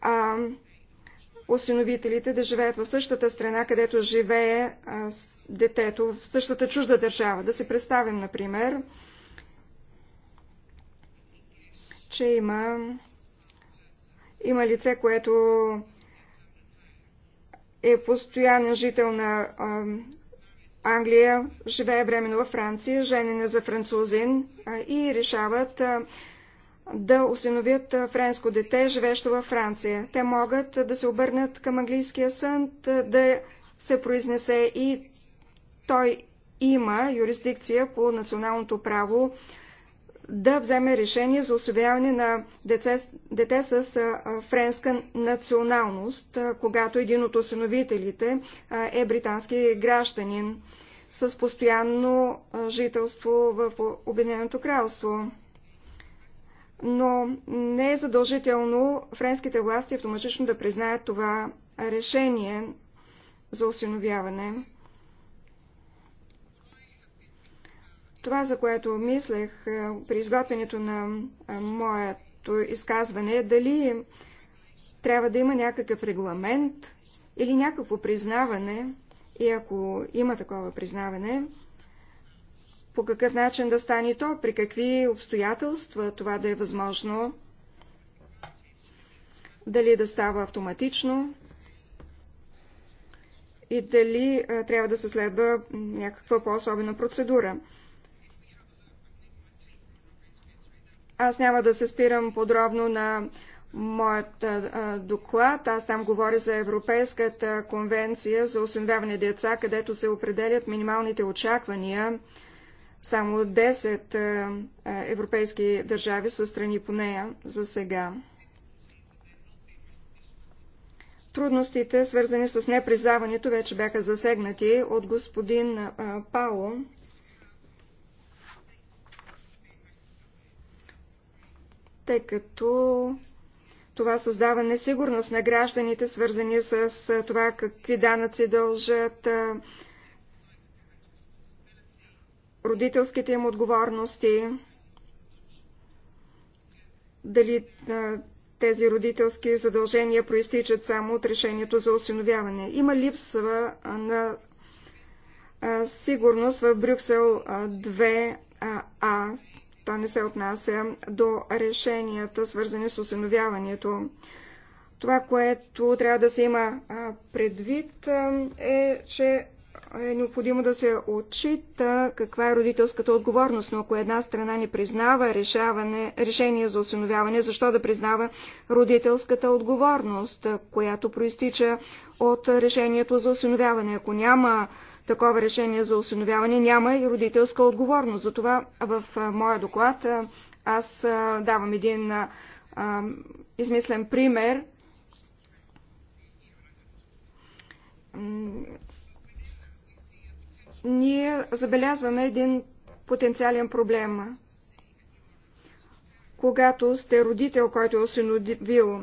а осиновителите да живеят в същата страна, където живее а, детето, в същата чужда държава. Да се представим, например, че има, има лице, което е постоянен жител на а, Англия, живее временно във Франция, женен е за французин а, и решават а, да осиновят френско дете, живещо във Франция. Те могат да се обърнат към английския съд, да се произнесе и той има юрисдикция по националното право да вземе решение за освояване на дете, дете с френска националност, когато един от осиновителите е британски гражданин с постоянно жителство в Обединеното кралство но не е задължително френските власти автоматично да признаят това решение за осиновяване. Това, за което мислех е, при изготвянето на е, моето изказване, е дали трябва да има някакъв регламент или някакво признаване, и ако има такова признаване, по какъв начин да стане то, при какви обстоятелства това да е възможно, дали да става автоматично и дали а, трябва да се следва някаква по-особена процедура. Аз няма да се спирам подробно на моят а, доклад. Аз там говоря за Европейската конвенция за осъмвяване деца, където се определят минималните очаквания само 10 е, е, европейски държави са страни по нея за сега. Трудностите, свързани с непризнаването, вече бяха засегнати от господин е, Пауло. Тъй като това създава несигурност на гражданите, свързани с това какви данъци дължат, родителските им отговорности, дали тези родителски задължения проистичат само от решението за осиновяване. Има липсва на сигурност в Брюксел 2А. То не се отнася до решенията, свързани с осиновяването. Това, което трябва да се има предвид е, че е необходимо да се отчита каква е родителската отговорност, но ако една страна не признава решаване, решение за осиновяване, защо да признава родителската отговорност, която проистича от решението за осиновяване? Ако няма такова решение за осиновяване, няма и родителска отговорност. Затова в моя доклад аз давам един измислен пример – ние забелязваме един потенциален проблем. Когато сте родител, който е осиновил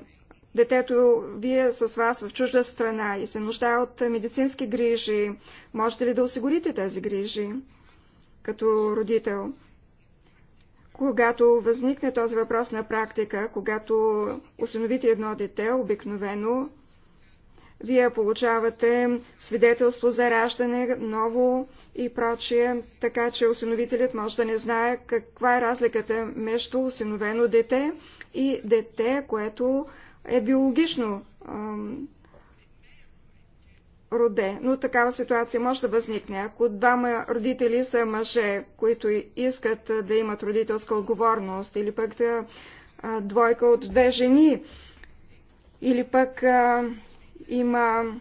детето вие е с вас в чужда страна и се нуждае от медицински грижи, можете ли да осигурите тези грижи като родител? Когато възникне този въпрос на практика, когато осиновите едно дете, обикновено вие получавате свидетелство за раждане, ново и прочие, така че осиновителят може да не знае каква е разликата между осиновено дете и дете, което е биологично ам, роде. Но такава ситуация може да възникне. Ако двама родители са мъже, които искат да имат родителска отговорност, или пък да, а, двойка от две жени, или пък а, има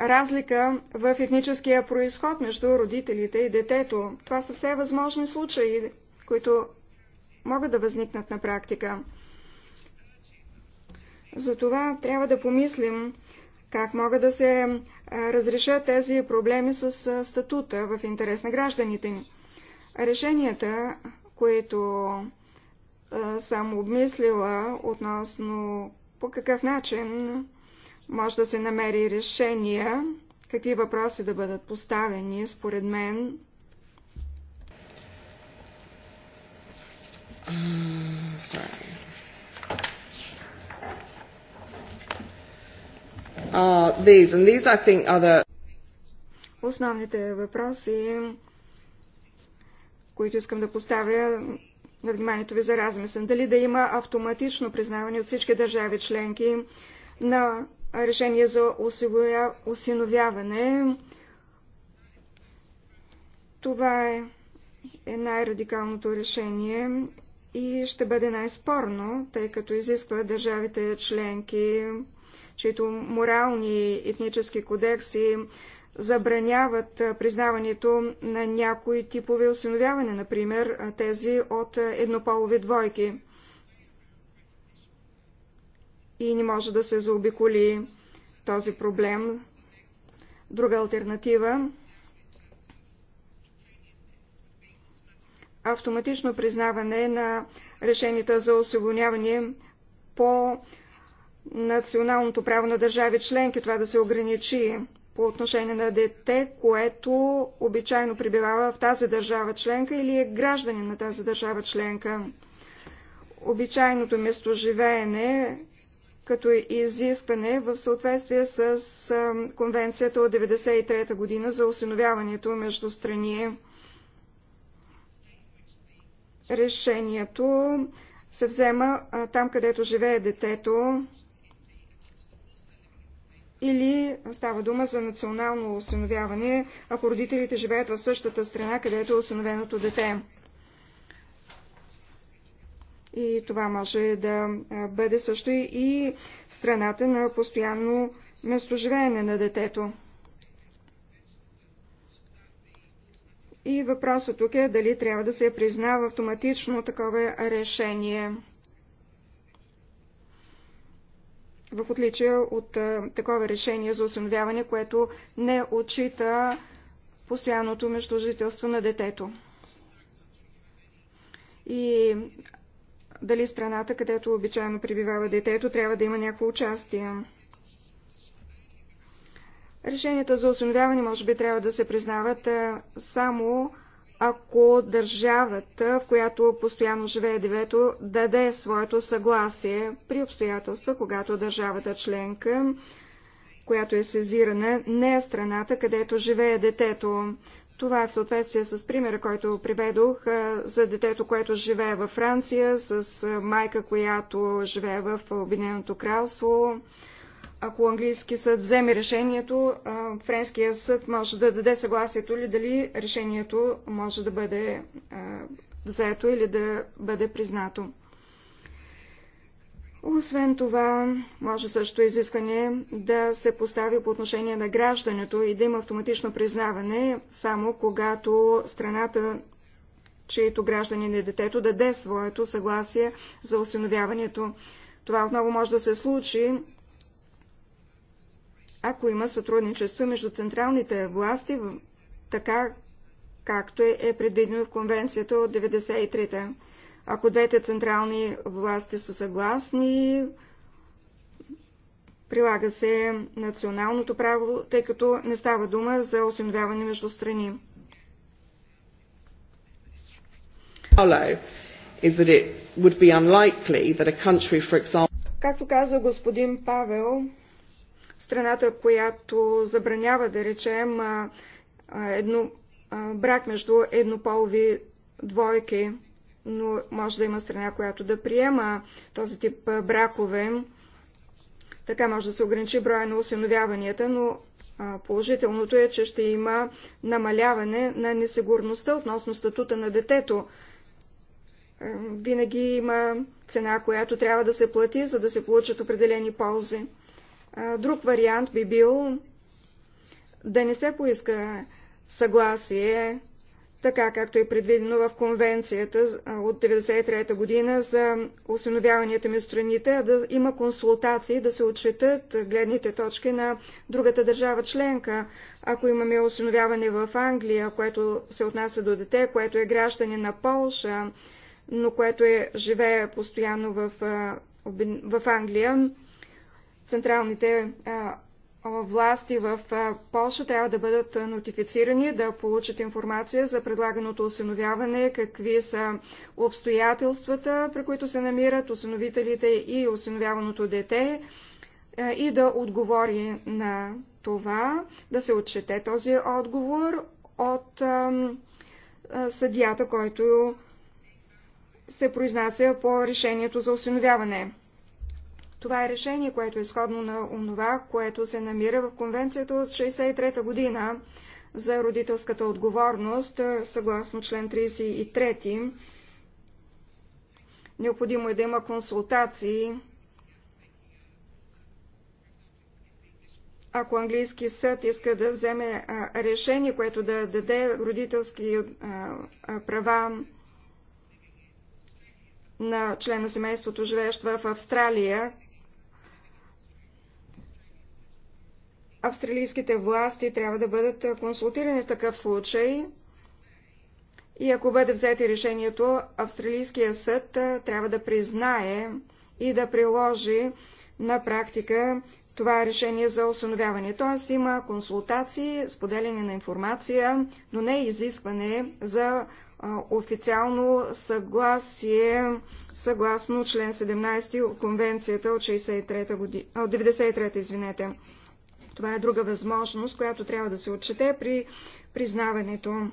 разлика в етническия происход между родителите и детето. Това са все възможни случаи, които могат да възникнат на практика. Затова трябва да помислим как могат да се разрешат тези проблеми с статута в интерес на гражданите ни. Решенията, които съм обмислила относно по какъв начин може да се намери решение, какви въпроси да бъдат поставени, според мен. Uh, these, and these I think are the... Основните въпроси, които искам да поставя, на вниманието ви за размисъл. Дали да има автоматично признаване от всички държави членки на решение за осигуря... осиновяване. Това е, е най-радикалното решение и ще бъде най-спорно, тъй като изисква държавите членки, чието морални и етнически кодекси забраняват признаването на някои типове осиновяване, например тези от еднополови двойки. И не може да се заобиколи този проблем. Друга альтернатива автоматично признаване на решенията за осигуряване по националното право на държави членки, това да се ограничи по отношение на дете, което обичайно прибивава в тази държава членка или е гражданин на тази държава членка. Обичайното местоживеене като изискване в съответствие с Конвенцията от 1993 година за осиновяването между страни. Решението се взема там, където живее детето, или става дума за национално осиновяване, ако родителите живеят в същата страна, където е осиновеното дете. И това може да бъде също и страната на постоянно местоживеене на детето. И въпросът тук е дали трябва да се признава автоматично такова решение. в отличие от такова решение за осъновяване, което не отчита постоянното междужителство на детето. И дали страната, където обичайно прибивава детето, трябва да има някакво участие. Решенията за осъновяване може би трябва да се признават само ако държавата, в която постоянно живее девето, даде своето съгласие при обстоятелства, когато държавата членка, която е сезирана, не е страната, където живее детето. Това е в съответствие с примера, който приведох за детето, което живее във Франция, с майка, която живее в Обединеното кралство, ако английски съд вземе решението, френския съд може да даде съгласието ли дали решението може да бъде взето или да бъде признато. Освен това, може също изискване да се постави по отношение на граждането и да има автоматично признаване, само когато страната, чието гражданин е детето, даде своето съгласие за осиновяването. Това отново може да се случи ако има сътрудничество между централните власти, така както е, е предвидено в конвенцията от 93-та. Ако двете централни власти са съгласни, прилага се националното право, тъй като не става дума за осиновяване между страни. Както каза господин Павел, страната, която забранява, да речем, едно, брак между еднополови двойки, но може да има страна, която да приема този тип бракове. Така може да се ограничи броя на осиновяванията, но положителното е, че ще има намаляване на несигурността относно статута на детето. Винаги има цена, която трябва да се плати, за да се получат определени ползи. Друг вариант би бил да не се поиска съгласие, така както е предвидено в конвенцията от 1993 година за осиновяванията ми страните, да има консултации, да се отчитат гледните точки на другата държава членка. Ако имаме осиновяване в Англия, което се отнася до дете, което е граждане на Полша, но което е, живее постоянно в, в Англия, централните власти в Польша трябва да бъдат нотифицирани, да получат информация за предлаганото осиновяване, какви са обстоятелствата, при които се намират осиновителите и осиновяваното дете и да отговори на това, да се отчете този отговор от съдията, който се произнася по решението за осиновяване. Това е решение, което е изходно на онова, което се намира в конвенцията от 1963 година за родителската отговорност, съгласно член 33. Необходимо е да има консултации. Ако английски съд иска да вземе решение, което да даде родителски права на член на семейството, живеещ в Австралия, австралийските власти трябва да бъдат консултирани в такъв случай. И ако бъде взети решението, австралийския съд трябва да признае и да приложи на практика това е решение за осъновяване. Т.е. има консултации, споделяне на информация, но не изискване за официално съгласие съгласно член 17 от конвенцията от 93 година, 93 извинете. Това е друга възможност, която трябва да се отчете при признаването.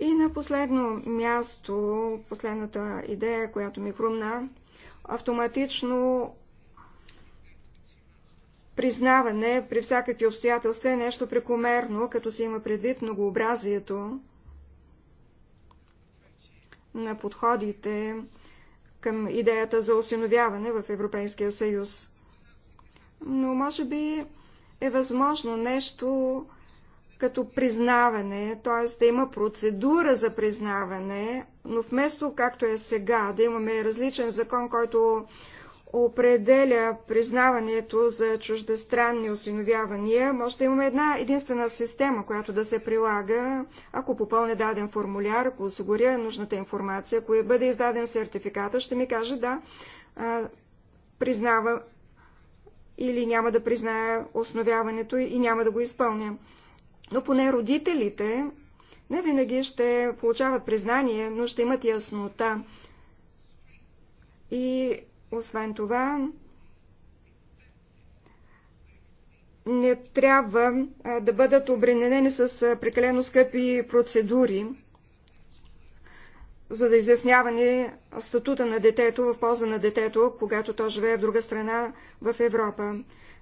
И на последно място, последната идея, която ми хрумна, автоматично признаване при всякакви обстоятелства е нещо прекомерно, като се има предвид многообразието на подходите към идеята за осиновяване в Европейския съюз. Но може би е възможно нещо като признаване, т.е. да има процедура за признаване, но вместо както е сега, да имаме различен закон, който определя признаването за чуждестранни осиновявания, може да имаме една единствена система, която да се прилага, ако попълне даден формуляр, ако осигуря нужната информация, ако бъде издаден сертификата, ще ми каже да, признава, или няма да призная основяването и няма да го изпълня. Но поне родителите не винаги ще получават признание, но ще имат яснота. И освен това, не трябва да бъдат обременени с прекалено скъпи процедури за да изясняване статута на детето в полза на детето, когато то живее в друга страна в Европа.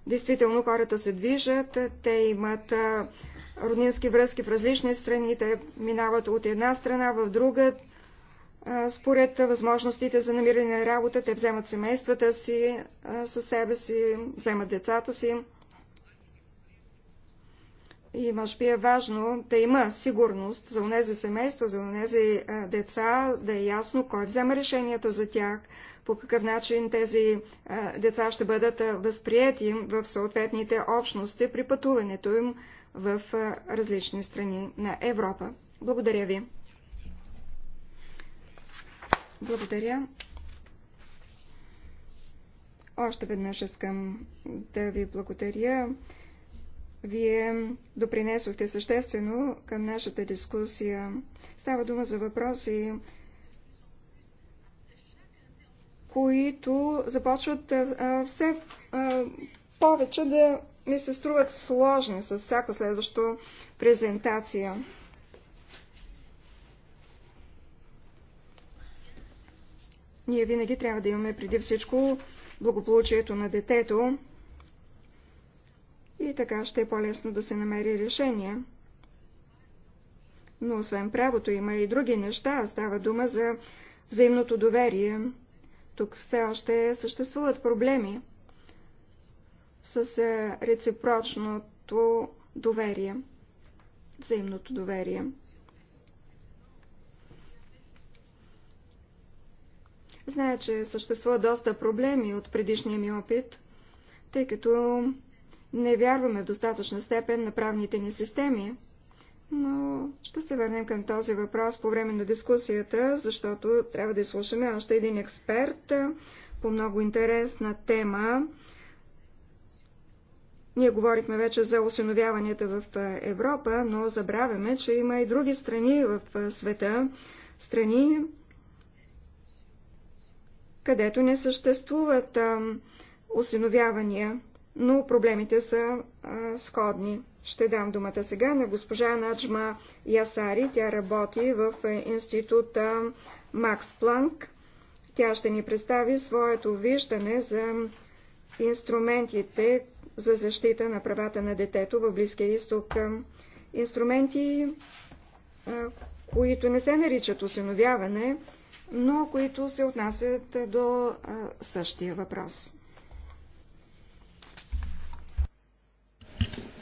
Действително хората се движат, те имат роднински връзки в различни страни, те минават от една страна в друга. Според възможностите за намиране на работа, те вземат семействата си със себе си, вземат децата си. И може би е важно да има сигурност за онези семейства, за онези деца, да е ясно кой взема решенията за тях, по какъв начин тези деца ще бъдат възприяти в съответните общности при пътуването им в различни страни на Европа. Благодаря ви. Благодаря. Още веднъж искам да ви благодаря вие допринесохте съществено към нашата дискусия. Става дума за въпроси, които започват а, все а, повече да ми се струват сложни с всяка следваща презентация. Ние винаги трябва да имаме преди всичко благополучието на детето, и така ще е по-лесно да се намери решение. Но освен правото има и други неща. Става дума за взаимното доверие. Тук все още съществуват проблеми с е, реципрочното доверие, взаимното доверие. Зная, че съществува доста проблеми от предишния ми опит, тъй като не вярваме в достатъчна степен на правните ни системи, но ще се върнем към този въпрос по време на дискусията, защото трябва да изслушаме още един експерт по много интересна тема. Ние говорихме вече за осиновяванията в Европа, но забравяме, че има и други страни в света, страни, където не съществуват осиновявания но проблемите са а, сходни. Ще дам думата сега на госпожа Наджма Ясари. Тя работи в института Макс Планк. Тя ще ни представи своето виждане за инструментите за защита на правата на детето в Близкия изток. Инструменти, които не се наричат осиновяване, но които се отнасят до същия въпрос.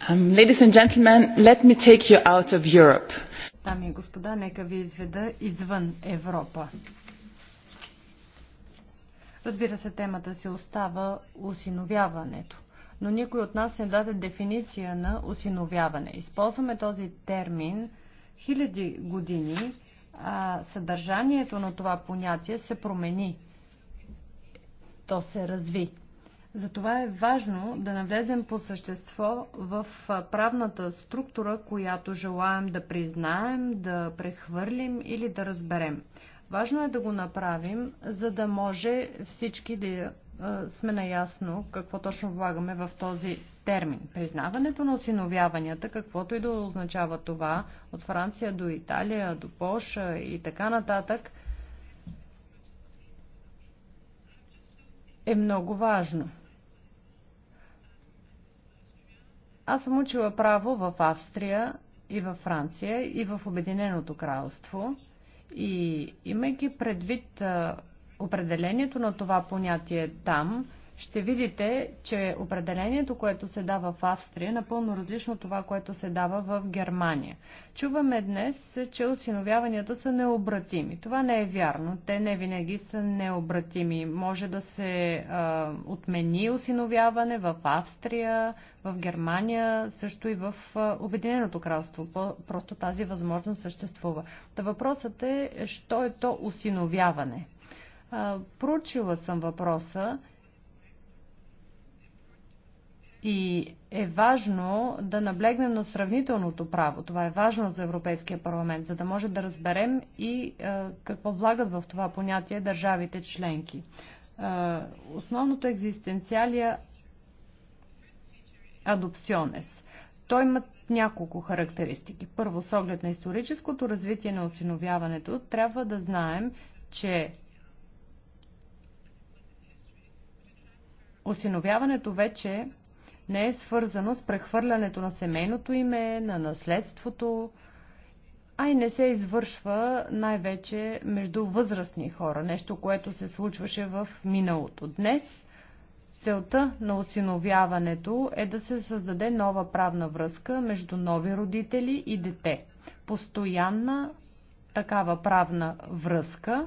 Um, ladies and gentlemen, let me take you out of Europe. Дами и господа, нека ви изведа извън Европа. Разбира се, темата си остава осиновяването. Но никой от нас не даде дефиниция на осиновяване. Използваме този термин хиляди години, а съдържанието на това понятие се промени. То се разви. Затова е важно да навлезем по същество в правната структура, която желаем да признаем, да прехвърлим или да разберем. Важно е да го направим, за да може всички да сме наясно какво точно влагаме в този термин. Признаването на осиновяванията, каквото и да означава това, от Франция до Италия, до Польша и така нататък, е много важно. Аз съм учила право в Австрия и във Франция и в Обединеното кралство. И имайки предвид определението на това понятие там, ще видите, че определението, което се дава в Австрия, е напълно различно от това, което се дава в Германия. Чуваме днес, че осиновяванията са необратими. Това не е вярно. Те не винаги са необратими. Може да се а, отмени осиновяване в Австрия, в Германия, също и в Обединеното кралство. Просто тази възможност съществува. Та въпросът е, що е то осиновяване? проучила съм въпроса и е важно да наблегнем на сравнителното право. Това е важно за Европейския парламент, за да може да разберем и е, какво влагат в това понятие държавите членки. Е, основното екзистенциалия адопционес. Той има няколко характеристики. Първо, с оглед на историческото развитие на осиновяването, трябва да знаем, че осиновяването вече не е свързано с прехвърлянето на семейното име, на наследството, а и не се извършва най-вече между възрастни хора, нещо, което се случваше в миналото. Днес целта на осиновяването е да се създаде нова правна връзка между нови родители и дете. Постоянна такава правна връзка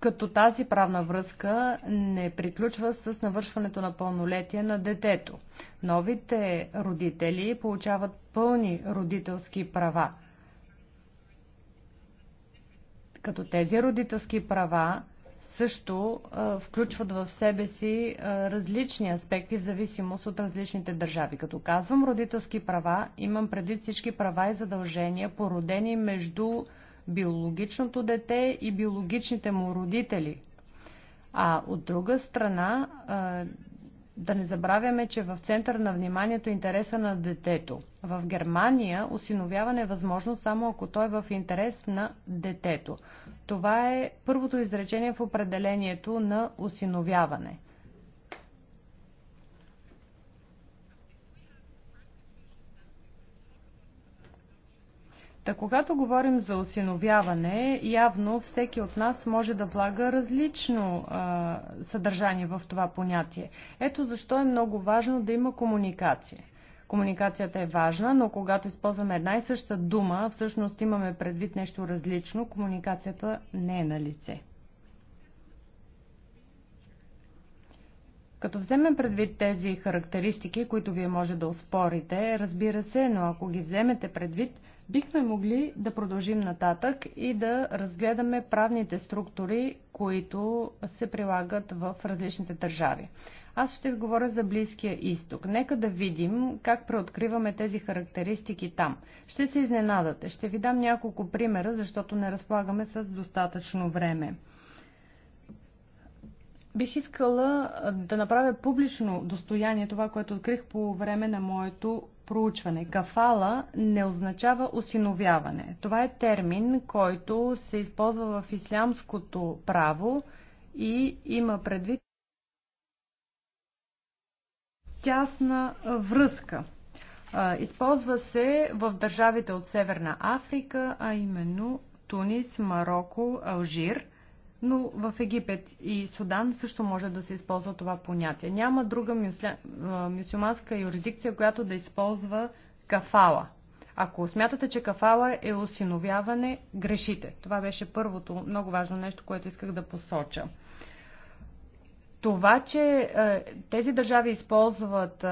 като тази правна връзка не приключва с навършването на пълнолетие на детето. Новите родители получават пълни родителски права. Като тези родителски права също а, включват в себе си а, различни аспекти в зависимост от различните държави. Като казвам родителски права, имам преди всички права и задължения, породени между биологичното дете и биологичните му родители. А от друга страна, да не забравяме, че в център на вниманието е интереса на детето. В Германия осиновяване е възможно само ако той е в интерес на детето. Това е първото изречение в определението на осиновяване. Та когато говорим за осиновяване, явно всеки от нас може да влага различно а, съдържание в това понятие. Ето защо е много важно да има комуникация. Комуникацията е важна, но когато използваме една и съща дума, всъщност имаме предвид нещо различно, комуникацията не е на лице. Като вземем предвид тези характеристики, които вие може да успорите, разбира се, но ако ги вземете предвид, Бихме могли да продължим нататък и да разгледаме правните структури, които се прилагат в различните държави. Аз ще ви говоря за Близкия изток. Нека да видим как преоткриваме тези характеристики там. Ще се изненадате. Ще ви дам няколко примера, защото не разполагаме с достатъчно време. Бих искала да направя публично достояние това, което открих по време на моето проучване. Кафала не означава осиновяване. Това е термин, който се използва в ислямското право и има предвид тясна връзка. Използва се в държавите от Северна Африка, а именно Тунис, Марокко, Алжир – но в Египет и Судан също може да се използва това понятие. Няма друга мюсля... мюсюлманска юрисдикция, която да използва кафала. Ако смятате, че кафала е осиновяване, грешите. Това беше първото много важно нещо, което исках да посоча. Това, че тези държави използват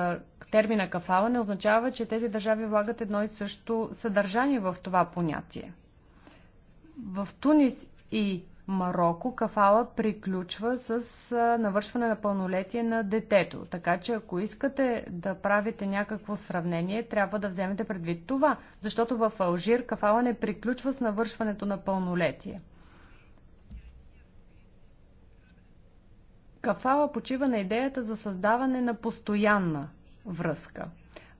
термина кафала, не означава, че тези държави влагат едно и също съдържание в това понятие. В Тунис и Марокко, кафала приключва с навършване на пълнолетие на детето. Така че ако искате да правите някакво сравнение, трябва да вземете предвид това, защото в Алжир кафала не приключва с навършването на пълнолетие. Кафала почива на идеята за създаване на постоянна връзка.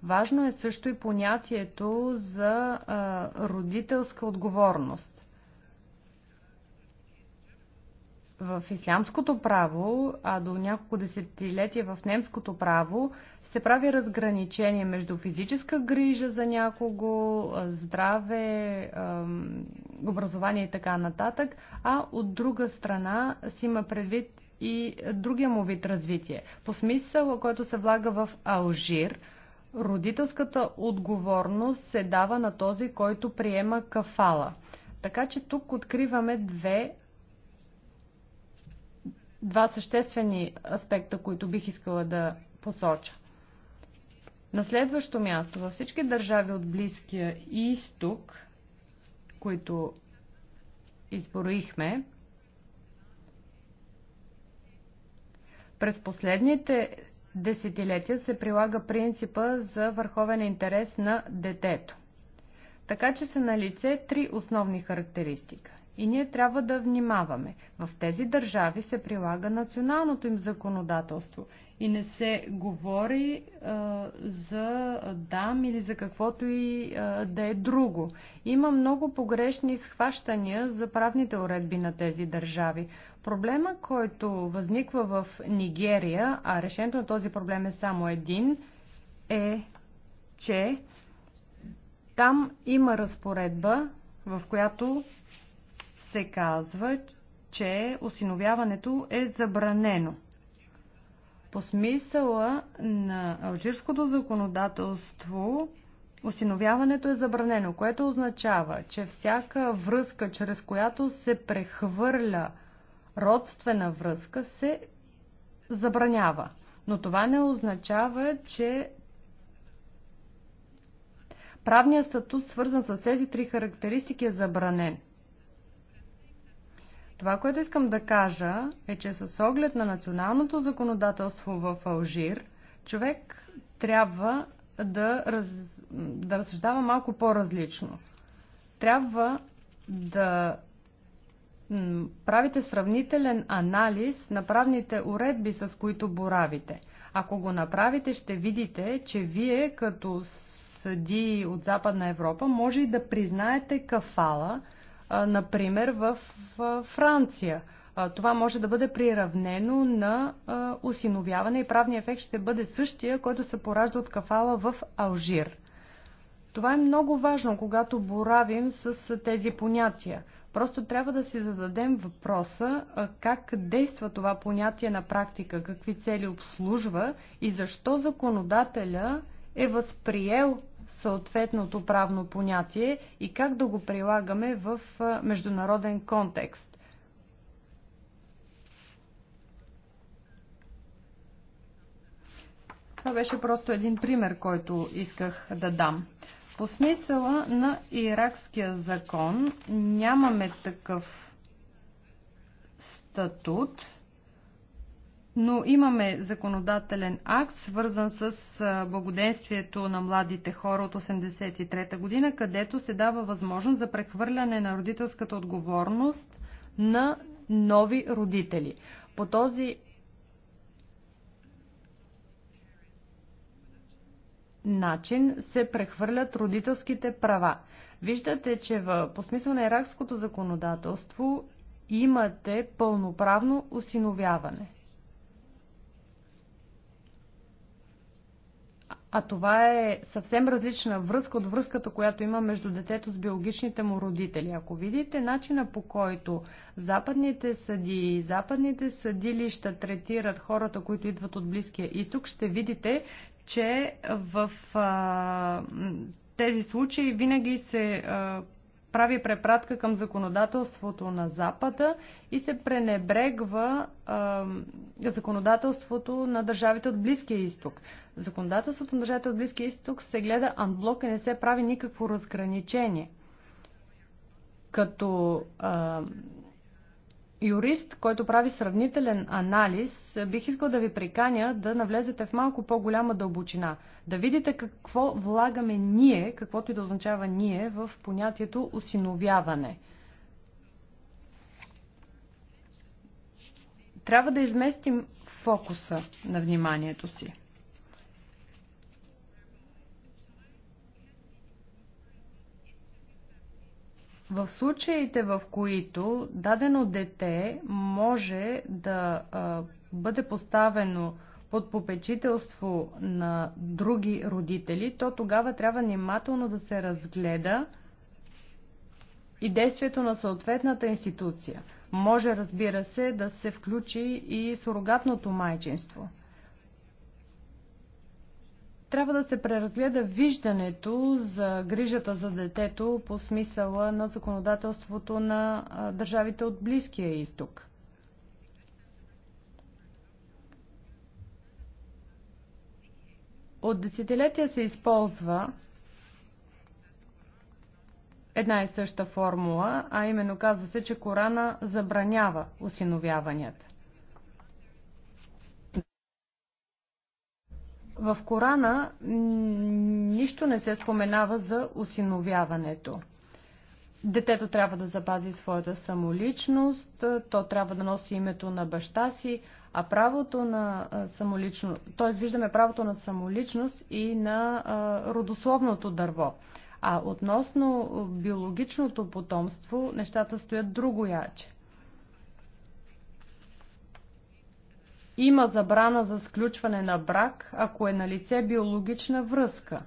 Важно е също и понятието за а, родителска отговорност. в ислямското право, а до няколко десетилетия в немското право, се прави разграничение между физическа грижа за някого, здраве, образование и така нататък, а от друга страна си има предвид и другия му вид развитие. По смисъл, който се влага в Алжир, родителската отговорност се дава на този, който приема кафала. Така че тук откриваме две два съществени аспекта, които бих искала да посоча. На следващо място, във всички държави от Близкия изток, които изборихме, през последните десетилетия се прилага принципа за върховен интерес на детето. Така че са на лице три основни характеристика. И ние трябва да внимаваме. В тези държави се прилага националното им законодателство и не се говори а, за дам или за каквото и а, да е друго. Има много погрешни схващания за правните уредби на тези държави. Проблема, който възниква в Нигерия, а решението на този проблем е само един, е, че там има разпоредба, в която се казва, че осиновяването е забранено. По смисъла на алжирското законодателство осиновяването е забранено, което означава, че всяка връзка, чрез която се прехвърля родствена връзка, се забранява. Но това не означава, че правният статут, свързан с тези три характеристики, е забранен. Това, което искам да кажа е, че с оглед на националното законодателство в Алжир, човек трябва да, раз... да разсъждава малко по-различно. Трябва да правите сравнителен анализ на правните уредби, с които боравите. Ако го направите, ще видите, че вие като съди от Западна Европа може и да признаете кафала – например в Франция. Това може да бъде приравнено на осиновяване и правния ефект ще бъде същия, който се поражда от кафала в Алжир. Това е много важно, когато боравим с тези понятия. Просто трябва да си зададем въпроса как действа това понятие на практика, какви цели обслужва и защо законодателя е възприел съответното правно понятие и как да го прилагаме в международен контекст. Това беше просто един пример, който исках да дам. По смисъла на иракския закон нямаме такъв статут но имаме законодателен акт, свързан с благоденствието на младите хора от 1983 година, където се дава възможност за прехвърляне на родителската отговорност на нови родители. По този начин се прехвърлят родителските права. Виждате, че в, по смисъл на иракското законодателство имате пълноправно осиновяване. А това е съвсем различна връзка от връзката, която има между детето с биологичните му родители. Ако видите начина по който западните съдии, западните съдилища третират хората, които идват от Близкия изток, ще видите, че в а, тези случаи винаги се а, прави препратка към законодателството на Запада и се пренебрегва а, законодателството на държавите от Близкия изток. Законодателството на държавите от Близкия изток се гледа анблок и не се прави никакво разграничение. Като юрист, който прави сравнителен анализ, бих искал да ви приканя да навлезете в малко по-голяма дълбочина. Да видите какво влагаме ние, каквото и да означава ние, в понятието осиновяване. Трябва да изместим фокуса на вниманието си. В случаите, в които дадено дете може да а, бъде поставено под попечителство на други родители, то тогава трябва внимателно да се разгледа и действието на съответната институция. Може, разбира се, да се включи и сурогатното майчинство – трябва да се преразгледа виждането за грижата за детето по смисъла на законодателството на държавите от Близкия изток. От десетилетия се използва една и съща формула, а именно казва се, че Корана забранява осиновяванията. В Корана нищо не се споменава за осиновяването. Детето трябва да запази своята самоличност, то трябва да носи името на баща си, а правото на самоличност, т.е. виждаме правото на самоличност и на родословното дърво. А относно биологичното потомство, нещата стоят другояче. Има забрана за сключване на брак, ако е на лице биологична връзка.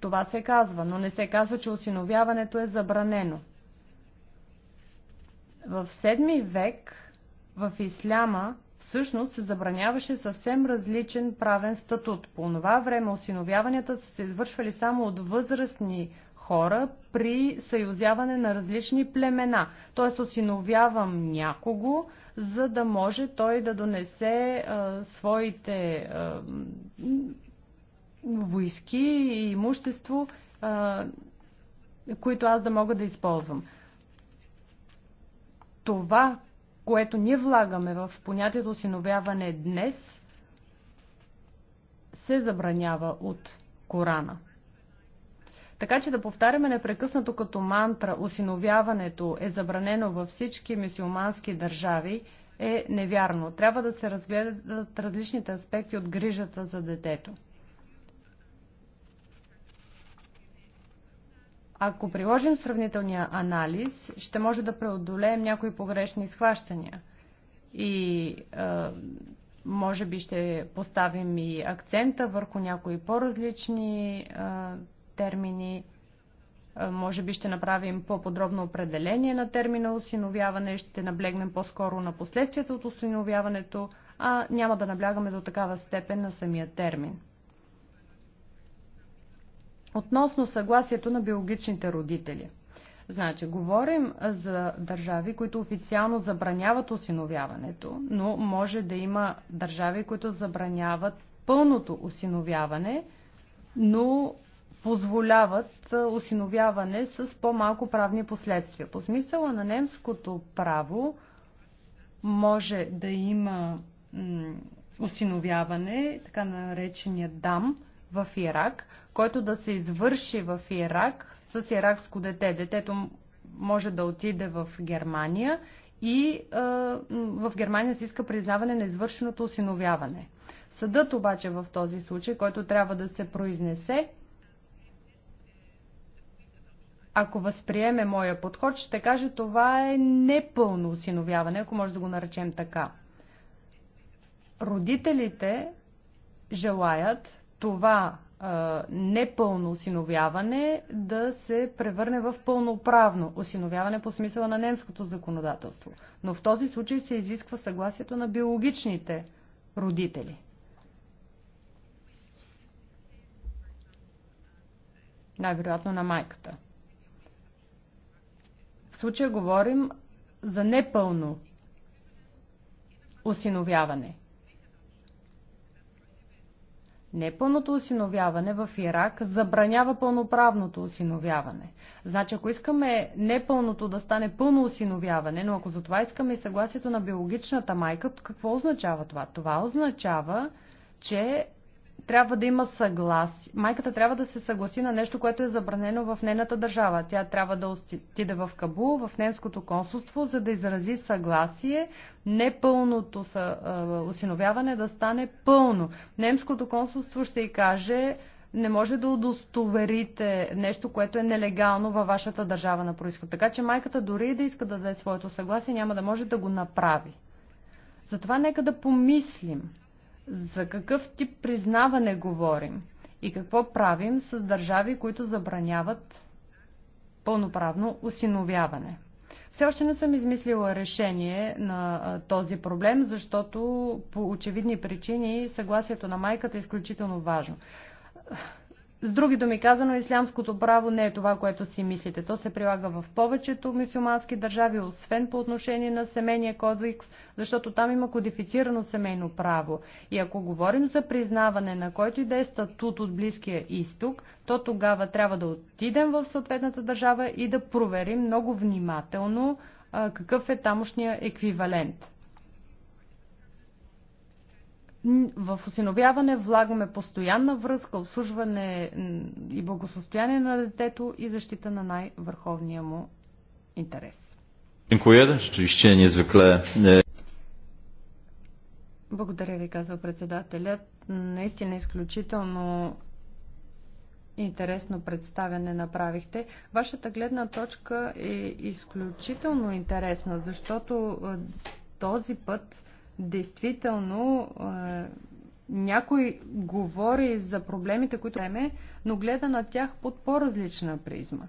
Това се казва, но не се казва, че осиновяването е забранено. В 7 век в исляма всъщност се забраняваше съвсем различен правен статут. По това време осиновяванията са се извършвали само от възрастни хора при съюзяване на различни племена. Т.е. осиновявам някого, за да може той да донесе а, своите а, войски и имущество, а, които аз да мога да използвам. Това, което ние влагаме в понятието осиновяване днес, се забранява от Корана. Така че да повтаряме непрекъснато като мантра осиновяването е забранено във всички мисиомански държави е невярно. Трябва да се разгледат различните аспекти от грижата за детето. Ако приложим сравнителния анализ, ще може да преодолеем някои погрешни изхващания. И е, може би ще поставим и акцента върху някои по-различни е, термини. Е, може би ще направим по-подробно определение на термина осиновяване, ще наблегнем по-скоро на последствията от осиновяването, а няма да наблягаме до такава степен на самия термин. Относно съгласието на биологичните родители. Значи, говорим за държави, които официално забраняват осиновяването, но може да има държави, които забраняват пълното осиновяване, но позволяват осиновяване с по-малко правни последствия. По смисъла на немското право може да има осиновяване, така наречения дам в Ирак, който да се извърши в Ирак с иракско дете. Детето може да отиде в Германия и а, в Германия се иска признаване на извършеното осиновяване. Съдът обаче в този случай, който трябва да се произнесе, ако възприеме моя подход, ще каже, това е непълно осиновяване, ако може да го наречем така. Родителите желаят това е, непълно осиновяване да се превърне в пълноправно осиновяване по смисъла на немското законодателство. Но в този случай се изисква съгласието на биологичните родители. Най-вероятно на майката случая говорим за непълно осиновяване. Непълното осиновяване в Ирак забранява пълноправното осиновяване. Значи, ако искаме непълното да стане пълно осиновяване, но ако за това искаме и съгласието на биологичната майка, какво означава това? Това означава, че трябва да има съгласие. Майката трябва да се съгласи на нещо, което е забранено в нейната държава. Тя трябва да отиде в Кабул, в немското консулство, за да изрази съгласие, непълното са, осиновяване да стане пълно. Немското консулство ще й каже, не може да удостоверите нещо, което е нелегално във вашата държава на происход. Така че майката дори и да иска да даде своето съгласие, няма да може да го направи. Затова нека да помислим за какъв тип признаване говорим? И какво правим с държави, които забраняват пълноправно осиновяване? Все още не съм измислила решение на този проблем, защото по очевидни причини съгласието на майката е изключително важно. С други думи казано, ислямското право не е това, което си мислите. То се прилага в повечето мусулмански държави, освен по отношение на семейния кодекс, защото там има кодифицирано семейно право. И ако говорим за признаване на който и да е статут от Близкия изток, то тогава трябва да отидем в съответната държава и да проверим много внимателно какъв е тамошния еквивалент в осиновяване влагаме постоянна връзка, обслужване и благосостояние на детето и защита на най-върховния му интерес. E, Благодаря ви, казва председателят. Наистина изключително интересно представяне направихте. Вашата гледна точка е изключително интересна, защото е, този път действително е, някой говори за проблемите, които имаме, но гледа на тях под по-различна призма.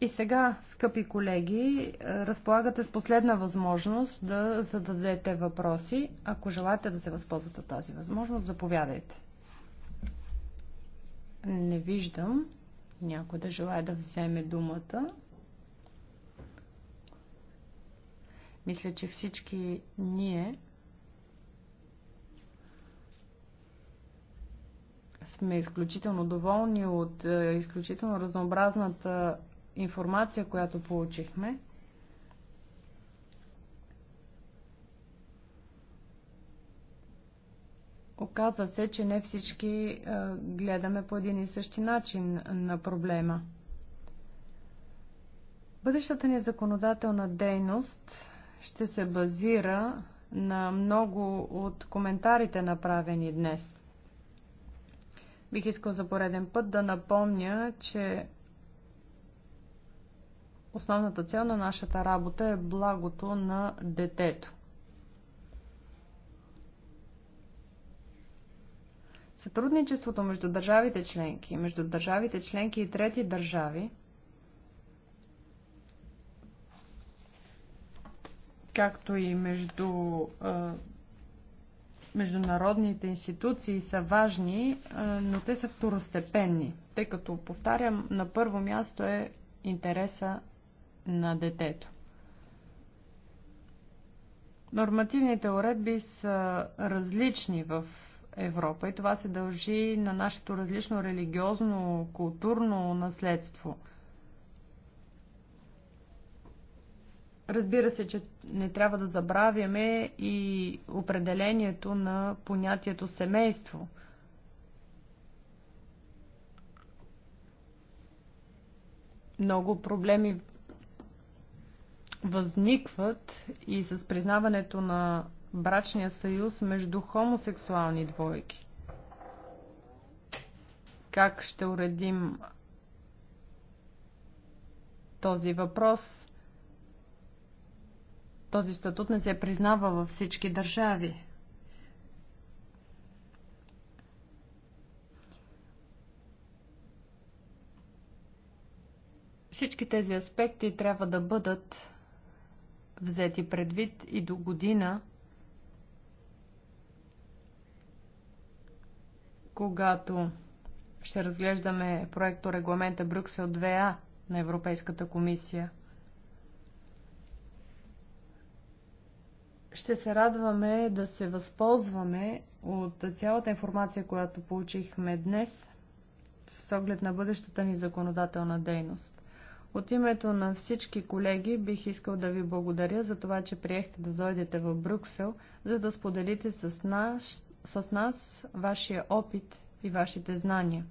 И сега, скъпи колеги, е, разполагате с последна възможност да зададете въпроси. Ако желаете да се възползвате от тази възможност, заповядайте. Не виждам някой да желая да вземе думата. Мисля, че всички ние сме изключително доволни от е, изключително разнообразната информация, която получихме. Оказва се, че не всички е, гледаме по един и същи начин на проблема. Бъдещата ни законодателна дейност ще се базира на много от коментарите направени днес. Бих искал за пореден път да напомня, че основната цел на нашата работа е благото на детето. Сътрудничеството между държавите членки, между държавите членки и трети държави – както и между международните институции са важни, но те са второстепенни, тъй като, повтарям, на първо място е интереса на детето. Нормативните уредби са различни в Европа и това се дължи на нашето различно религиозно, културно наследство – Разбира се, че не трябва да забравяме и определението на понятието семейство. Много проблеми възникват и с признаването на брачния съюз между хомосексуални двойки. Как ще уредим този въпрос? Този статут не се признава във всички държави. Всички тези аспекти трябва да бъдат взети предвид и до година, когато ще разглеждаме проекто регламента Брюксел 2А на Европейската комисия – ще се радваме да се възползваме от цялата информация, която получихме днес с оглед на бъдещата ни законодателна дейност. От името на всички колеги бих искал да ви благодаря за това, че приехте да дойдете в Брюксел, за да споделите с нас, с нас вашия опит и вашите знания.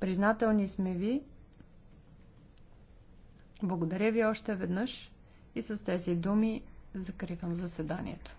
Признателни сме ви. Благодаря ви още веднъж и с тези думи Закривам заседанието.